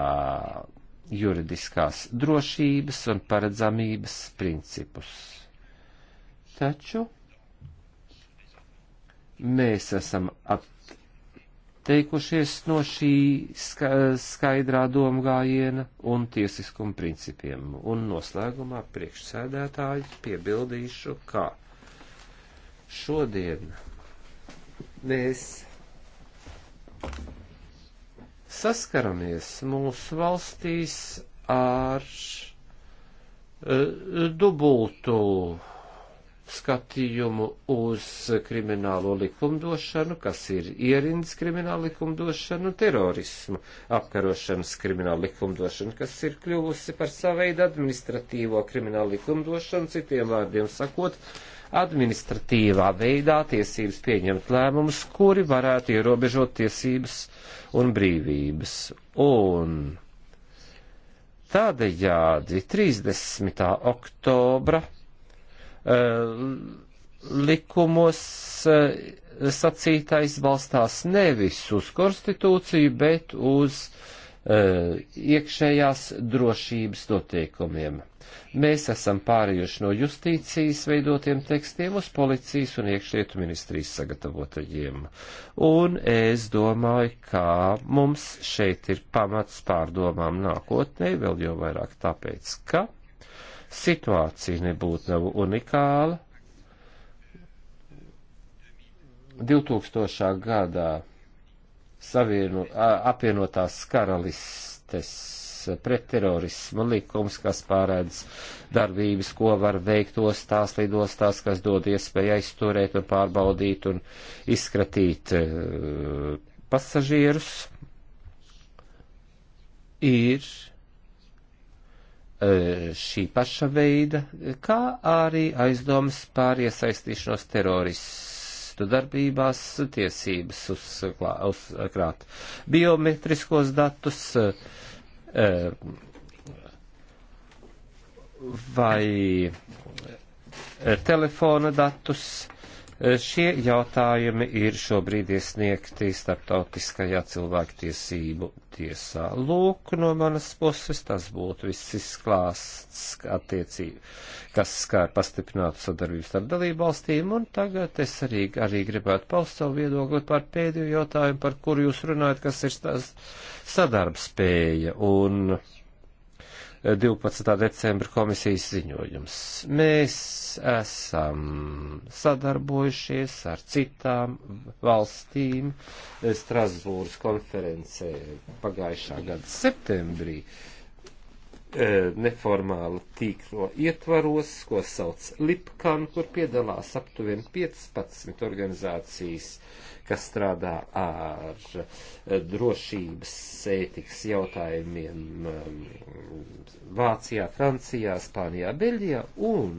juridiskās drošības un paredzamības principus. Taču mēs esam ap atteikušies no šī ska, skaidrā domgājiena un tiesiskuma principiem. Un noslēgumā priekšsēdētāji piebildīšu, ka šodien mēs saskaramies mūsu valstīs ar uh, dubultu skatījumu uz kriminālo likumdošanu, kas ir ierins krimināla likumdošanu, terorismu apkarošanas krimināla likumdošanu, kas ir kļuvusi par savveidu administratīvo kriminālu likumdošanu, citiem vārdiem sakot, administratīvā veidā tiesības pieņemt lēmumus, kuri varētu ierobežot tiesības un brīvības. Un tādējādi 30. oktobra Eh, likumos eh, sacītais balstās nevis uz konstitūciju, bet uz uh, iekšējās drošības noteikumiem. Mēs esam pārējuši no justīcijas veidotiem tekstiem uz policijas un iekšlietu ministrijas sagatavotajiem. Un es domāju, ka mums šeit ir pamats pārdomām nākotnē, vēl jau vairāk tāpēc, ka situācija nebūtu nav unikāla. 2000. gadā savienu, apvienotās karalistes pretterorisma likums, kas pārēdz darbības, ko var veikt ostās, lidostās, kas dod iespēju aizturēt un pārbaudīt un izskatīt e, pasažierus, ir E, šī paša veida, kā arī aizdomas par iesaistīšanos teroristu darbībās, tiesības uzklā, uzkrāt biometriskos datus, e, vai telefona datus, Šie jautājumi ir šobrīd iesniegti starptautiskajā cilvēktiesību tiesā. Lūk, no manas puses tas būtu viss izklāsts attiecību, kas skār pastiprinātu sadarbību starp dalību valstīm, un tagad es arī, arī gribētu paust savu viedokli par pēdējo jautājumu, par kuru jūs runājat, kas ir sadarbspēja. Un 12. decembra komisijas ziņojums. Mēs esam sadarbojušies ar citām valstīm Strasbūras konferencē pagājušā gada septembrī. Uh, E, neformāla tīklo ietvaros, ko sauc Lipkan, kur piedalās aptuveni 15 organizācijas, kas strādā ar e, drošības ētikas jautājumiem e, Vācijā, Francijā, Spānijā, Beļģijā un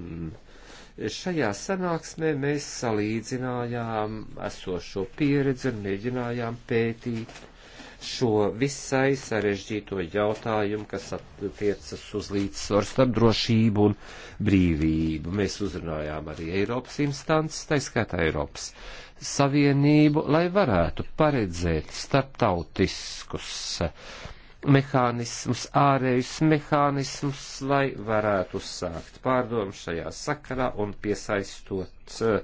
šajā sanāksmē mēs salīdzinājām esošo pieredzi un mēģinājām pētīt šo visai sarežģīto jautājumu, kas attiecas uz līdzsvaru starp drošību un brīvību. Mēs uzrunājām arī Eiropas instances, taiskaitā Eiropas Savienību, lai varētu paredzēt starptautiskus mehānismus, ārējus mehānismus, lai varētu uzsākt pārdomu šajā sakarā un piesaistot uh, eh,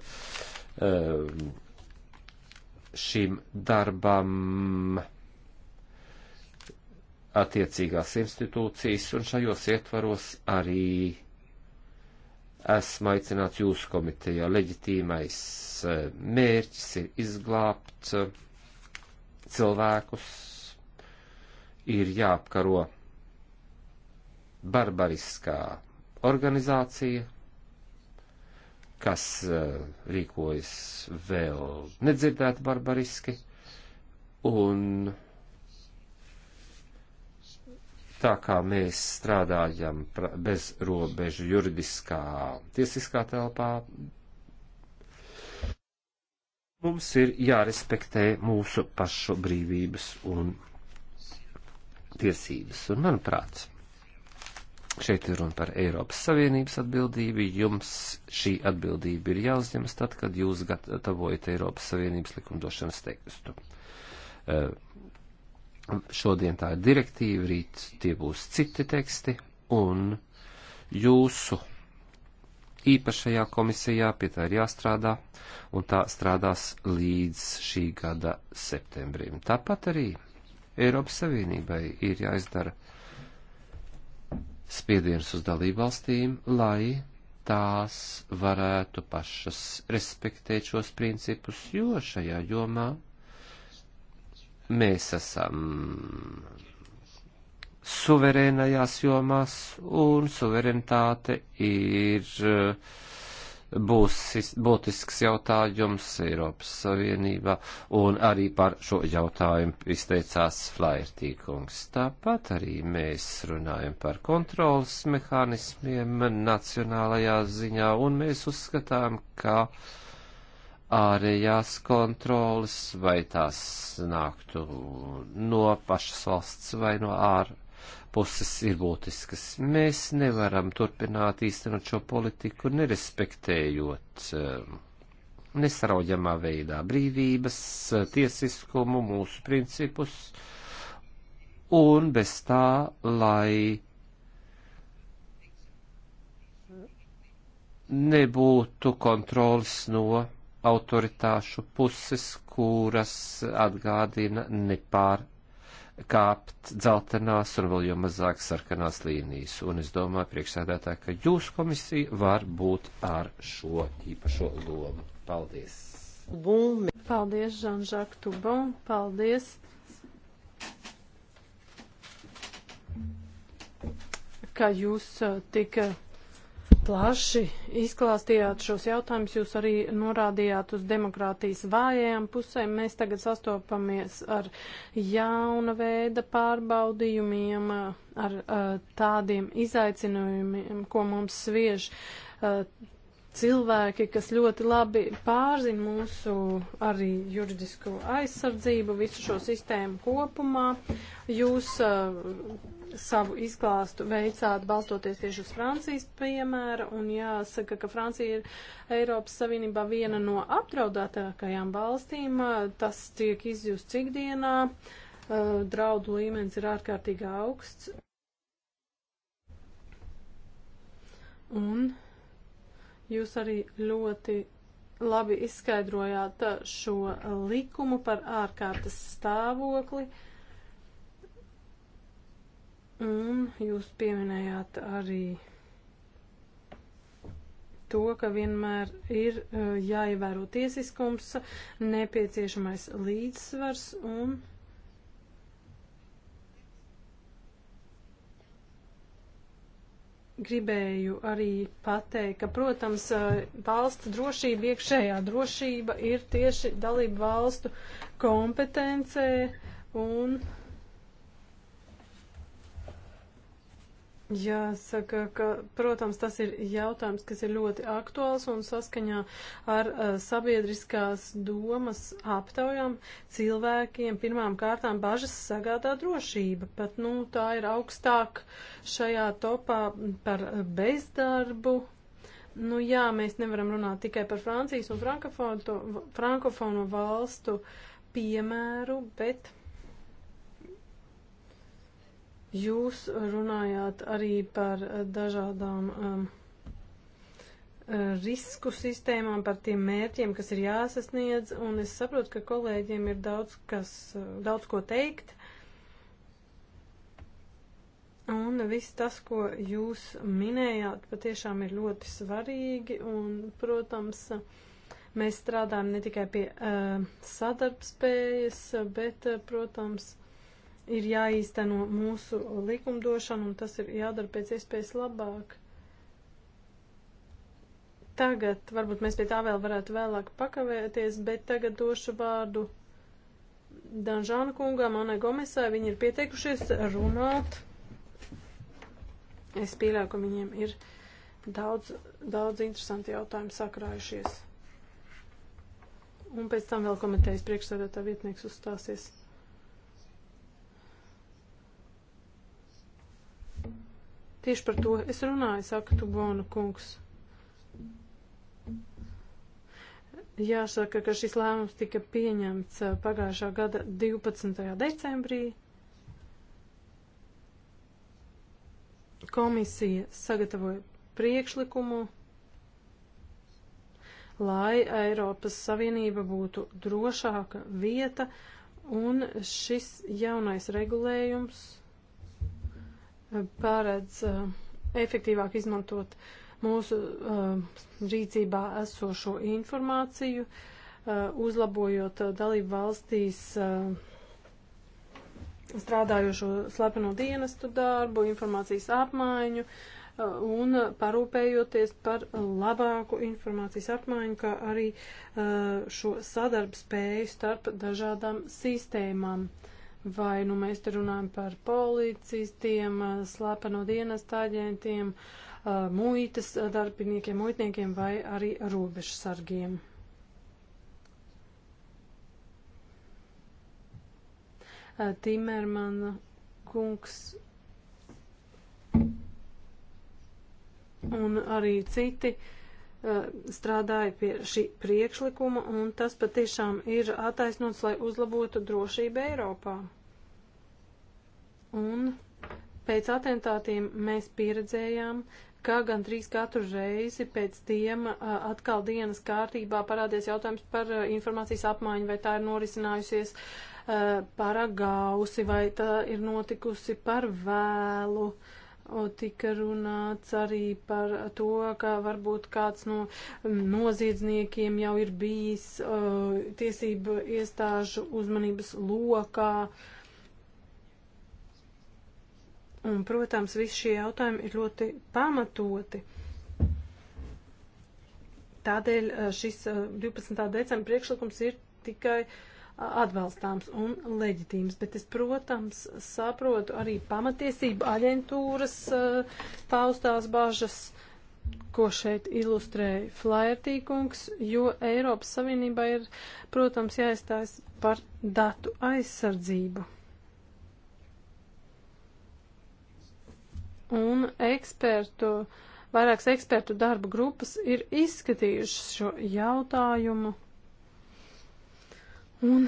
eh, šīm darbam uh, attiecīgās institūcijas, un šajos ietvaros arī esmu aicināts jūsu komitejā. Leģitīmais eh, mērķis ir izglābt eh, cilvēkus, ir jāapkaro barbariskā organizācija, kas eh, rīkojas vēl nedzirdēt barbariski, un tā kā mēs strādājam bez robežu juridiskā tiesiskā telpā, mums ir jārespektē mūsu pašu brīvības un tiesības. Un, manuprāt, šeit ir runa par Eiropas Savienības atbildību. Jums šī atbildība ir jāuzņemas tad, kad jūs gatavojat Eiropas Savienības likumdošanas tekstu. Uh, Šodien tā ir direktīva, rīt tie būs citi teksti, un jūsu īpašajā komisijā pie tā ir jāstrādā, un tā strādās līdz šī gada septembrim. Tāpat arī Eiropas Savienībai ir jāizdara spiediens uz dalībvalstīm, lai tās varētu pašas respektēt šos principus, jo šajā jomā Mēs esam suverēnajās jomās, un suverenitāte ir eh, būs būtisks jautājums Eiropas Savienībā, un arī par šo jautājumu izteicās Flairtīkungs. Tāpat arī mēs runājam par kontrolas mehānismiem nacionālajā ziņā, un mēs uzskatām, ka uh, ārējās kontrolas, vai tās nāktu no pašas valsts vai no ārpuses, ir būtiskas. Mēs nevaram turpināt īstenot šo politiku, nerespektējot eh, nesaraujamā veidā brīvības, tiesiskumu, mūsu principus, un bez tā, lai nebūtu kontrols no autoritāšu puses, kuras atgādina nepār kāpt dzeltenās un vēl jau mazāk sarkanās līnijas. Un es domāju, priekšsēdētāji, ka jūsu komisija var būt ar šo īpašo lomu. Paldies! Bum. Paldies, Žanžāk Tubon! Paldies! Kā jūs eh, tika eh, plaši izklāstījāt šos jautājumus, jūs arī norādījāt uz demokrātijas vājajām pusēm. Mēs tagad sastopamies ar jauna veida pārbaudījumiem, ar tādiem izaicinājumiem, ko mums sviež eh, cilvēki, kas ļoti labi pārzina mūsu arī juridisko aizsardzību, visu šo sistēmu kopumā. Jūs uh, savu izklāstu veicāt balstoties tieši uz Francijas piemēra, un jāsaka, ka Francija ir Eiropas Savienībā viena no apdraudētākajām valstīm. Uh, tas tiek izjusts ikdienā, uh, draudu līmenis ir ārkārtīgi augsts. Un Jūs arī ļoti labi izskaidrojāt šo likumu par ārkārtas stāvokli. Un jūs pieminējāt arī to, ka vienmēr ir eh, jāievēro tiesiskums, nepieciešamais līdzsvars un gribēju arī pateikt, ka, protams, valsts drošība, iekšējā drošība ir tieši dalību valstu kompetencē un. Jāsaka, ka, protams, tas ir jautājums, kas ir ļoti aktuāls un saskaņā ar uh, sabiedriskās domas aptaujām cilvēkiem pirmām kārtām bažas sagādā drošība, pat, nu, tā ir augstāk šajā topā par bezdarbu. Nu, jā, mēs nevaram runāt tikai par Francijas un frankofonu valstu piemēru, bet Jūs runājāt arī par dažādām um, risku sistēmām, par tiem mērķiem, kas ir jāsasniedz, un es saprotu, ka kolēģiem ir daudz, kas, daudz ko teikt. Un viss tas, ko jūs minējāt, patiešām ir ļoti svarīgi, un, protams, mēs strādājam ne tikai pie uh, sadarbspējas, bet, uh, protams, ir jāīsteno mūsu likumdošana, un tas ir jādara pēc iespējas labāk. Tagad, varbūt mēs pie tā vēl varētu vēlāk pakavēties, bet tagad došu vārdu Danžāna kungām, Anai Gomesai. Viņi ir pieteikušies runāt. Es pieļauju, ka viņiem ir daudz, daudz interesanti jautājumi sakrājušies. Un pēc tam vēl komitejas priekšsēdētā vietnieks uzstāsies. Tieši par to es runāju, saka Tubona kungs. Jāsaka, ka šis lēmums tika pieņemts eh, pagājušā gada 12. decembrī. Komisija sagatavoja priekšlikumu, lai Eiropas Savienība būtu drošāka vieta, un šis jaunais regulējums paredz eh, efektīvāk izmantot mūsu eh, rīcībā esošo informāciju, eh, uzlabojot dalību valstīs strādājošo slepeno dienestu darbu, informācijas apmaiņu un parūpējoties par labāku informācijas apmaiņu, kā arī šo sadarbspēju starp dažādām sistēmām. Uh, vai nu mēs te runājam par policistiem, slepeno dienestu aģentiem, muitas darbiniekiem, muitniekiem vai arī robežsargiem. Timermana kungs un arī citi uh, Eh, strādāja pie šī priekšlikuma, un tas patiešām ir attaisnots, lai uzlabotu drošību Eiropā. Un pēc atentātiem mēs pieredzējām, ka gandrīz katru reizi pēc tiem eh, atkal dienas kārtībā parādies jautājums par eh, informācijas apmaiņu, vai tā ir norisinājusies pārāk gausi, vai tā ir notikusi par vēlu. Uh, tika runāts arī par to, ka varbūt kāds no mm, noziedzniekiem jau ir bijis uh, tiesību iestāžu uzmanības lokā. Un, protams, visi šie jautājumi ir ļoti pamatoti. Tādēļ uh, šis 12. Uh, decembra priekšlikums ir tikai uh, atbalstāms un leģitīms, bet es, protams, saprotu arī pamatiesību aģentūras eh, paustās bažas, ko šeit ilustrēja Flairtīkungs, jo Eiropas Savienībā ir, protams, jāizstājas par datu aizsardzību. Un ekspertu, vairākas ekspertu darba grupas ir izskatījušas šo jautājumu. Un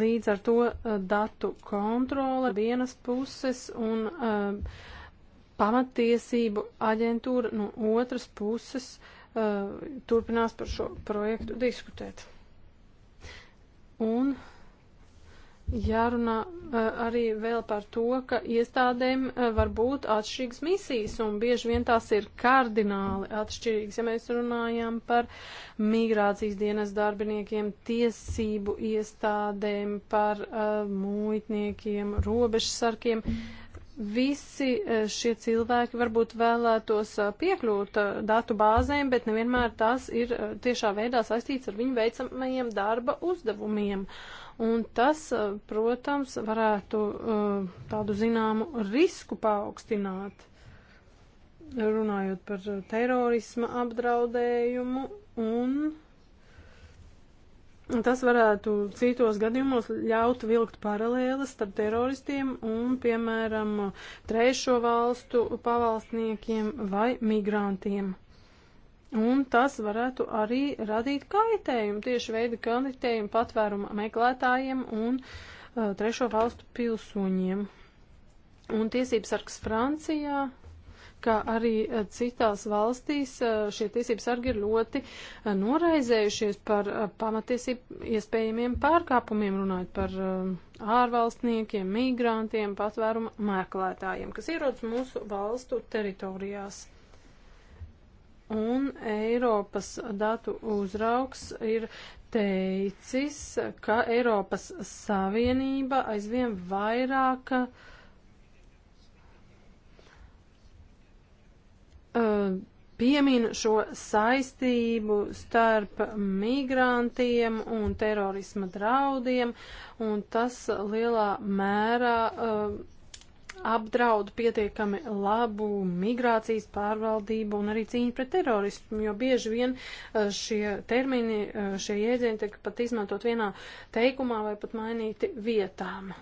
līdz ar to uh, datu kontrole vienas puses un um, pamatiesību aģentūra no otras puses uh, turpinās par šo projektu diskutēt. Un Jārunā eh, arī vēl par to, ka iestādēm eh, var būt atšķirīgas misijas un bieži vien tās ir kardināli atšķirīgas. Ja mēs runājam par migrācijas dienas darbiniekiem, tiesību iestādēm, par uh, muitniekiem, robežsarkiem, visi šie cilvēki varbūt vēlētos piekļūt datu bāzēm, bet nevienmēr tās ir tiešā veidā saistīts ar viņu veicamajiem darba uzdevumiem. Uh, un tas, eh, protams, varētu eh, tādu zināmu risku paaugstināt, runājot par eh, terorisma apdraudējumu un. Tas varētu citos gadījumos ļaut vilkt paralēles starp teroristiem un, piemēram, trešo valstu pavalstniekiem vai migrantiem. Un tas varētu arī radīt kaitējumu, tieši veidu kaitējumu patvērumu meklētājiem un uh, trešo valstu pilsoņiem. Un tiesības sargs Francijā, kā arī uh, citās valstīs, uh, šie tiesības sargi ir ļoti uh, noraizējušies par uh, pamatiesību iespējamiem pārkāpumiem, runājot par uh, ārvalstniekiem, migrantiem, patvērumu meklētājiem, kas ierodas mūsu valstu teritorijās. Un Eiropas datu uzraugs ir teicis, ka Eiropas Savienība aizvien vairāk uh, piemin šo saistību starp migrantiem un terorisma draudiem, un tas lielā mērā uh, apdraud pietiekami labu migrācijas pārvaldību un arī cīņu pret terorismu, jo bieži vien eh, šie termini, eh, šie jēdzieni tiek pat izmantot vienā teikumā vai pat mainīti vietām.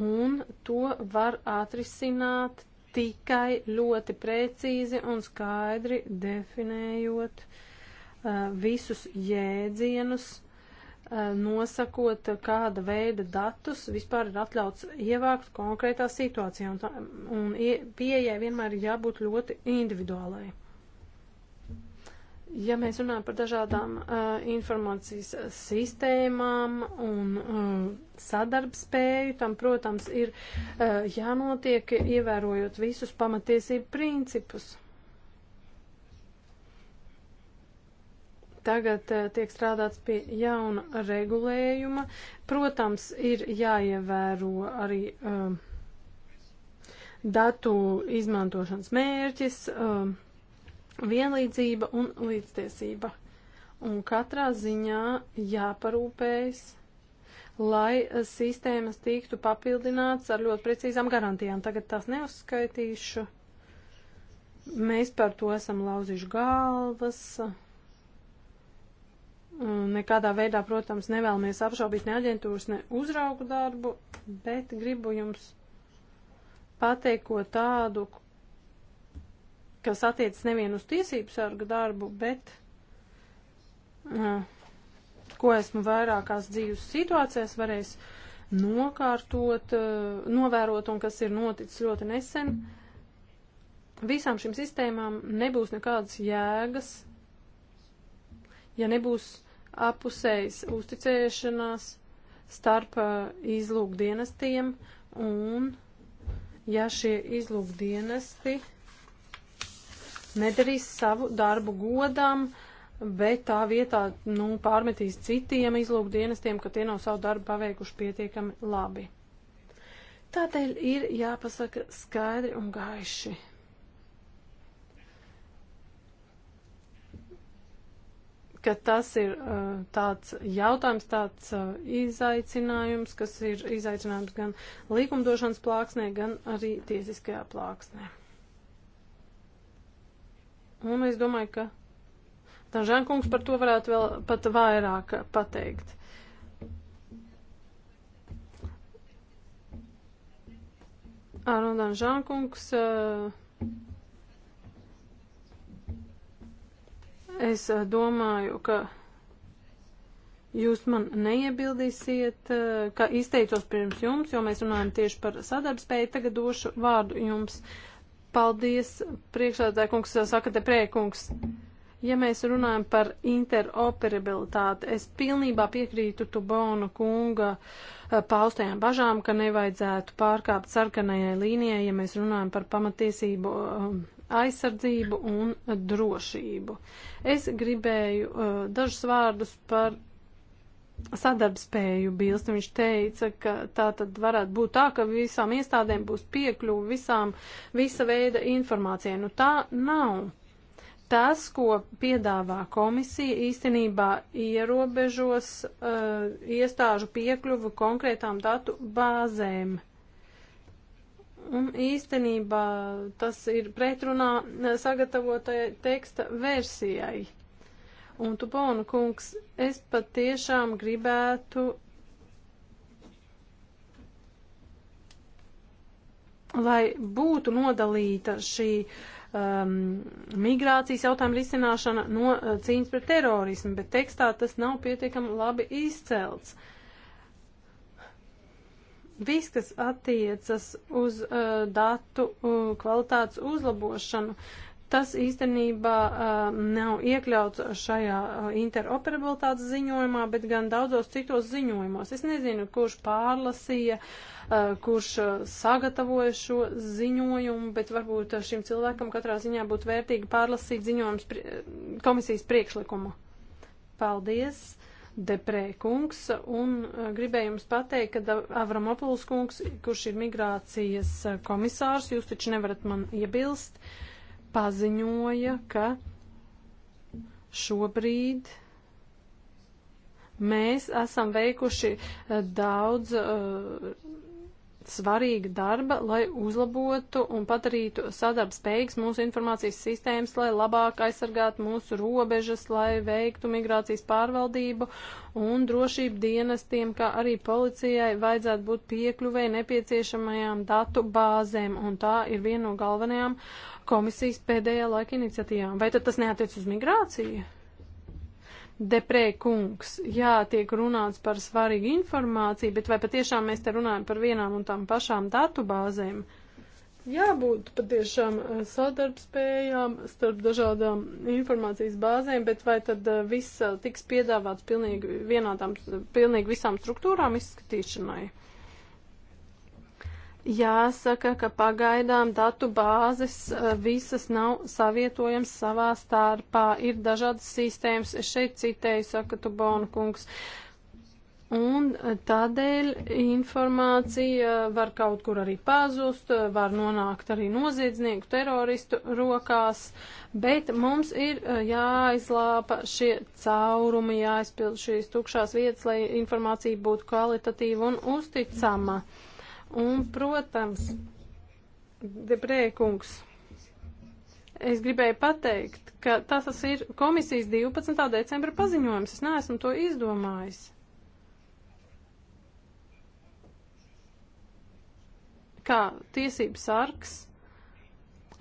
Un to var atrisināt tikai ļoti precīzi un skaidri definējot uh, visus jēdzienus, Eh, nosakot, eh, kāda veida datus vispār ir atļauts ievākt konkrētā situācijā, un, tā, un pieejai vienmēr ir jābūt ļoti individuālai. Ja mēs runājam par dažādām uh, informācijas sistēmām un uh, sadarbspēju, tam, protams, ir uh, jānotiek ievērojot visus pamatiesību principus. Uh, Tagad eh, tiek strādāts pie jauna regulējuma. Protams, ir jāievēro arī um, datu izmantošanas mērķis, um, vienlīdzība un līdztiesība. Un katrā ziņā jāparūpējas, lai sistēmas tiktu papildināts ar ļoti precīzām garantijām. Tagad tās neuzskaitīšu. Mēs par to esam lauzīšu galvas. Uh, Nekādā veidā, protams, nevēlamies apšaubīt ne aģentūras, ne uzraugu darbu, bet gribu jums pateikt ko tādu, kas attiecas nevien uz tiesību sargu darbu, bet uh, ko esmu vairākās dzīves situācijās varējis nokārtot, uh, novērot un kas ir noticis ļoti nesen. Visām šīm sistēmām nebūs nekādas jēgas, ja nebūs apusējas uzticēšanās starp izlūkdienestiem un ja šie izlūkdienesti nedarīs savu darbu godām, bet tā vietā nu, pārmetīs citiem izlūkdienestiem, ka tie nav savu darbu paveikuši pietiekami labi. Tādēļ ir jāpasaka skaidri un gaiši, ka tas ir uh, tāds jautājums, tāds uh, izaicinājums, kas ir izaicinājums gan likumdošanas plāksnē, gan arī tiesiskajā plāksnē. Un es domāju, ka Tanžēn kungs par to varētu vēl pat vairāk pateikt. Arundan Žankungs uh, Es eh, domāju, ka jūs man neiebildīsiet, eh, ka izteicos pirms jums, jo mēs runājam tieši par sadarbspēju. Tagad došu vārdu jums. Paldies, priekšsēdētāji kungs, eh, saka te priekungs. Ja mēs runājam par interoperabilitāti, es pilnībā piekrītu Tubona kunga paustajām bažām, ka nevajadzētu pārkāpt sarkanajai līnijai, ja mēs runājam par pamatiesību aizsardzību un drošību. Es gribēju uh, dažus vārdus par sadarbspēju bilst. Viņš teica, ka tā tad varētu būt tā, ka visām iestādēm būs piekļuva visām, visa veida informācijai. Nu tā nav tas, ko piedāvā komisija, īstenībā ierobežos uh, iestāžu piekļuvu konkrētām datu bāzēm. Un īstenībā tas ir pretrunā sagatavotajai teksta versijai. Un tu, Bona kungs, es pat tiešām gribētu, lai būtu nodalīta šī um, migrācijas jautājuma risināšana no uh, cīņas pret terorismu, bet tekstā tas nav pietiekami labi izcelts. Uh, Viss, kas attiecas uz uh, datu uh, kvalitātes uzlabošanu, tas īstenībā uh, nav iekļauts šajā uh, interoperabilitātes ziņojumā, bet gan daudzos citos ziņojumos. Es nezinu, kurš pārlasīja, uh, kurš uh, sagatavoja šo ziņojumu, bet varbūt uh, šim cilvēkam katrā ziņā būtu vērtīgi pārlasīt ziņojums pri uh, komisijas priekšlikumu. Paldies! Deprē kungs, un e, gribēju jums pateikt, ka Avramopuls kungs, kurš ir migrācijas e, komisārs, jūs taču nevarat man iebilst, paziņoja, ka šobrīd mēs esam veikuši e, daudz uh, svarīga darba, lai uzlabotu un padarītu sadarbspējīgas mūsu informācijas sistēmas, lai labāk aizsargātu mūsu robežas, lai veiktu migrācijas pārvaldību un drošību dienestiem, kā arī policijai vajadzētu būt piekļuvēji nepieciešamajām datu bāzēm, un tā ir viena no galvenajām komisijas pēdējā laika iniciatīvām. Vai tad tas neatiec uz migrāciju? Deprē kungs, jā, tiek runāts par svarīgu informāciju, bet vai patiešām mēs te runājam par vienām un tām pašām datubāzēm? Jābūt patiešām eh, sadarbspējām starp dažādām informācijas bāzēm, bet vai tad eh, viss eh, tiks piedāvāts pilnīgi vienādām, pilnīgi visām struktūrām izskatīšanai? Jāsaka, ka pagaidām datu bāzes eh, visas nav savietojams savā starpā. Ir dažādas sistēmas. Es šeit citēju, saka Tubona kungs. Un eh, tādēļ informācija eh, var kaut kur arī pazust, var nonākt arī noziedznieku teroristu rokās, bet mums ir jāizlāpa šie caurumi, jāizpild šīs tukšās vietas, lai informācija būtu kvalitatīva un uzticama. Mm. Un, protams, Debrēkungs, es gribēju pateikt, ka tas ir komisijas 12. decembra paziņojums. Es neesmu to izdomājis. Kā tiesības sargs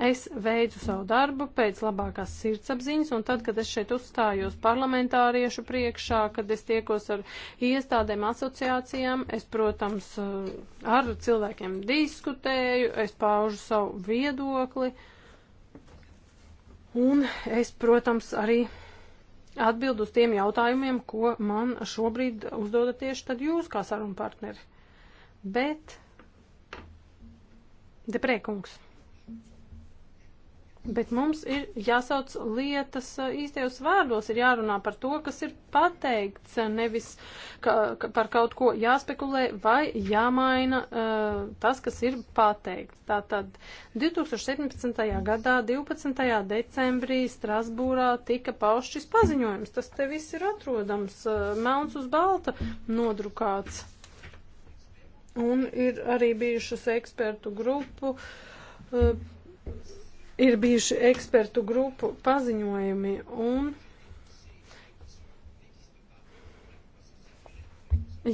Es veicu savu darbu pēc labākās sirdsapziņas, un tad, kad es šeit uzstājos parlamentāriešu priekšā, kad es tiekos ar iestādēm, asociācijām, es, protams, eh, ar cilvēkiem diskutēju, es paužu savu viedokli, un es, protams, arī atbildu uz tiem jautājumiem, ko man šobrīd uzdodat tieši tad jūs, kā sarunu partneri. Bet, deprēkungs. Bet mums ir jāsauc lietas īstajos vārdos, ir jārunā par to, kas ir pateikts, nevis ka, ka par kaut ko jāspekulē vai jāmaina uh, tas, kas ir pateikts. Tātad 2017. gadā 12. decembrī Strasbūrā tika paušs šis paziņojums. Tas te viss ir atrodams, uh, melns uz balta nodrukāts. Un ir arī bijušas ekspertu grupu. Uh, Ir bijuši ekspertu grupu paziņojumi un.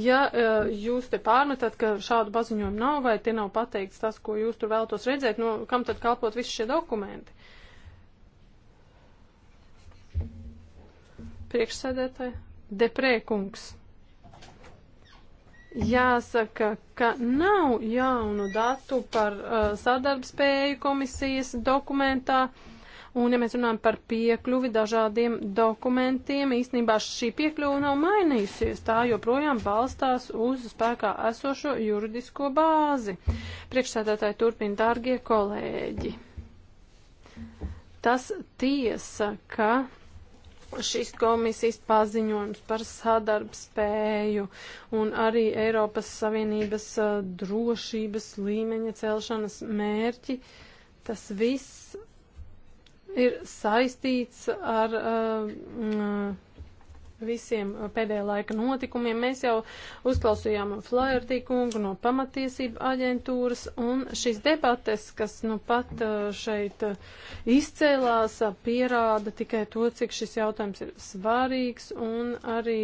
Ja e, jūs te pārmetat, ka šādu paziņojumu nav vai te nav pateikts tas, ko jūs tur vēlatos redzēt, no kam tad kalpot visi šie dokumenti? Priekšsēdētāji, deprēkungs. Jāsaka, ka nav jaunu datu par uh, sadarbspēju komisijas dokumentā. Un, ja mēs runājam par piekļuvi dažādiem dokumentiem, īstenībā šī piekļuva nav mainījusies. Tā joprojām balstās uz spēkā esošo juridisko bāzi. Priekšsēdētāji turpina, dārgie kolēģi. Tas tiesa, ka šis komisijas paziņojums par sadarbspēju un arī Eiropas Savienības uh, drošības līmeņa celšanas mērķi, tas viss ir saistīts ar uh, mm, visiem uh, pēdējā laika notikumiem. Mēs jau uzklausījām Flaherty kungu no pamatiesību aģentūras, un šīs debates, kas nu pat uh, šeit uh, izcēlās, pierāda tikai to, cik šis jautājums ir svarīgs, un arī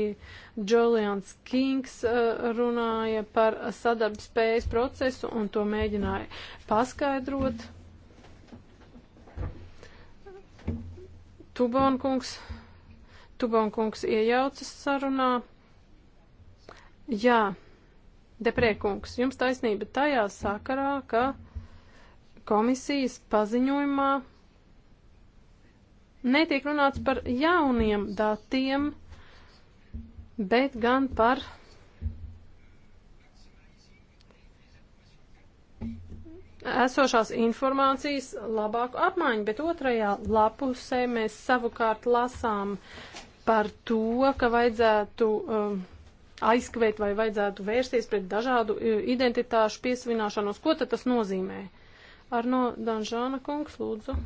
Julians Kings runāja par sadarbspējas procesu, un to mēģināja paskaidrot. Tubonkungs. kungs Tubonkungs iejaucas sarunā. Jā, Deprēkungs, jums taisnība tajā sakarā, ka komisijas paziņojumā netiek runāts par jauniem datiem, bet gan par esošās informācijas labāku apmaiņu, bet otrajā lapusē mēs savukārt lasām par to, ka vajadzētu um, aizskavēt vai vajadzētu vērsties pret dažādu uh, identitāšu piesavināšanos. Ko tad tas nozīmē? Ar no Danžāna kungs lūdzu.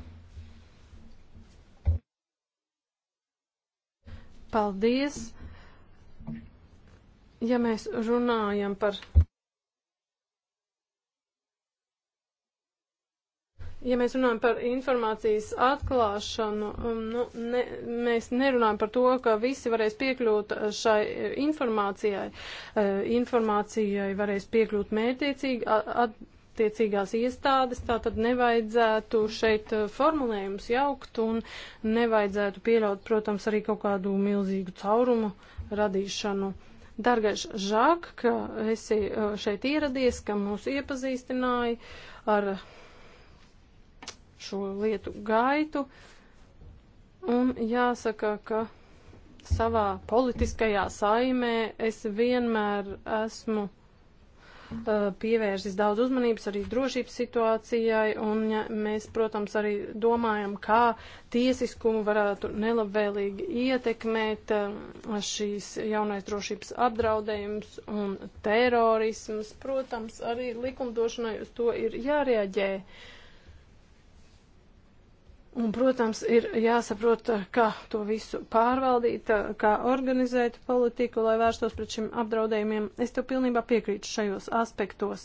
Paldies. Ja mēs runājam par Ja mēs runājam par informācijas atklāšanu, um, nu, ne, mēs nerunājam par to, ka visi varēs piekļūt uh, šai uh, informācijai. Uh, informācijai varēs piekļūt mērtiecīgi, attiecīgās iestādes, tā tad nevajadzētu šeit formulējumus jaukt un nevajadzētu pieļaut, protams, arī kaut kādu milzīgu caurumu radīšanu. Dargais Žāk, ka esi šeit ieradies, ka mūs iepazīstināji ar šo lietu gaitu. Un jāsaka, ka savā politiskajā saimē es vienmēr esmu uh, pievērsis daudz uzmanības arī drošības situācijai, un ja, mēs, protams, arī domājam, kā tiesiskumu varētu nelabvēlīgi ietekmēt uh, šīs jaunais drošības apdraudējums un terorisms. Protams, arī likumdošanai uz to ir jārēģē. Uh, Un, protams, ir jāsaprot, eh, kā to visu pārvaldīt, eh, kā organizēt politiku, lai vērstos pret šiem apdraudējumiem. Es tev pilnībā piekrītu šajos aspektos.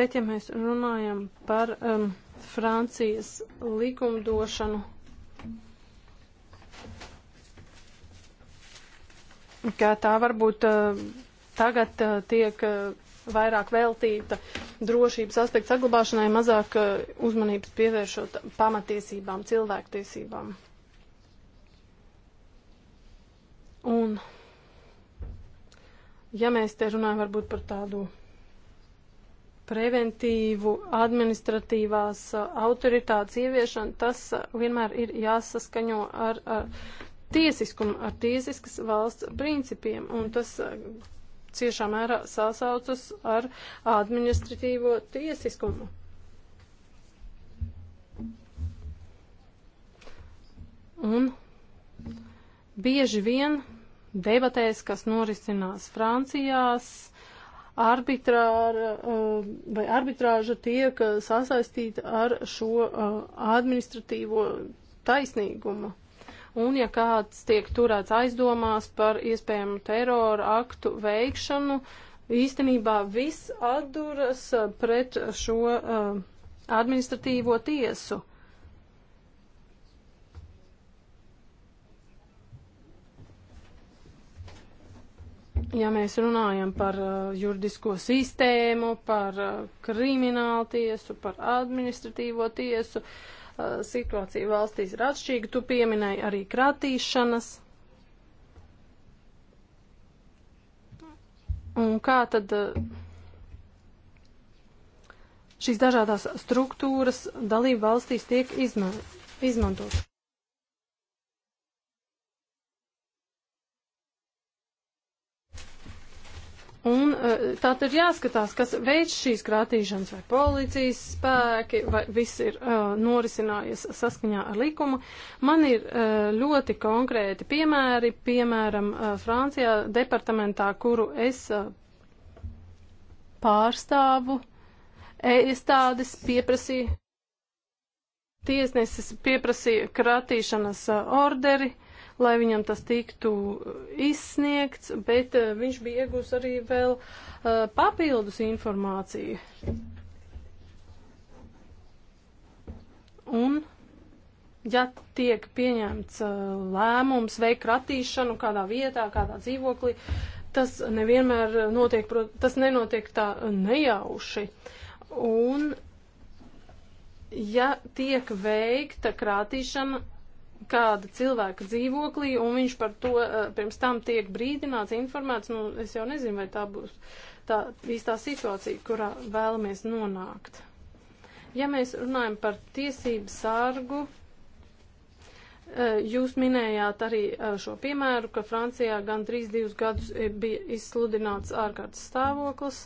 Bet, ja mēs runājam par um, Francijas likumdošanu, ka tā varbūt uh, tagad uh, tiek. Uh, vairāk veltīta drošības aspekta saglabāšanai, mazāk eh, uzmanības pievēršot pamatiesībām, cilvēktiesībām. Un, ja mēs te runājam varbūt par tādu preventīvu administratīvās eh, autoritātes ieviešanu, tas eh, vienmēr ir jāsaskaņo ar, ar tiesiskumu, ar tiesiskas valsts principiem. Un tas ciešā mērā sasaucas ar administratīvo tiesiskumu. Un bieži vien debatēs, kas norisinās Francijās, arbitrāra uh, vai arbitrāža tiek sasaistīta ar šo uh, administratīvo taisnīgumu un ja kāds tiek turēts aizdomās par iespējamu terora aktu veikšanu, īstenībā viss atduras pret šo uh, administratīvo tiesu. ja mēs runājam par uh, juridisko sistēmu, par uh, kriminālu tiesu, par administratīvo tiesu, uh, Uh, situācija valstīs ir atšķirīga. Tu pieminēji arī kratīšanas. Un kā tad uh, šīs dažādās struktūras dalību valstīs tiek izmantotas? Un e, tātad ir jāskatās, kas veids šīs krātīšanas, vai policijas spēki, vai viss ir uh, norisinājies saskaņā ar likumu. Man ir uh, ļoti konkrēti piemēri, piemēram, uh, Francijā departamentā, kuru es uh, pārstāvu, iestādes pieprasīja, tiesnesis pieprasīja kratīšanas orderi. Uh, lai viņam tas tiktu uh, izsniegts, bet uh, viņš bija iegūs arī vēl uh, papildus informāciju. Un ja tiek pieņemts lēmums veikt ratīšanu kādā vietā, kādā dzīvoklī, tas nevienmēr notiek, tas nenotiek tā nejauši. Un, ja tiek veikta krātīšana, kāda cilvēka dzīvoklī, un viņš par to uh, pirms tam tiek brīdināts, informēts, nu, es jau nezinu, vai tā būs tā īstā situācija, kurā vēlamies nonākt. Ja mēs runājam par tiesību sārgu, uh, eh, jūs minējāt arī uh, šo piemēru, ka Francijā gan 3-2 gadus bija izsludināts ārkārtas stāvoklis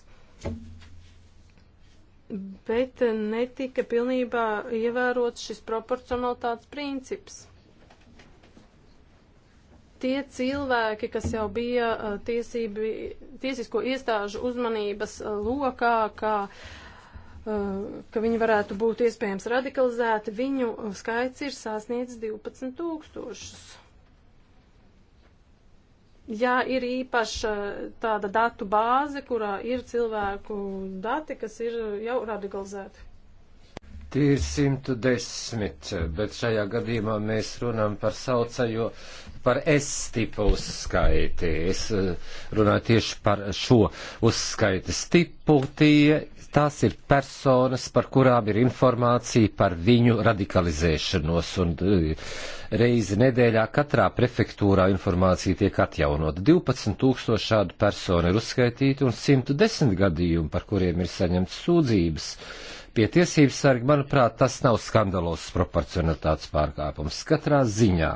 bet netika pilnībā ievērots šis proporcionalitātes princips tie cilvēki, kas jau bija uh, tiesību, tiesisko iestāžu uzmanības uh, lokā, kā uh, ka viņi varētu būt iespējams radikalizēti, viņu skaits ir sasniedzis 12 tūkstošus. Jā, ir īpaša tāda datu bāze, kurā ir cilvēku dati, kas ir jau radikalizēti ir 110, bet šajā gadījumā mēs runām par saucējo, par S tipu uzskaiti. Es eh, runāju tieši par šo uzskaiti stipu. Tie, tās ir personas, par kurām ir informācija par viņu radikalizēšanos, un eh, reizi nedēļā katrā prefektūrā informācija tiek atjaunota. 12 tūkstoši šādu personu ir uzskaitīti un 110 gadījumu, par kuriem ir saņemts sūdzības pie tiesības sarga, manuprāt, tas nav skandalos proporcionatāts pārkāpums. Katrā ziņā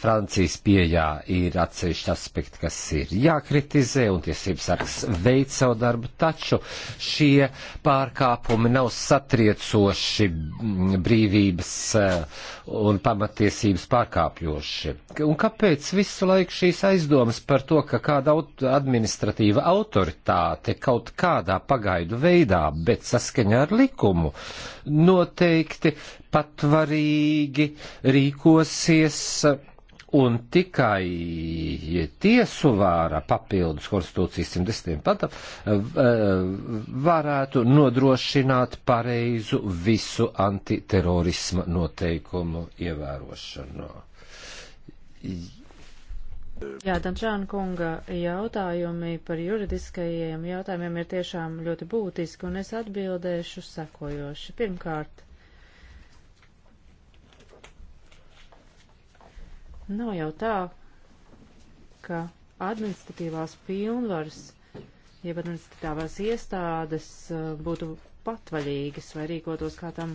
Francijas pieejā ir atsevišķi aspekti, kas ir jākritizē, un tiesības sargs veic savu darbu, taču šie pārkāpumi nav satriecoši brīvības eh, un pamatiesības pārkāpjoši. Un kāpēc visu laiku šīs aizdomas par to, ka kāda administratīva autoritāte kaut kādā pagaidu veidā, bet saskaņā ar likumu, noteikti patvarīgi rīkosies un tikai tiesu vāra papildus konstitūcijas 110. pantam eh, varētu nodrošināt pareizu visu antiterorisma noteikumu ievērošanu. Jā, Dančāna kunga jautājumi par juridiskajiem jautājumiem ir tiešām ļoti būtiski, un es atbildēšu sekojoši. Pirmkārt, Nav jau tā, ka administratīvās pilnvaras, jeb administratīvās iestādes eh, būtu patvaļīgas vai rīkotos kā tam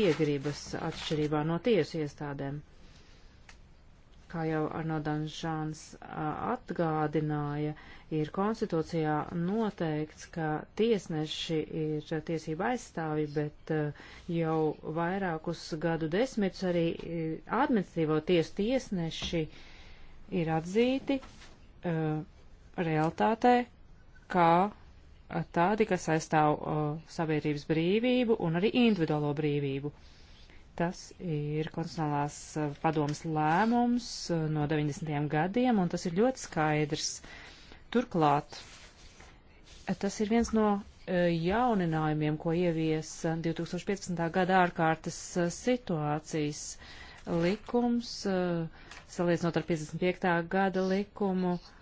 iegribas atšķirībā no tiesu iestādēm kā jau Arno Danžāns atgādināja, ir konstitūcijā noteikts, ka tiesneši ir tiesība aizstāvi, bet jau vairākus gadu desmitus arī administrīvo tiesu tiesneši ir atzīti uh, realtātē kā tādi, kas aizstāv uh, sabiedrības brīvību un arī individuālo brīvību. Uh, Tas ir konstitucionālās eh, padomas lēmums eh, no 90. gadiem, un tas ir ļoti skaidrs. Turklāt, eh, tas ir viens no jauninājumiem, ko ievies 2015. gada ārkārtas situācijas likums, salīdzinot ar 55. gada likumu, uh,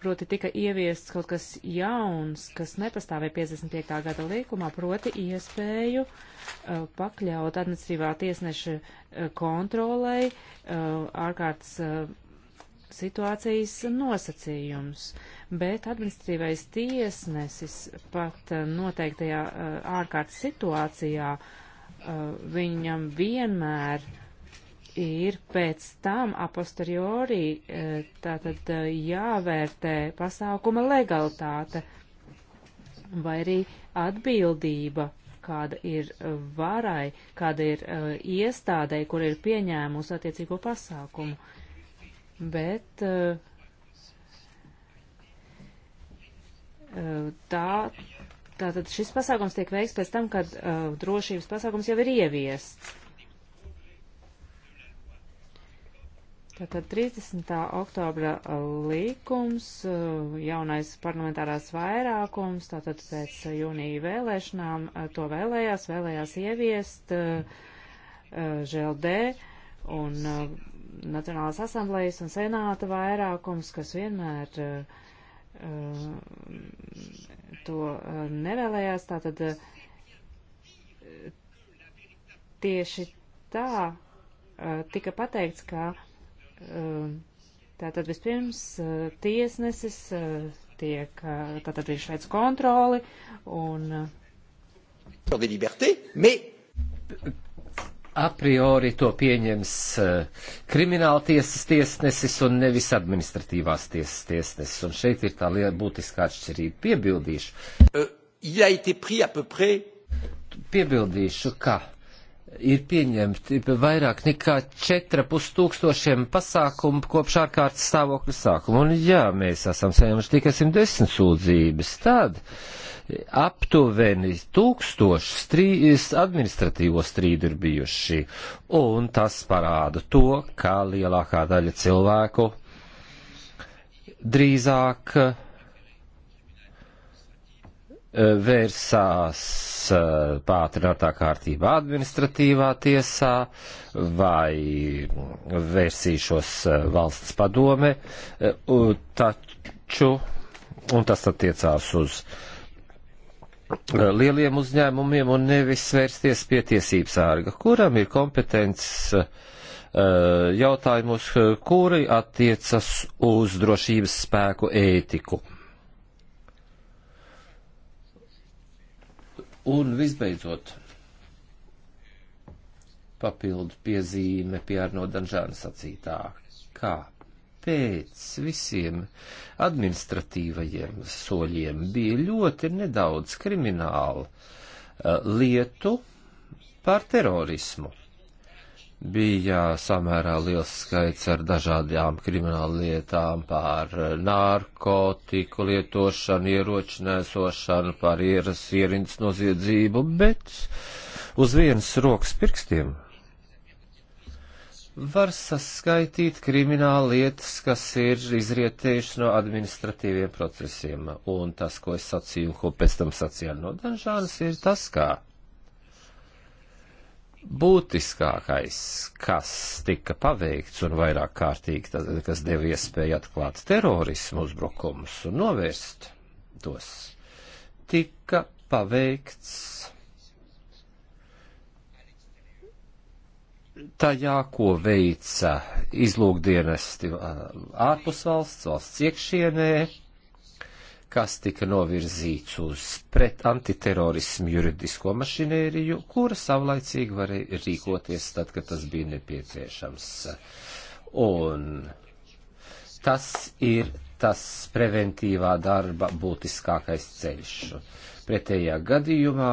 proti tika ieviests kaut kas jauns, kas nepastāvēja 55. gada līkumā, proti iespēju uh, pakļaut administratīvā tiesneša uh, kontrolei uh, ārkārtas uh, situācijas nosacījums, bet administratīvais tiesnesis pat uh, noteiktajā uh, ārkārtas situācijā viņam vienmēr uh, ir pēc tam a posteriori e, tātad e, jāvērtē pasākuma legalitāte vai arī atbildība, kāda ir varai, kāda ir e, iestādei, kur ir pieņēmusi attiecīgo pasākumu. Bet tā, tātad šis pasākums tiek veikts pēc tam, kad drošības pasākums jau ir ieviests Tātad 30. oktobra uh, līkums, uh, jaunais parlamentārās vairākums, tātad pēc jūnija vēlēšanām uh, to vēlējās, vēlējās ieviest ŽLD un Nacionālās asamblējas un senāta vairākums, kas vienmēr to nevēlējās, tātad tieši tā tika pateikts, ka Ehm, tātad vispirms eh, tiesnesis eh, tiek, eh, tātad viņš veic kontroli un. A priori to pieņems krimināla tiesas tiesnesis un nevis administratīvās tiesas tiesnesis. Un šeit ir tā liela būtiskā atšķirība. Piebildīšu. Uh, Piebildīšu, ka ir pieņemti vairāk nekā 4,5 tūkstošiem pasākumu kopš ārkārtas stāvokļa sākuma. Un jā, mēs esam saņēmuši tikai 110 sūdzības. Tad aptuveni tūkstoši strīdus, administratīvo strīdu ir bijuši. Un tas parāda to, kā lielākā daļa cilvēku drīzāk uh, vērsās eh, pātrinātā kārtībā administratīvā tiesā vai vērsīšos eh, valsts padome, eh, taču, un tas attiecās uz lieliem uzņēmumiem un nevis vērsties pie tiesības ārga, kuram ir kompetences jautājumus, kuri attiecas uz drošības spēku ētiku Un visbeidzot, papildu piezīme pie Arno Danžāna sacītā, kā pēc visiem administratīvajiem soļiem bija ļoti nedaudz kriminālu uh, lietu par terorismu bija samērā liels skaits ar dažādām krimināla lietām par narkotiku lietošanu, ieročinēsošanu, par ieras ierindas noziedzību, bet uz vienas rokas pirkstiem var saskaitīt krimināla lietas, kas ir izrietējuši no administratīviem procesiem. Un tas, ko es sacīju un ko pēc tam sacīju no Danžānas, ir tas, kā būtiskākais, kas tika paveikts un vairāk kārtīgi, tas, kas deva iespēju atklāt terorismu uzbrukumus un novērst tos, tika paveikts tajā, ko veica izlūkdienesti ārpus valsts, valsts iekšienē, kas tika novirzīts uz pret antiterorismu juridisko mašinēriju, kura savlaicīgi varēja rīkoties tad, kad tas bija nepieciešams. Un tas ir tas preventīvā darba būtiskākais ceļš. Pretējā gadījumā,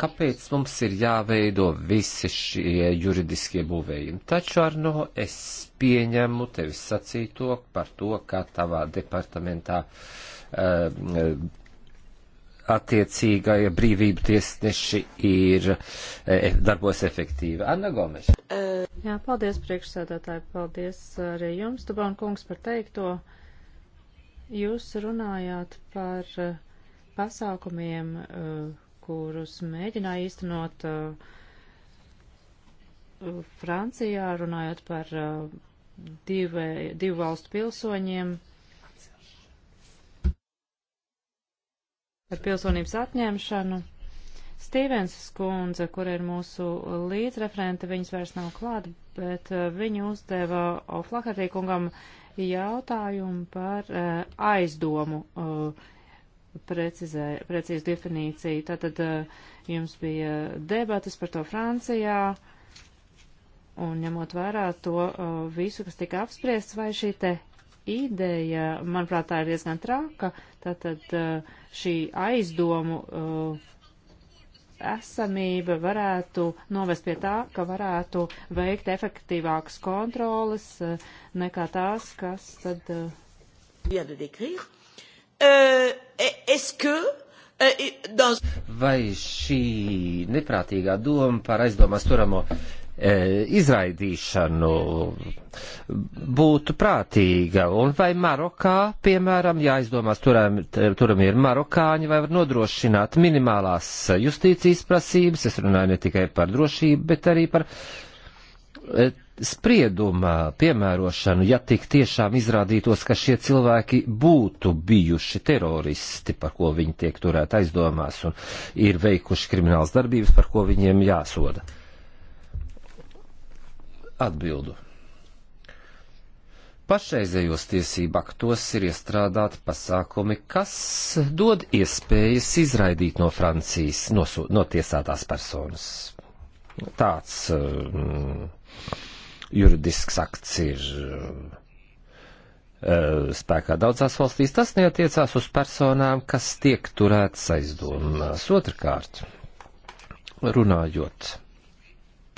kāpēc mums ir jāveido visi šie juridiskie būvējumi? Taču, Arno, es pieņemu tevi sacīto par to, ka tavā departamentā uh, Eh, eh, attiecīgai brīvību tiesneši ir eh, darbos efektīvi. Anna Gomes. Jā, paldies priekšsēdētāji, paldies arī jums, Dubāna kungs, par teikto. Jūs runājāt par pasākumiem, kurus mēģināja īstenot Francijā, runājot par divu, divu valstu pilsoņiem par pilsonības atņemšanu. Stīvens skundze, kur ir mūsu līdzreferente, viņas vairs nav klāt, bet eh, viņa uzdeva Oflakartīkungam jautājumu par eh, aizdomu eh, precizē, precīzu definīciju. Tātad jums bija debatas par to Francijā. Un ņemot vērā to visu, kas tika apspriests, vai šī te ideja, manuprāt, tā ir diezgan trāka, tātad uh, šī aizdomu uh, esamība varētu novest pie tā, ka varētu veikt efektīvākas kontroles uh, nekā tās, kas tad. Uh, euh, euh, Vai šī neprātīgā doma par aizdomās turamo uh, E, izraidīšanu būtu prātīga. Un vai Marokā, piemēram, jāizdomās, turam, turam ir marokāņi, vai var nodrošināt minimālās justīcijas prasības, es runāju ne tikai par drošību, bet arī par e, sprieduma piemērošanu, ja tik tiešām izrādītos, ka šie cilvēki būtu bijuši teroristi, par ko viņi tiek turēt aizdomās un ir veikuši kriminālas darbības, par ko viņiem jāsoda. Atbildu. Pašreizējos tiesību aktos ir iestrādāti pasākumi, kas dod iespējas izraidīt no Francijas nosu, notiesātās personas. Tāds um, juridisks akts ir um, spēkā daudzās valstīs. Tas neatiecās uz personām, kas tiek turētas aizdomās. Otrkārt, runājot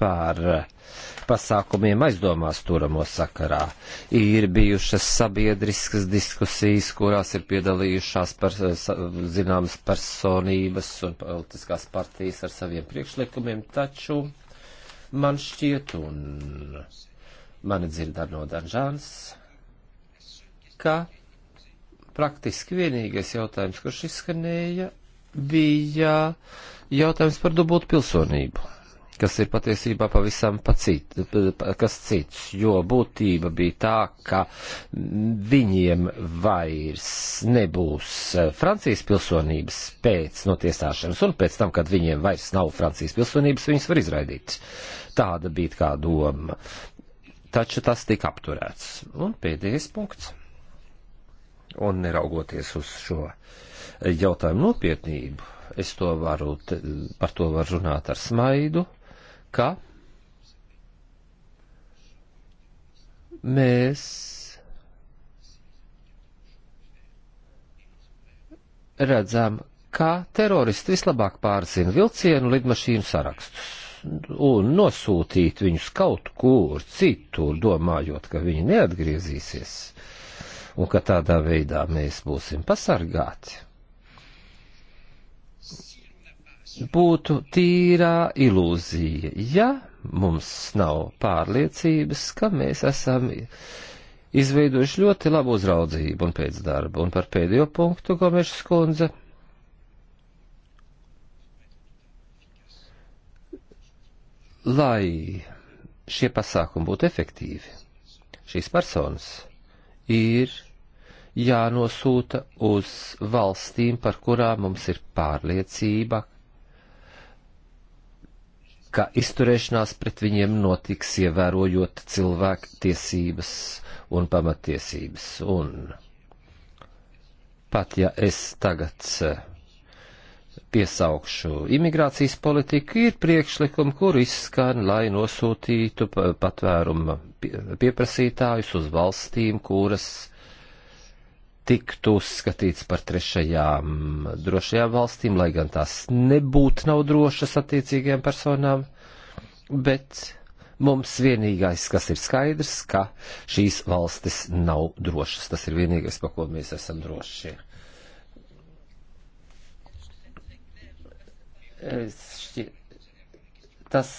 par eh, pasākumiem aizdomās turamo sakarā. Ir bijušas sabiedriskas diskusijas, kurās ir piedalījušās par, eh, zināmas personības un politiskās partijas ar saviem priekšlikumiem, taču man šķiet un mani dzirdam no Danžāns, ka praktiski vienīgais jautājums, kurš izskanēja, bija jautājums par dubultu pilsonību kas ir patiesībā pavisam pacīt, kas cits, jo būtība bija tā, ka viņiem vairs nebūs Francijas pilsonības pēc notiesāšanas, un pēc tam, kad viņiem vairs nav Francijas pilsonības, viņus var izraidīt. Tāda bija kā doma. Taču tas tika apturēts. Un pēdējais punkts. Un neraugoties uz šo jautājumu nopietnību, es to varu, par to varu runāt ar smaidu, ka mēs redzam, kā teroristi vislabāk pārzina vilcienu lidmašīnu sarakstus un nosūtīt viņus kaut kur citur, domājot, ka viņi neatgriezīsies un ka tādā veidā mēs būsim pasargāti būtu tīrā ilūzija, ja mums nav pārliecības, ka mēs esam izveidojuši ļoti labu uzraudzību un pēc darba. Un par pēdējo punktu, ko meša skundze. Lai šie pasākumi būtu efektīvi, šīs personas ir jānosūta uz valstīm, par kurām mums ir pārliecība, ka izturēšanās pret viņiem notiks ievērojot cilvēku tiesības un pamatiesības. Un pat ja es tagad eh, piesaukšu imigrācijas politiku, ir priekšlikumi, kur izskan, lai nosūtītu patvērumu pieprasītājus uz valstīm, kuras tiktu uzskatīts par trešajām drošajām valstīm, lai gan tās nebūtu nav drošas attiecīgajām personām, bet mums vienīgais, kas ir skaidrs, ka šīs valstis nav drošas. Tas ir vienīgais, pa ko mēs esam droši. Šķi... Tas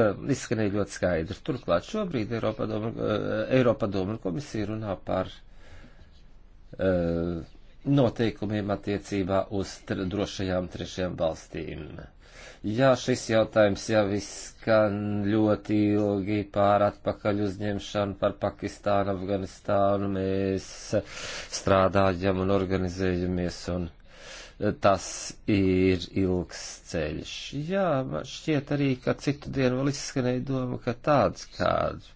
um, izskanēja ļoti skaidri. Turklāt šobrīd Eiropa doma, Eiropa doma komisija runā par uh, Eh, noteikumiem attiecībā uz drošajām trešajām valstīm. Jā, šis jautājums jau izskan ļoti ilgi pār atpakaļ uzņemšanu par Pakistānu, Afganistānu. Mēs strādājam un organizējamies un tas ir ilgs ceļš. Jā, man šķiet arī, ka citu dienu vēl izskanēja doma, ka tāds kāds,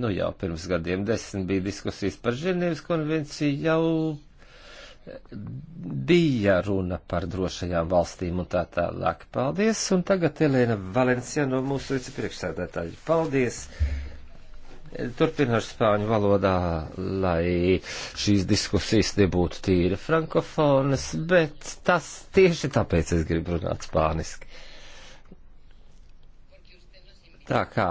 nu jau pirms gadiem desmit bija diskusijas par Ženēvas konvenciju, jau bija runa par drošajām valstīm un tā tālāk. Paldies, un tagad Elēna Valencija no mūsu vicepriekšsēdētāja. Paldies, Turpinoši spāņu valodā, lai šīs diskusijas nebūtu tīri frankofonas, bet tas tieši tāpēc es gribu runāt spāniski. Tā kā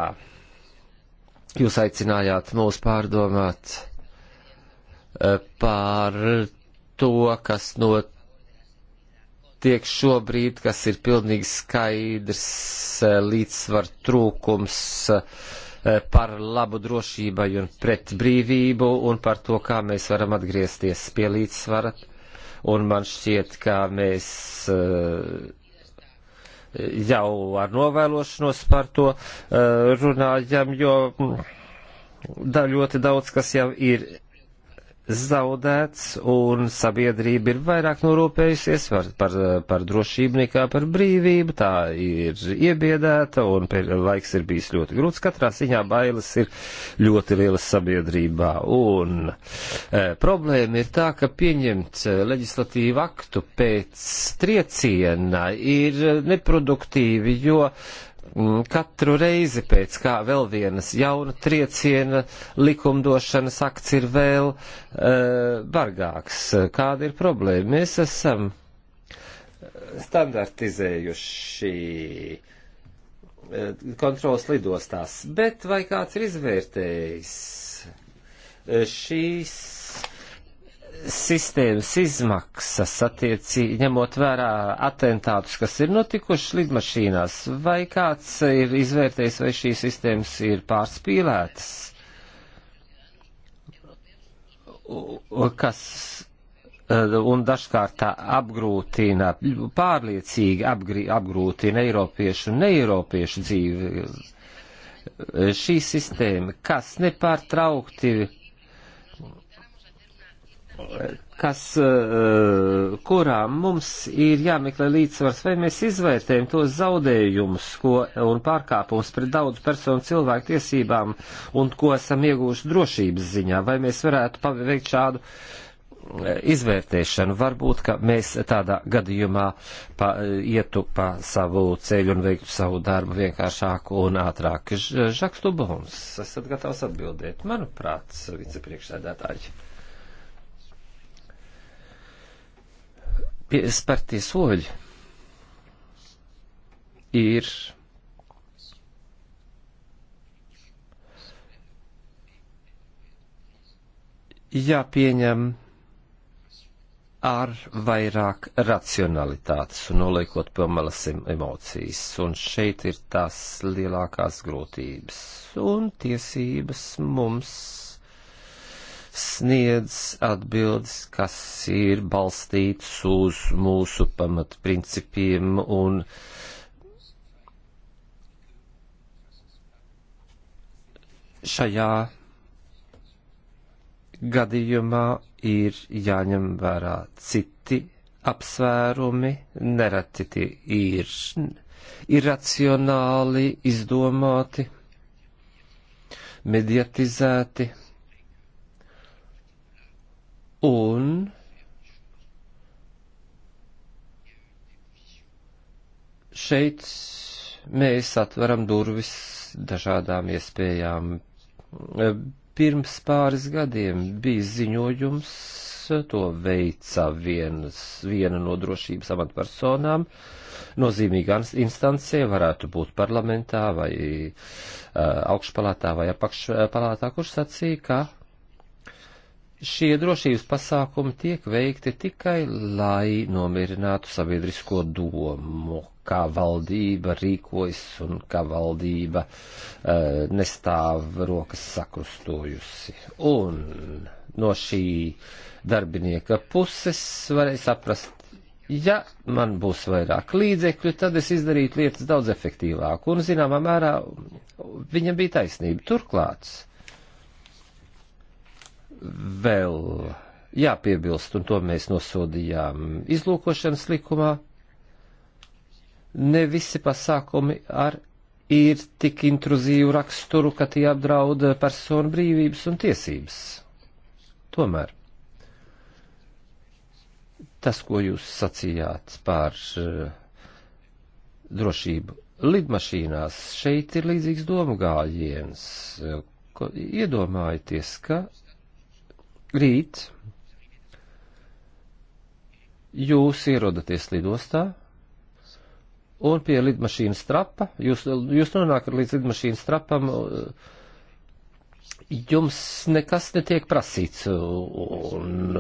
jūs aicinājāt mūs pārdomāt e, par to, kas notiek šobrīd, kas ir pilnīgi skaidrs e, līdzsvar trūkums e, Eh, par labu drošībai un pret brīvību un par to, kā mēs varam atgriezties pie līdzsvara. Un man šķiet, ka mēs eh, jau ar novēlošanos par to eh, runājam, jo mm, da, ļoti daudz kas jau ir zaudēts, un sabiedrība ir vairāk norūpējusies par, par, par drošību nekā par brīvību. Tā ir iebiedēta, un laiks ir bijis ļoti grūts. Katrā ziņā bailes ir ļoti lielas sabiedrībā. Un e, problēma ir tā, ka pieņemt e, leģislatīvu aktu pēc trieciena ir neproduktīvi, jo Mm, katru reizi pēc kā vēl vienas jauna trieciena likumdošanas akts ir vēl uh, bargāks. Kāda ir problēma? Mēs esam standartizējuši eh, kontrolas lidostās, bet vai kāds ir izvērtējis eh, šīs sistēmas izmaksas attiecīgi ņemot vērā atentātus, kas ir notikuši lidmašīnās, vai kāds ir izvērtējis, vai šīs sistēmas ir pārspīlētas, kas e, un dažkārt tā apgrūtina, pārliecīgi apgrī, apgrūtina Eiropiešu un Eiropiešu dzīvi. E, šī sistēma, kas nepārtraukti kas, eh, kurām mums ir jāmeklē līdzsvars, vai mēs izvērtējam tos zaudējumus ko, un pārkāpumus pret daudz personu cilvēku tiesībām un ko esam iegūši drošības ziņā, vai mēs varētu paveikt šādu eh, izvērtēšanu. Varbūt, ka mēs tādā gadījumā pa, ietu pa savu ceļu un veiktu savu darbu vienkāršāk un ātrāk. Žaks Tubons, esat gatavs atbildēt? Manuprāt, vicepriekšsēdētāji. spartie soļi ir jāpieņem ar vairāk racionalitātes un noliekot pamalas emocijas. Un šeit ir tās lielākās grūtības un tiesības mums sniedz atbildes, kas ir balstītas uz mūsu pamatprincipiem un šajā gadījumā ir jāņem vērā citi apsvērumi, nereti tie ir iracionāli izdomāti, mediatizēti un šeit mēs atveram durvis dažādām iespējām. Pirms pāris gadiem bija ziņojums, to veica viens, viena no drošības amatpersonām, nozīmīga instancija, varētu būt parlamentā vai uh, augšpalātā vai apakšpalātā, kurš sacīja, ka šie drošības pasākumi tiek veikti tikai, lai nomierinātu sabiedrisko domu, kā valdība rīkojas un kā valdība uh, nestāv rokas sakrustojusi. Un no šī darbinieka puses varēja saprast, ja man būs vairāk līdzekļu, tad es izdarītu lietas daudz efektīvāk. Un, zināmā mērā, viņam bija taisnība. Turklāt, vēl jāpiebilst, un to mēs nosodījām izlūkošanas likumā, ne visi pasākumi ar ir tik intruzīvu raksturu, ka tie apdraud personu brīvības un tiesības. Tomēr tas, ko jūs sacījāt par eh, drošību lidmašīnās, šeit ir līdzīgs domu gājiens. Iedomājieties, ka Rīt jūs ierodaties lidostā un pie lidmašīnas trapa, jūs, jūs nonākat līdz lidmašīnas trapam, jums nekas netiek prasīts, un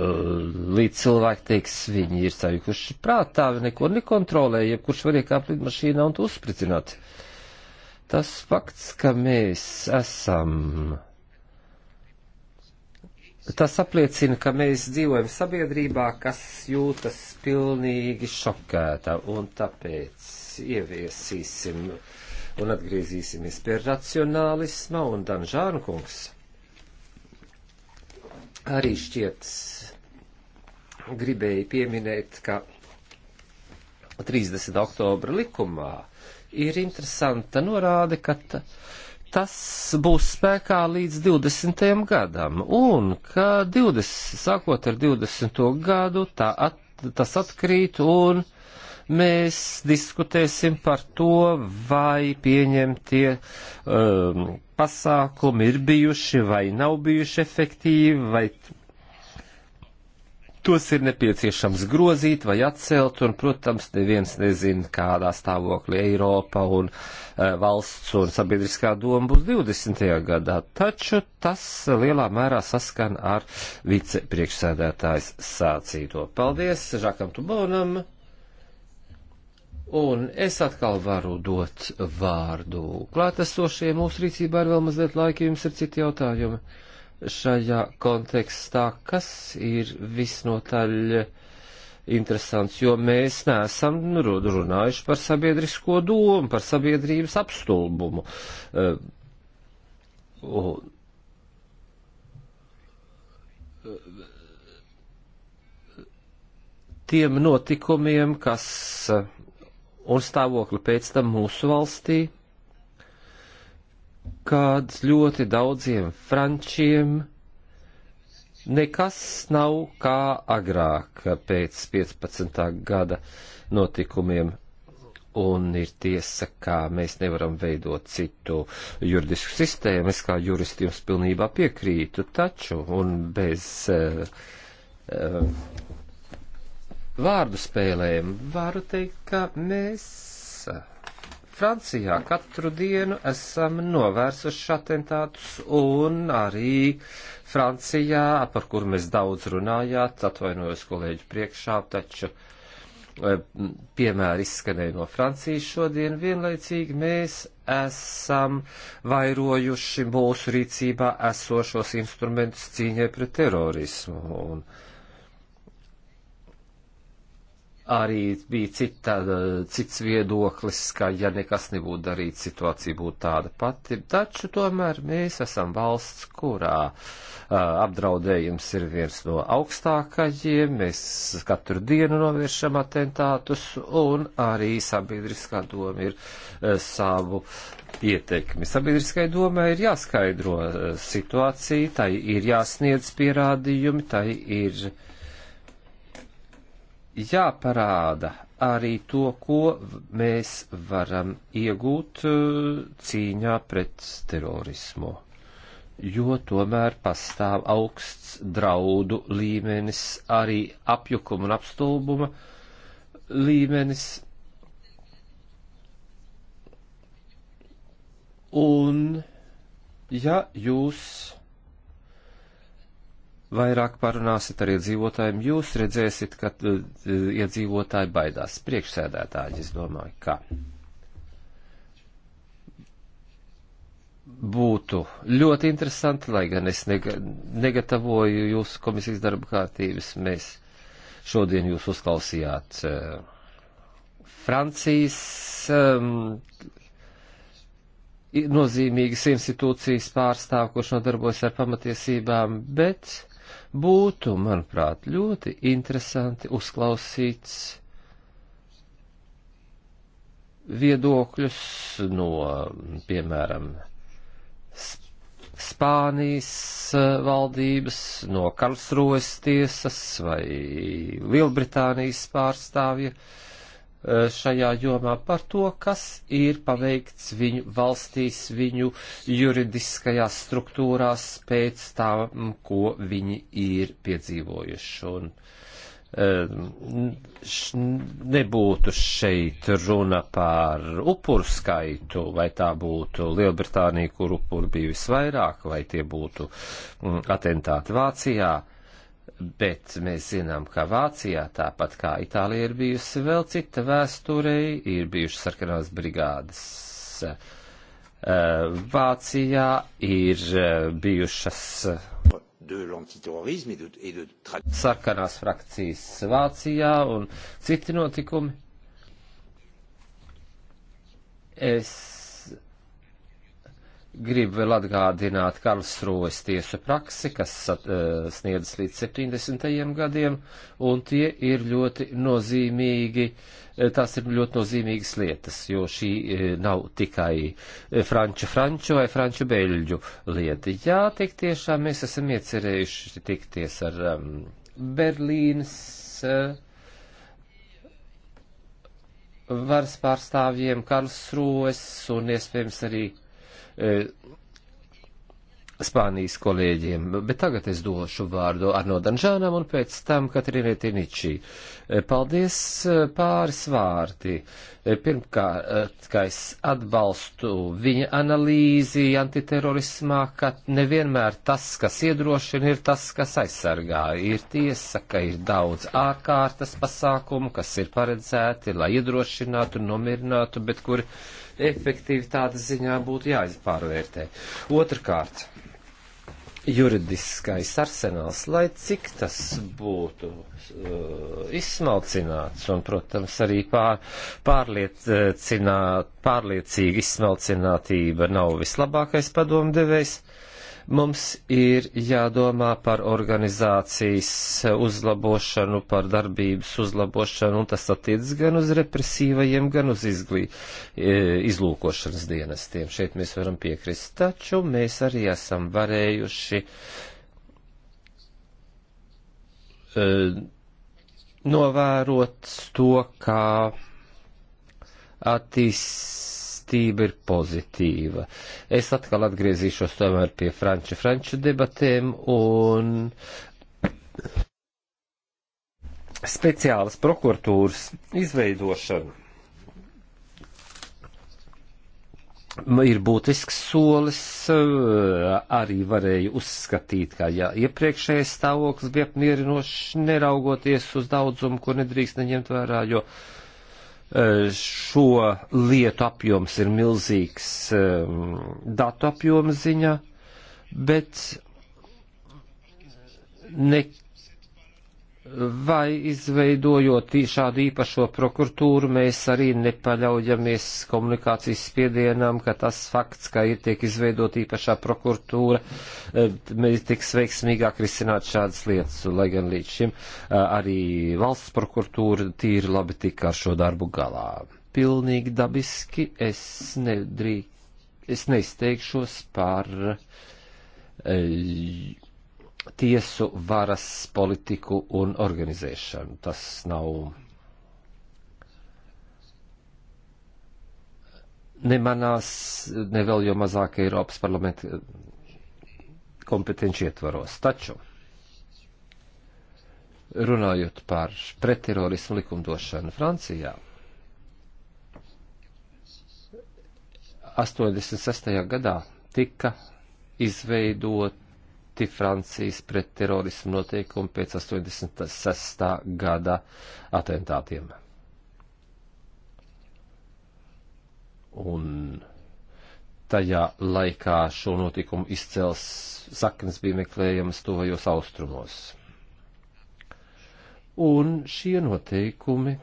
līdz cilvēki teiks, viņi ir sajukuši prātā, neko nekontrolē, jebkurš var iekāpt lidmašīnā un uzspricināt. Tas fakts, ka mēs esam Tas apliecina, ka mēs dzīvojam sabiedrībā, kas jūtas pilnīgi šokēta, un tāpēc ieviesīsim un atgriezīsimies pie racionālisma, un Danžānkungs arī šķiet gribēja pieminēt, ka 30. oktobra likumā ir interesanta norāde, ka tas būs spēkā līdz 20. gadam, un ka 20, sākot ar 20. gadu, tā at, tas atkrīt, un mēs diskutēsim par to, vai pieņemtie um, pasākumi ir bijuši vai nav bijuši efektīvi, vai tos ir nepieciešams grozīt vai atcelt, un, protams, neviens nezina, kādā stāvoklī Eiropa un e, valsts un sabiedriskā doma būs 20. gadā, taču tas lielā mērā saskan ar vicepriekšsēdētājs sācīto. Paldies Žakam Tubonam, un es atkal varu dot vārdu klātesošiem. Mūsu rīcībā ir vēl mazliet laika, jums ir citi jautājumi šajā kontekstā, kas ir visnotaļ interesants, jo mēs neesam nu, runājuši par sabiedrisko domu, par sabiedrības apstulbumu. Uh, un, tiem notikumiem, kas uh, un stāvokli pēc tam mūsu valstī kāds ļoti daudziem frančiem nekas nav kā agrāk pēc 15. gada notikumiem. Un ir tiesa, ka mēs nevaram veidot citu juridisku sistēmu. Es kā juristi jums pilnībā piekrītu, taču un bez uh, uh, vārdu spēlēm varu teikt, ka mēs Francijā katru dienu esam novērsuši atentātus un arī Francijā, par kur mēs daudz runājāt, atvainojos kolēģu priekšā, taču e, piemēri izskanēja no Francijas šodien, vienlaicīgi mēs esam vairojuši mūsu rīcībā esošos instrumentus cīņai pret terorismu. Un, uh, arī bija cita, cits viedoklis, ka ja nekas nebūtu darīts, situācija būtu tāda pati. Taču tomēr mēs esam valsts, kurā uh, apdraudējums ir viens no augstākajiem, mēs katru dienu novēršam atentātus un arī sabiedriskā doma ir uh, savu ietekmi. Sabiedriskai domai ir jāskaidro uh, situācija, tai ir jāsniedz pierādījumi, tai ir. Uh, jāparāda arī to, ko mēs varam iegūt e, cīņā pret terorismu, jo tomēr pastāv augsts draudu līmenis, arī apjukuma un apstulbuma līmenis. Un, ja jūs vairāk parunāsiet ar iedzīvotājiem, jūs redzēsiet, ka e, e, iedzīvotāji baidās. Priekšsēdētāji, es domāju, ka būtu ļoti interesanti, lai gan es nega negatavoju jūsu komisijas darba kārtības. Mēs šodien jūs uzklausījāt uh, Francijas um, nozīmīgas institūcijas pārstāv, kurš nodarbojas ar pamatiesībām, bet Būtu, manuprāt, ļoti interesanti uzklausīt viedokļus no, piemēram, Spānijas eh, valdības, no Karlsruhes tiesas vai Lielbritānijas pārstāvja. Uh, Eh, šajā jomā par to, kas ir paveikts viņu valstīs, viņu juridiskajās struktūrās pēc tam, ko viņi ir piedzīvojuši. Un, eh, nebūtu šeit runa par upuru skaitu, vai tā būtu Lielbritānija, kur upuri bija visvairāk, vai tie būtu mm, atentāti Vācijā. Uh, Bet mēs zinām, ka Vācijā, tāpat kā Itālija, ir bijusi vēl cita vēsture, ir bijušas sarkanās brigādes. Eh, Vācijā ir eh, bijušas sarkanās frakcijas Vācijā un citi notikumi. Es Gribu vēl atgādināt Karlsruves tiesu praksi, kas uh, sniedzas līdz 70. gadiem, un tie ir ļoti nozīmīgi, uh, tās ir ļoti nozīmīgas lietas, jo šī uh, nav tikai uh, franču franču vai franču beļģu lieta. Jā, tik tiešām mēs esam iecerējuši tikties ar um, Berlīnas. Uh, varas pārstāvjiem Karlsrues un iespējams arī E, Spānijas kolēģiem, bet tagad es došu vārdu Arno Danžānam un pēc tam Katrīnai Tiničī. E, paldies e, pāris vārti. Pirmkārt, ka es atbalstu viņa analīzi antiterorismā, ka nevienmēr tas, kas iedrošina, ir tas, kas aizsargā. Ir tiesa, ka ir daudz ārkārtas pasākumu, kas ir paredzēti, lai iedrošinātu, nomierinātu, bet kuri efektivitātes ziņā būtu jāizpārvērtē. Otrakārt, juridiskais arsenāls, lai cik tas būtu uh, izsmalcināts un, protams, arī pār, pārliecināt, pārliecīga izsmalcinātība nav vislabākais padomdevējs. Mums ir jādomā par organizācijas uzlabošanu, par darbības uzlabošanu, un tas attiec gan uz represīvajiem, gan uz izglī, e, izlūkošanas dienestiem. Šeit mēs varam piekrist, taču mēs arī esam varējuši e, novērot to, kā attīstīt attīstība ir pozitīva. Es atkal atgriezīšos tomēr pie franču franču debatēm un speciālas prokuratūras izveidošana. ir būtisks solis, eh, arī varēju uzskatīt, ka ja iepriekšējais stāvoklis bija apmierinošs, neraugoties uz daudzumu, ko nedrīkst neņemt vērā, jo uh, Eh, šo lietu apjoms ir milzīgs eh, datu apjoma ziņā, bet nek vai izveidojot šādu īpašo prokuratūru, mēs arī nepaļaujamies komunikācijas spiedienam, ka tas fakts, ka ir tiek izveidot īpašā prokuratūra, eh, mēs tiks veiksmīgāk risināt šādas lietas, lai gan līdz šim eh, arī valsts prokuratūra tīri labi tika ar šo darbu galā. Pilnīgi dabiski es, nedrī, es neizteikšos par. Uh, tiesu varas politiku un organizēšanu. Tas nav ne manās, ne vēl jo mazāk Eiropas parlamenta kompetenci ietvaros. Taču, runājot par pretterorismu likumdošanu Francijā, 86. gadā tika izveidot pieņemti Francijas pret terorismu noteikumi pēc 86. gada atentātiem. Un tajā laikā šo notikumu izcels saknes bija meklējamas tuvajos austrumos. Un šie noteikumi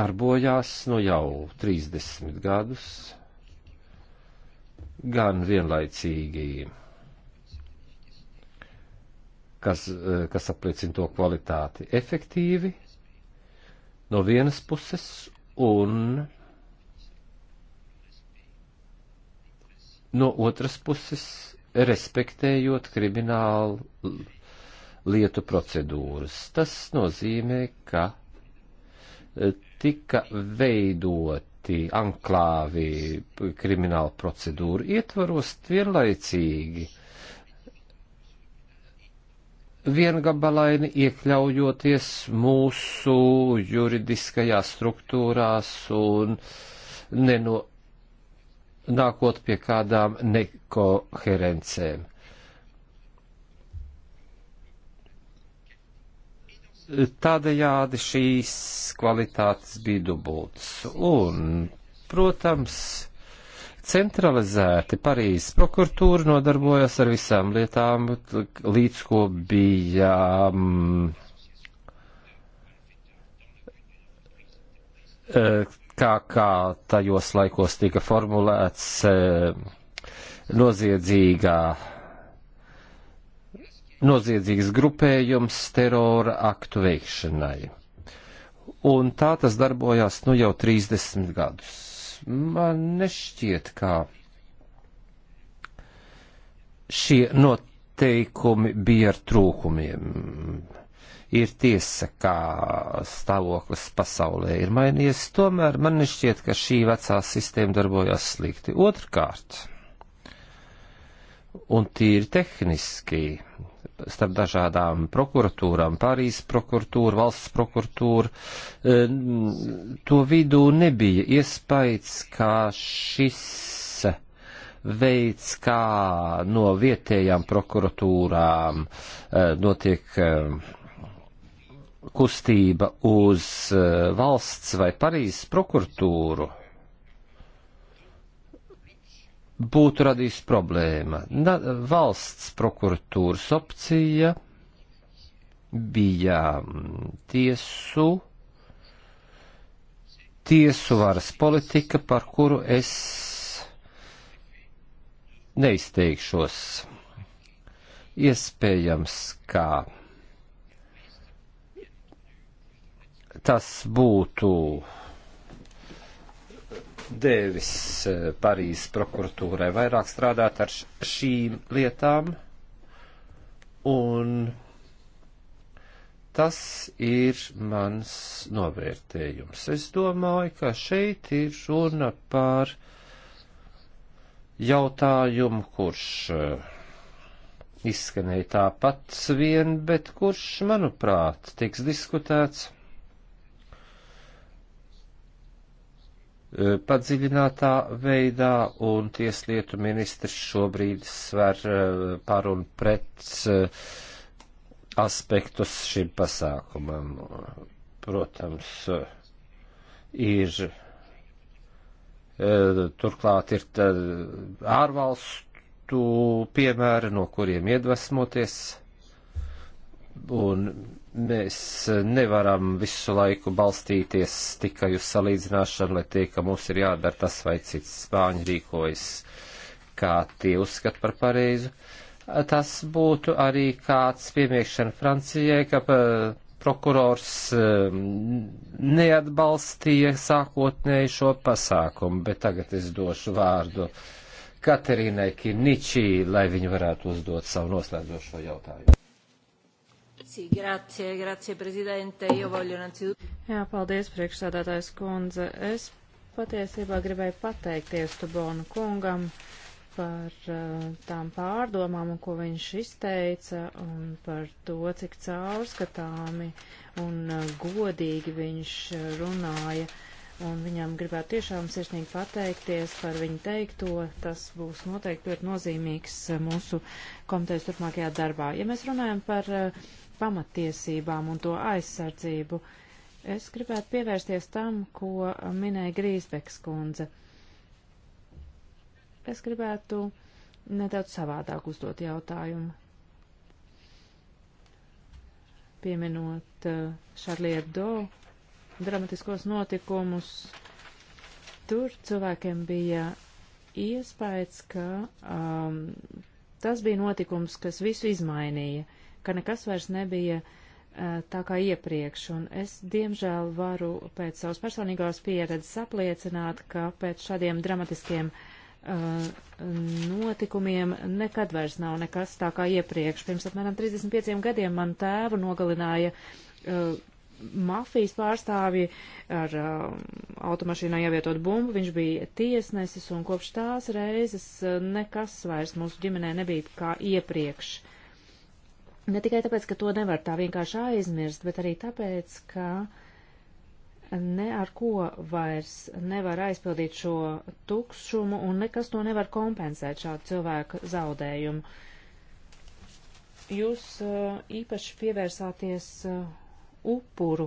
darbojās no nu jau 30 gadus gan vienlaicīgi, kas, eh, kas apliecina to kvalitāti, efektīvi no vienas puses un no otras puses respektējot kriminālu lietu procedūras. Tas nozīmē, ka eh, tika veidot iesaistīti anklāvi kriminālu procedūru ietvaros vienlaicīgi viengabalaini iekļaujoties mūsu juridiskajās struktūrās un neno, nākot pie kādām nekoherencēm. tādējādi šīs kvalitātes bija dubultas. Un, protams, centralizēti Parīzes prokuratūra nodarbojas ar visām lietām, līdz ko bija. Um, e, kā, kā tajos laikos tika formulēts e, noziedzīgā noziedzīgs grupējums terora aktu veikšanai. Un tā tas darbojās nu jau 30 gadus. Man nešķiet, kā šie noteikumi bija ar trūkumiem. Ir tiesa, kā stāvoklis pasaulē ir mainījies, tomēr man nešķiet, ka šī vecā sistēma darbojās slikti. Otrkārt, un tīri tehniski, starp dažādām prokuratūrām, Pārijas prokuratūra, valsts prokuratūra, e, to vidū nebija iespējas, kā šis veids, kā no vietējām prokuratūrām e, notiek e, kustība uz valsts vai Parīzes prokuratūru būtu radījis problēma. Na, valsts prokuratūras opcija bija mm, tiesu, tiesu varas politika, par kuru es neizteikšos. Iespējams, kā tas būtu devis eh, Parīzes prokuratūrai vairāk strādāt ar šīm lietām, un tas ir mans novērtējums. Es domāju, ka šeit ir runa par jautājumu, kurš eh, izskanēja tāpat vien, bet kurš, manuprāt, tiks diskutēts Eh, padziļinātā veidā, un tieslietu ministrs šobrīd sver eh, par un pret eh, aspektus šim pasākumam. Protams, ir turklāt ir ārvalstu piemēri, no kuriem iedvesmoties, un Mēs eh, nevaram visu laiku balstīties tikai uz salīdzināšanu, lai tie, ka mums ir jādara tas vai cits. Spāņi rīkojas, kā tie uzskata par pareizu. Eh, tas būtu arī kāds piemiekšana Francijai, ka eh, prokurors neatbalstīja sākotnēji šo pasākumu, bet tagad es došu vārdu Katerīnai Kiničī, lai viņa varētu uzdot savu noslēdzošo jautājumu. Sì, grazie, grazie Presidente. Io voglio innanzitutto. Jā, paldies, priekšsādātājs kundze. Es patiesībā gribēju pateikties Tubonu kungam par uh, tām pārdomām, ko viņš izteica, un par to, cik caurskatāmi un uh, godīgi viņš eh, runāja. Un viņam gribētu tiešām sirsnīgi pateikties par viņu teikto. Tas būs noteikti ļoti nozīmīgs mūsu komitejas turpmākajā darbā. Ja mēs runājam par uh, pamatiesībām un to aizsardzību. Es gribētu pievērsties tam, ko minēja Grīsbeks kundze. Es gribētu nedaudz savādāk uzdot jautājumu. Pieminot Šarliedo eh, dramatiskos notikumus, tur cilvēkiem bija iespējas, ka um, tas bija notikums, kas visu izmainīja ka nekas vairs nebija uh, tā kā iepriekš, un es diemžēl varu pēc savas personīgās pieredzes apliecināt, ka pēc šādiem dramatiskiem uh, notikumiem nekad vairs nav nekas tā kā iepriekš. Pirms apmēram 35 gadiem man tēvu nogalināja uh, mafijas pārstāvji ar uh, automašīnā ievietot bumbu. Viņš bija tiesnesis un kopš tās reizes nekas vairs mūsu ģimenē nebija kā iepriekš. Uh, Ne tikai tāpēc, ka to nevar tā vienkārši aizmirst, bet arī tāpēc, ka ne ar ko vairs nevar aizpildīt šo tukšumu un nekas to nevar kompensēt šādu cilvēku zaudējumu. Jūs uh, īpaši pievērsāties uh, upuru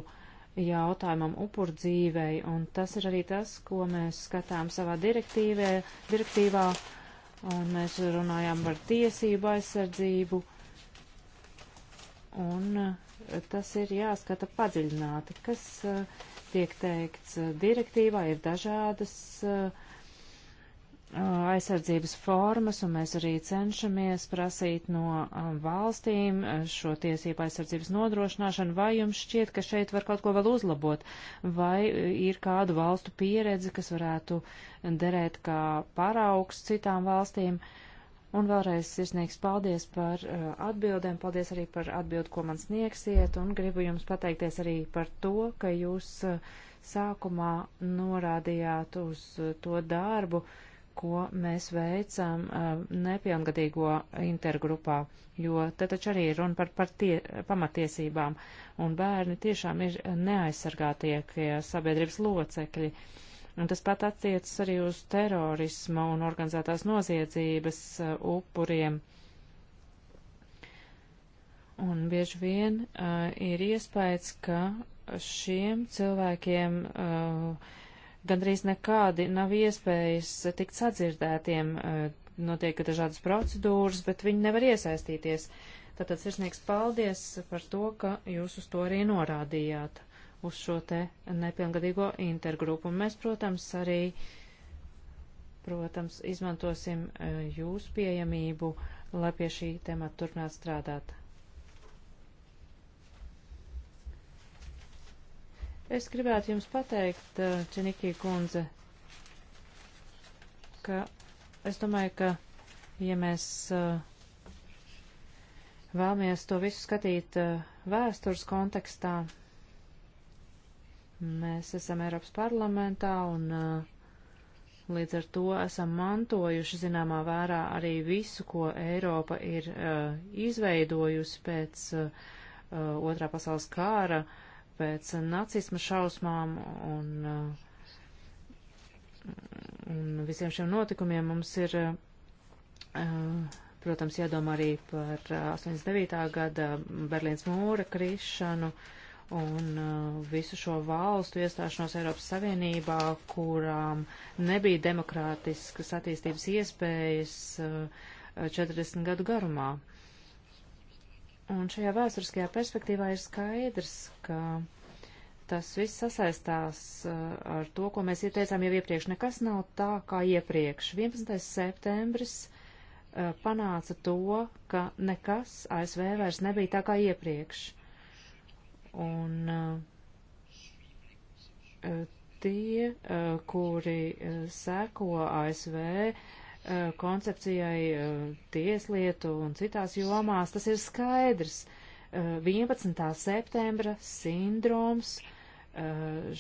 jautājumam upur dzīvei, un tas ir arī tas, ko mēs skatām savā direktīvē, direktīvā, un mēs runājām par tiesību aizsardzību. Uh, un eh, tas ir jāskata padziļināti, kas eh, tiek teikts eh, direktīvā, ir dažādas aizsardzības formas, un mēs arī cenšamies prasīt no valstīm šo tiesību aizsardzības nodrošināšanu, vai jums šķiet, ka šeit var kaut ko vēl uzlabot, vai ir kādu valstu pieredze, kas varētu derēt kā paraugs citām valstīm. Uh, Un vēlreiz sirsnīgs paldies par uh, atbildēm, paldies arī par atbildi, ko man sniegsiet, un gribu jums pateikties arī par to, ka jūs uh, sākumā norādījāt uz uh, to darbu, ko mēs veicam uh, nepilngadīgo intergrupā, jo te taču arī ir runa par, par tie, pamatiesībām, un bērni tiešām ir neaizsargātie sabiedrības locekļi. Uh, Un tas pat attiecas arī uz terorisma un organizētās noziedzības uh, upuriem. Un bieži vien uh, ir iespējas, ka šiem cilvēkiem uh, gandrīz nekādi nav iespējas tikt sadzirdētiem. Uh, notiek dažādas procedūras, bet viņi nevar iesaistīties. Tātad sirsnīgs paldies par to, ka jūs uz to arī norādījāt uz šo te nepilngadīgo intergrupu. Un mēs, protams, arī, protams, izmantosim e, jūsu pieejamību, lai pie šī temata turpinātu strādāt. Es gribētu jums pateikt, e, Čenikī kundze, ka es domāju, ka, ja mēs e, vēlamies to visu skatīt vēstures kontekstā, Mēs esam Eiropas parlamentā un uh, līdz ar to esam mantojuši zināmā vērā arī visu, ko Eiropa ir uh, izveidojusi pēc uh, uh, otrā pasaules kāra, pēc nacisma šausmām un, uh, un visiem šiem notikumiem mums ir, uh, protams, jādomā arī par 89. Uh, gada Berlīnas mūra krišanu. Uh, un uh, visu šo valstu iestāšanos Eiropas Savienībā, kurām nebija demokrātiskas attīstības iespējas uh, 40 gadu garumā. Un šajā vēsturiskajā perspektīvā ir skaidrs, ka tas viss sasaistās uh, ar to, ko mēs ieteicām jau iepriekš. Nekas nav tā kā iepriekš. 11. septembris uh, panāca to, ka nekas ASV vairs nebija tā kā iepriekš Un eh, eh, tie, eh, kuri seko ASV koncepcijai tieslietu un citās jomās, tas ir skaidrs. 11. septembra sindroms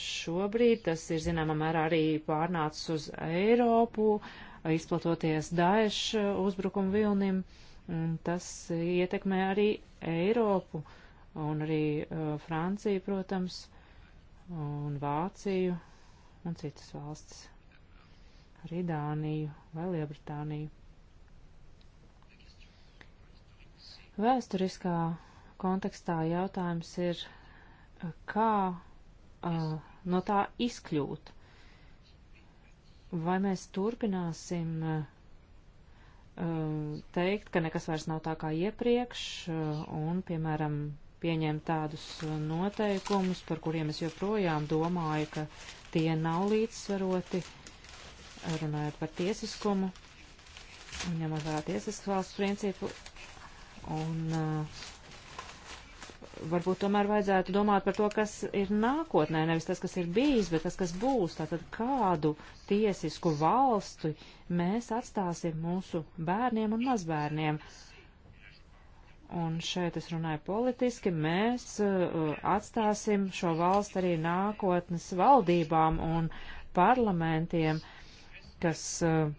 šobrīd tas ir zināmā mērā arī pārnācis uz Eiropu, izplatoties Daesh uzbrukumu vilnim, un tas ietekmē arī Eiropu. Uh, un arī uh, Franciju, protams, un Vāciju un citas valstis, arī Dāniju vai Liebritāniju. Vēsturiskā kontekstā jautājums ir, uh, kā uh, no tā izkļūt. Vai mēs turpināsim uh, teikt, ka nekas vairs nav tā kā iepriekš, uh, un, piemēram, pieņemt tādus uh, noteikumus, par kuriem es joprojām domāju, ka tie nav līdzsvaroti, runājot par tiesiskumu, un ņemot vērā tiesisku valsts principu, un uh, varbūt tomēr vajadzētu domāt par to, kas ir nākotnē, nevis tas, kas ir bijis, bet tas, kas būs. Tātad kādu tiesisku valstu mēs atstāsim mūsu bērniem un mazbērniem. Uh, un šeit es runāju politiski, mēs uh, atstāsim šo valstu arī nākotnes valdībām un parlamentiem, kas uh,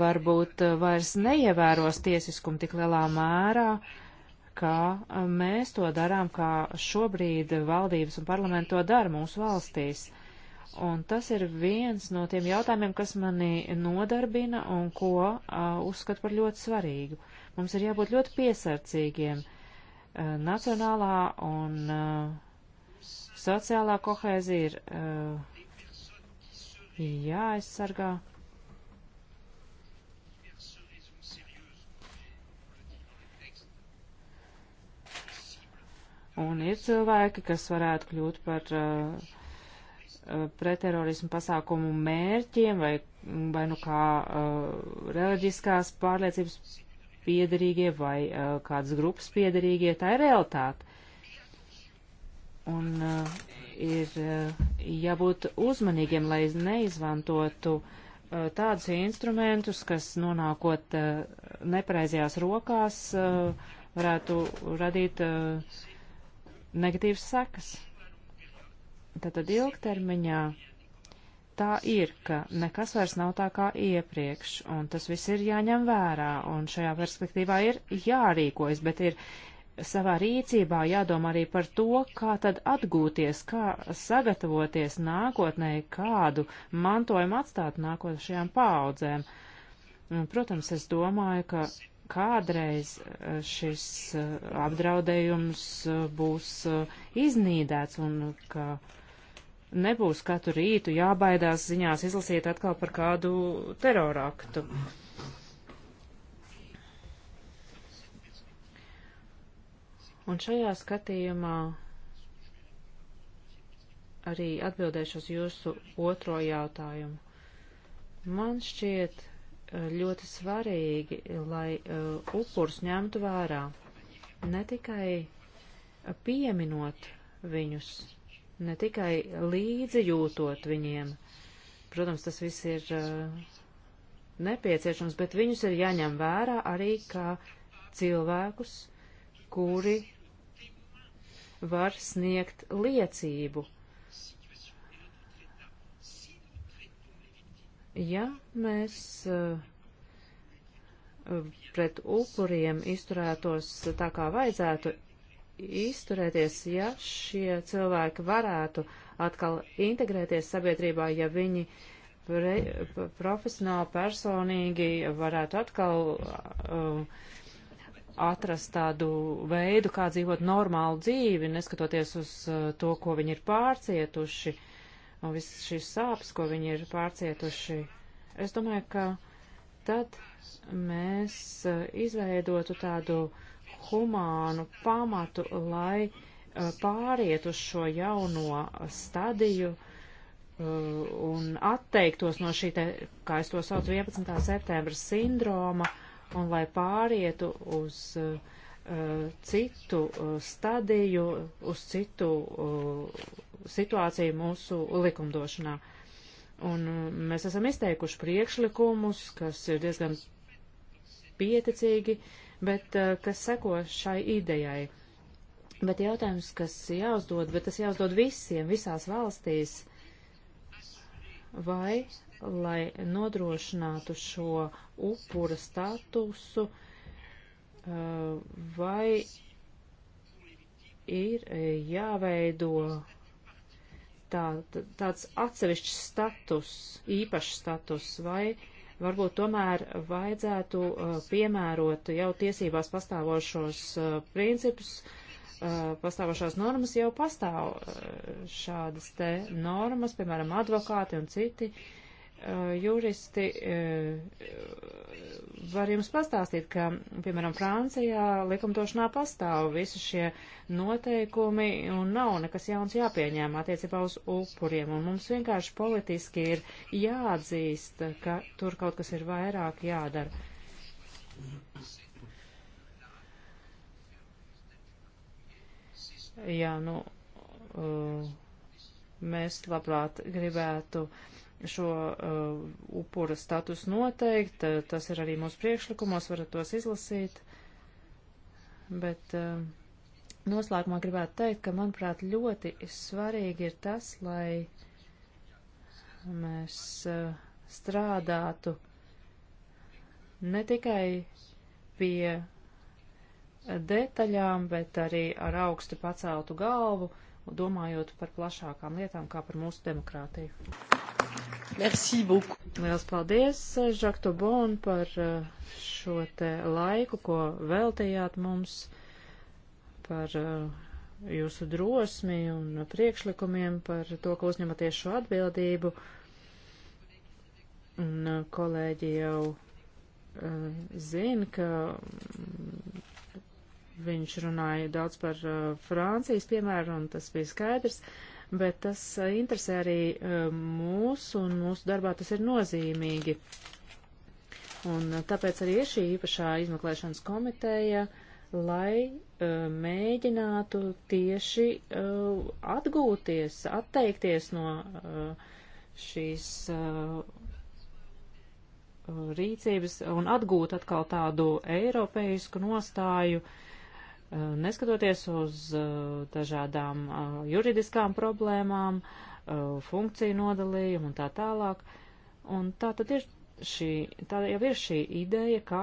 varbūt uh, vairs neievēros tiesiskumu tik lielā mērā, kā uh, mēs to darām, kā šobrīd valdības un parlamenti to dara mūsu valstīs. Un tas ir viens no tiem jautājumiem, kas mani nodarbina un ko uh, uzskatu par ļoti svarīgu. Uh, Mums ir jābūt ļoti piesardzīgiem. Eh, nacionālā un eh, sociālā kohēzija ir eh, jāaizsargā. Un ir cilvēki, kas varētu kļūt par uh, pretterorismu pasākumu mērķiem vai, vai nu kā uh, reliģiskās pārliecības piederīgie vai uh, kādas grupas piederīgie, tā ir realitāte. Un uh, ir uh, jābūt uzmanīgiem, lai neizmantotu uh, tādus instrumentus, kas nonākot uh, nepareizajās rokās, uh, varētu radīt uh, negatīvas sekas. Tātad ilgtermiņā tā ir, ka nekas vairs nav tā kā iepriekš, un tas viss ir jāņem vērā, un šajā perspektīvā ir jārīkojas, bet ir savā rīcībā jādomā arī par to, kā tad atgūties, kā sagatavoties nākotnē, kādu mantojumu atstāt nākošajām paaudzēm. Protams, es domāju, ka kādreiz eh, šis eh, apdraudējums eh, būs iznīdēts un ka. Uh, nebūs katru rītu jābaidās ziņās izlasīt atkal par kādu teroraktu. Un šajā skatījumā arī atbildēšu uz jūsu otro jautājumu. Man šķiet eh, ļoti svarīgi, lai uh, eh, upurs ņemtu vērā ne tikai eh, pieminot viņus, ne tikai līdzi jūtot viņiem. Protams, tas viss ir eh, nepieciešams, bet viņus ir jāņem vērā arī kā cilvēkus, kuri var sniegt liecību. Ja mēs eh, pret upuriem izturētos tā kā vajadzētu, izturēties, ja šie cilvēki varētu atkal integrēties sabiedrībā, ja viņi pre, profesionāli, personīgi varētu atkal um, atrast tādu veidu, kā dzīvot normālu dzīvi, neskatoties uz uh, to, ko viņi ir pārcietuši un visas šīs sāpes, ko viņi ir pārcietuši. Es domāju, ka tad mēs uh, izveidotu tādu uh, humānu pamatu, lai eh, pāriet uz šo jauno stadiju eh, un atteiktos no šī, te, kā es to saucu, 11. septembra sindroma, un lai pārietu uz eh, citu stadiju, uz citu situāciju mūsu likumdošanā. Un mēs esam izteikuši priekšlikumus, kas ir diezgan pieticīgi uh, bet eh, kas seko šai idejai. Bet jautājums, kas jāuzdod, bet tas jāuzdod visiem, visās valstīs, vai, lai nodrošinātu šo upura statusu, eh, vai ir eh, jāveido tā, tāds atsevišķs status, īpašs status, vai varbūt tomēr vajadzētu uh, piemērot jau tiesībās pastāvošos uh, principus, uh, pastāvošās normas jau pastāv šādas te normas, piemēram, advokāti un citi Eh, juristi eh, var jums pastāstīt, ka, piemēram, Francijā likumdošanā pastāv visi šie noteikumi un nav nekas jauns jāpieņēma attiecībā uz upuriem. Un mums vienkārši politiski ir jāatzīst, ka tur kaut kas ir vairāk jādara. Jā, nu, eh, mēs labprāt gribētu uh, šo uh, upura status noteikt. Uh, tas ir arī mūsu priekšlikumos, varat tos izlasīt. Bet uh, noslēgumā gribētu teikt, ka, manuprāt, ļoti svarīgi ir tas, lai mēs uh, strādātu ne tikai pie detaļām, bet arī ar augstu paceltu galvu, domājot par plašākām lietām, kā par mūsu demokrātiju. Merci beaucoup. Liels paldies, Žak eh, Tobon, par eh, šo te laiku, ko veltījāt mums, par eh, jūsu drosmi un priekšlikumiem, par to, ka uzņematies šo atbildību. Un kolēģi jau zina, ka mm, viņš runāja daudz par Francijas piemēru, un tas bija skaidrs. Uh, bet tas eh, interesē arī eh, mūs, un mūsu darbā tas ir nozīmīgi. Un eh, tāpēc arī ir šī īpašā izmeklēšanas komiteja, lai uh, mēģinātu tieši uh, atgūties, atteikties no uh, šīs rīcības un atgūt atkal tādu eiropeisku nostāju uh, Eh, neskatoties uz eh, dažādām eh, juridiskām problēmām, funkciju nodalījumu un tā tālāk. Un tā tad ir šī, tā jau ir šī ideja, kā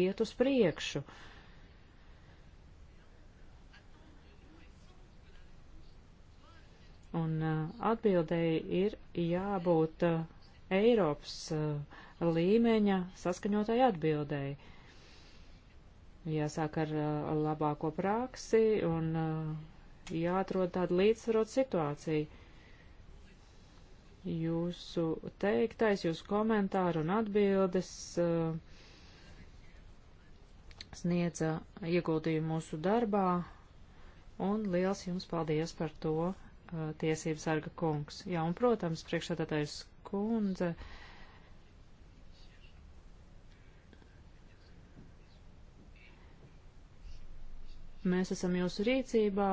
iet uz priekšu. Un atbildēji ir jābūt Eiropas līmeņa saskaņotai atbildēji jāsāk ar uh, labāko praksi un uh, jāatrod tāda līdzsvarot situācija. Jūsu teiktais, jūsu komentāri un atbildes uh, sniedza ieguldījumu mūsu darbā, un liels jums paldies par to, tiesības sarga kungs. Jā, un, protams, priekšsēdētājs kundze. Uh, Mēs esam jūsu rīcībā.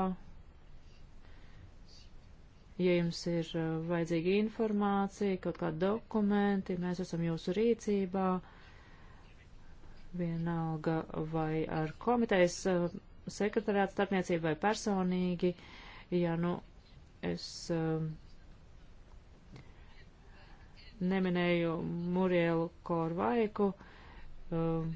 Ja jums ir uh, vajadzīga informācija, kaut kādi dokumenti, mēs esam jūsu rīcībā. Vienalga vai ar komitejas uh, sekretariātu starpniecību vai personīgi. Ja nu es um, neminēju Murielu Korvaiku, um,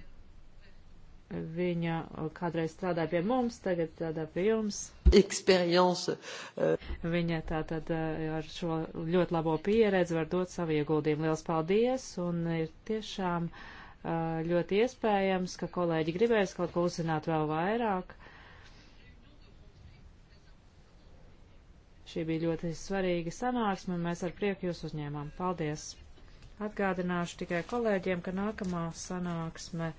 Viņa uh, kādreiz strādāja pie mums, tagad strādā pie jums. Experience. Uh, Viņa tātad uh, ar šo ļoti labo pieredzi var dot savu ieguldījumu. Liels paldies un ir tiešām ļoti iespējams, ka kolēģi gribēs kaut ko uzzināt vēl vairāk. Šī bija ļoti svarīga sanāksme, un mēs ar prieku jūs uzņēmām. Paldies! Atgādināšu tikai kolēģiem, ka nākamā sanāksme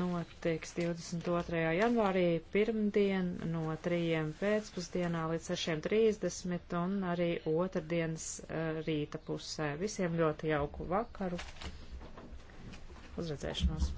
notiks 22. janvārī pirmdien no 3. pēcpusdienā līdz 6.30 un arī otrdienas eh, rīta pusē. Visiem ļoti jauku vakaru. Uzredzēšanos!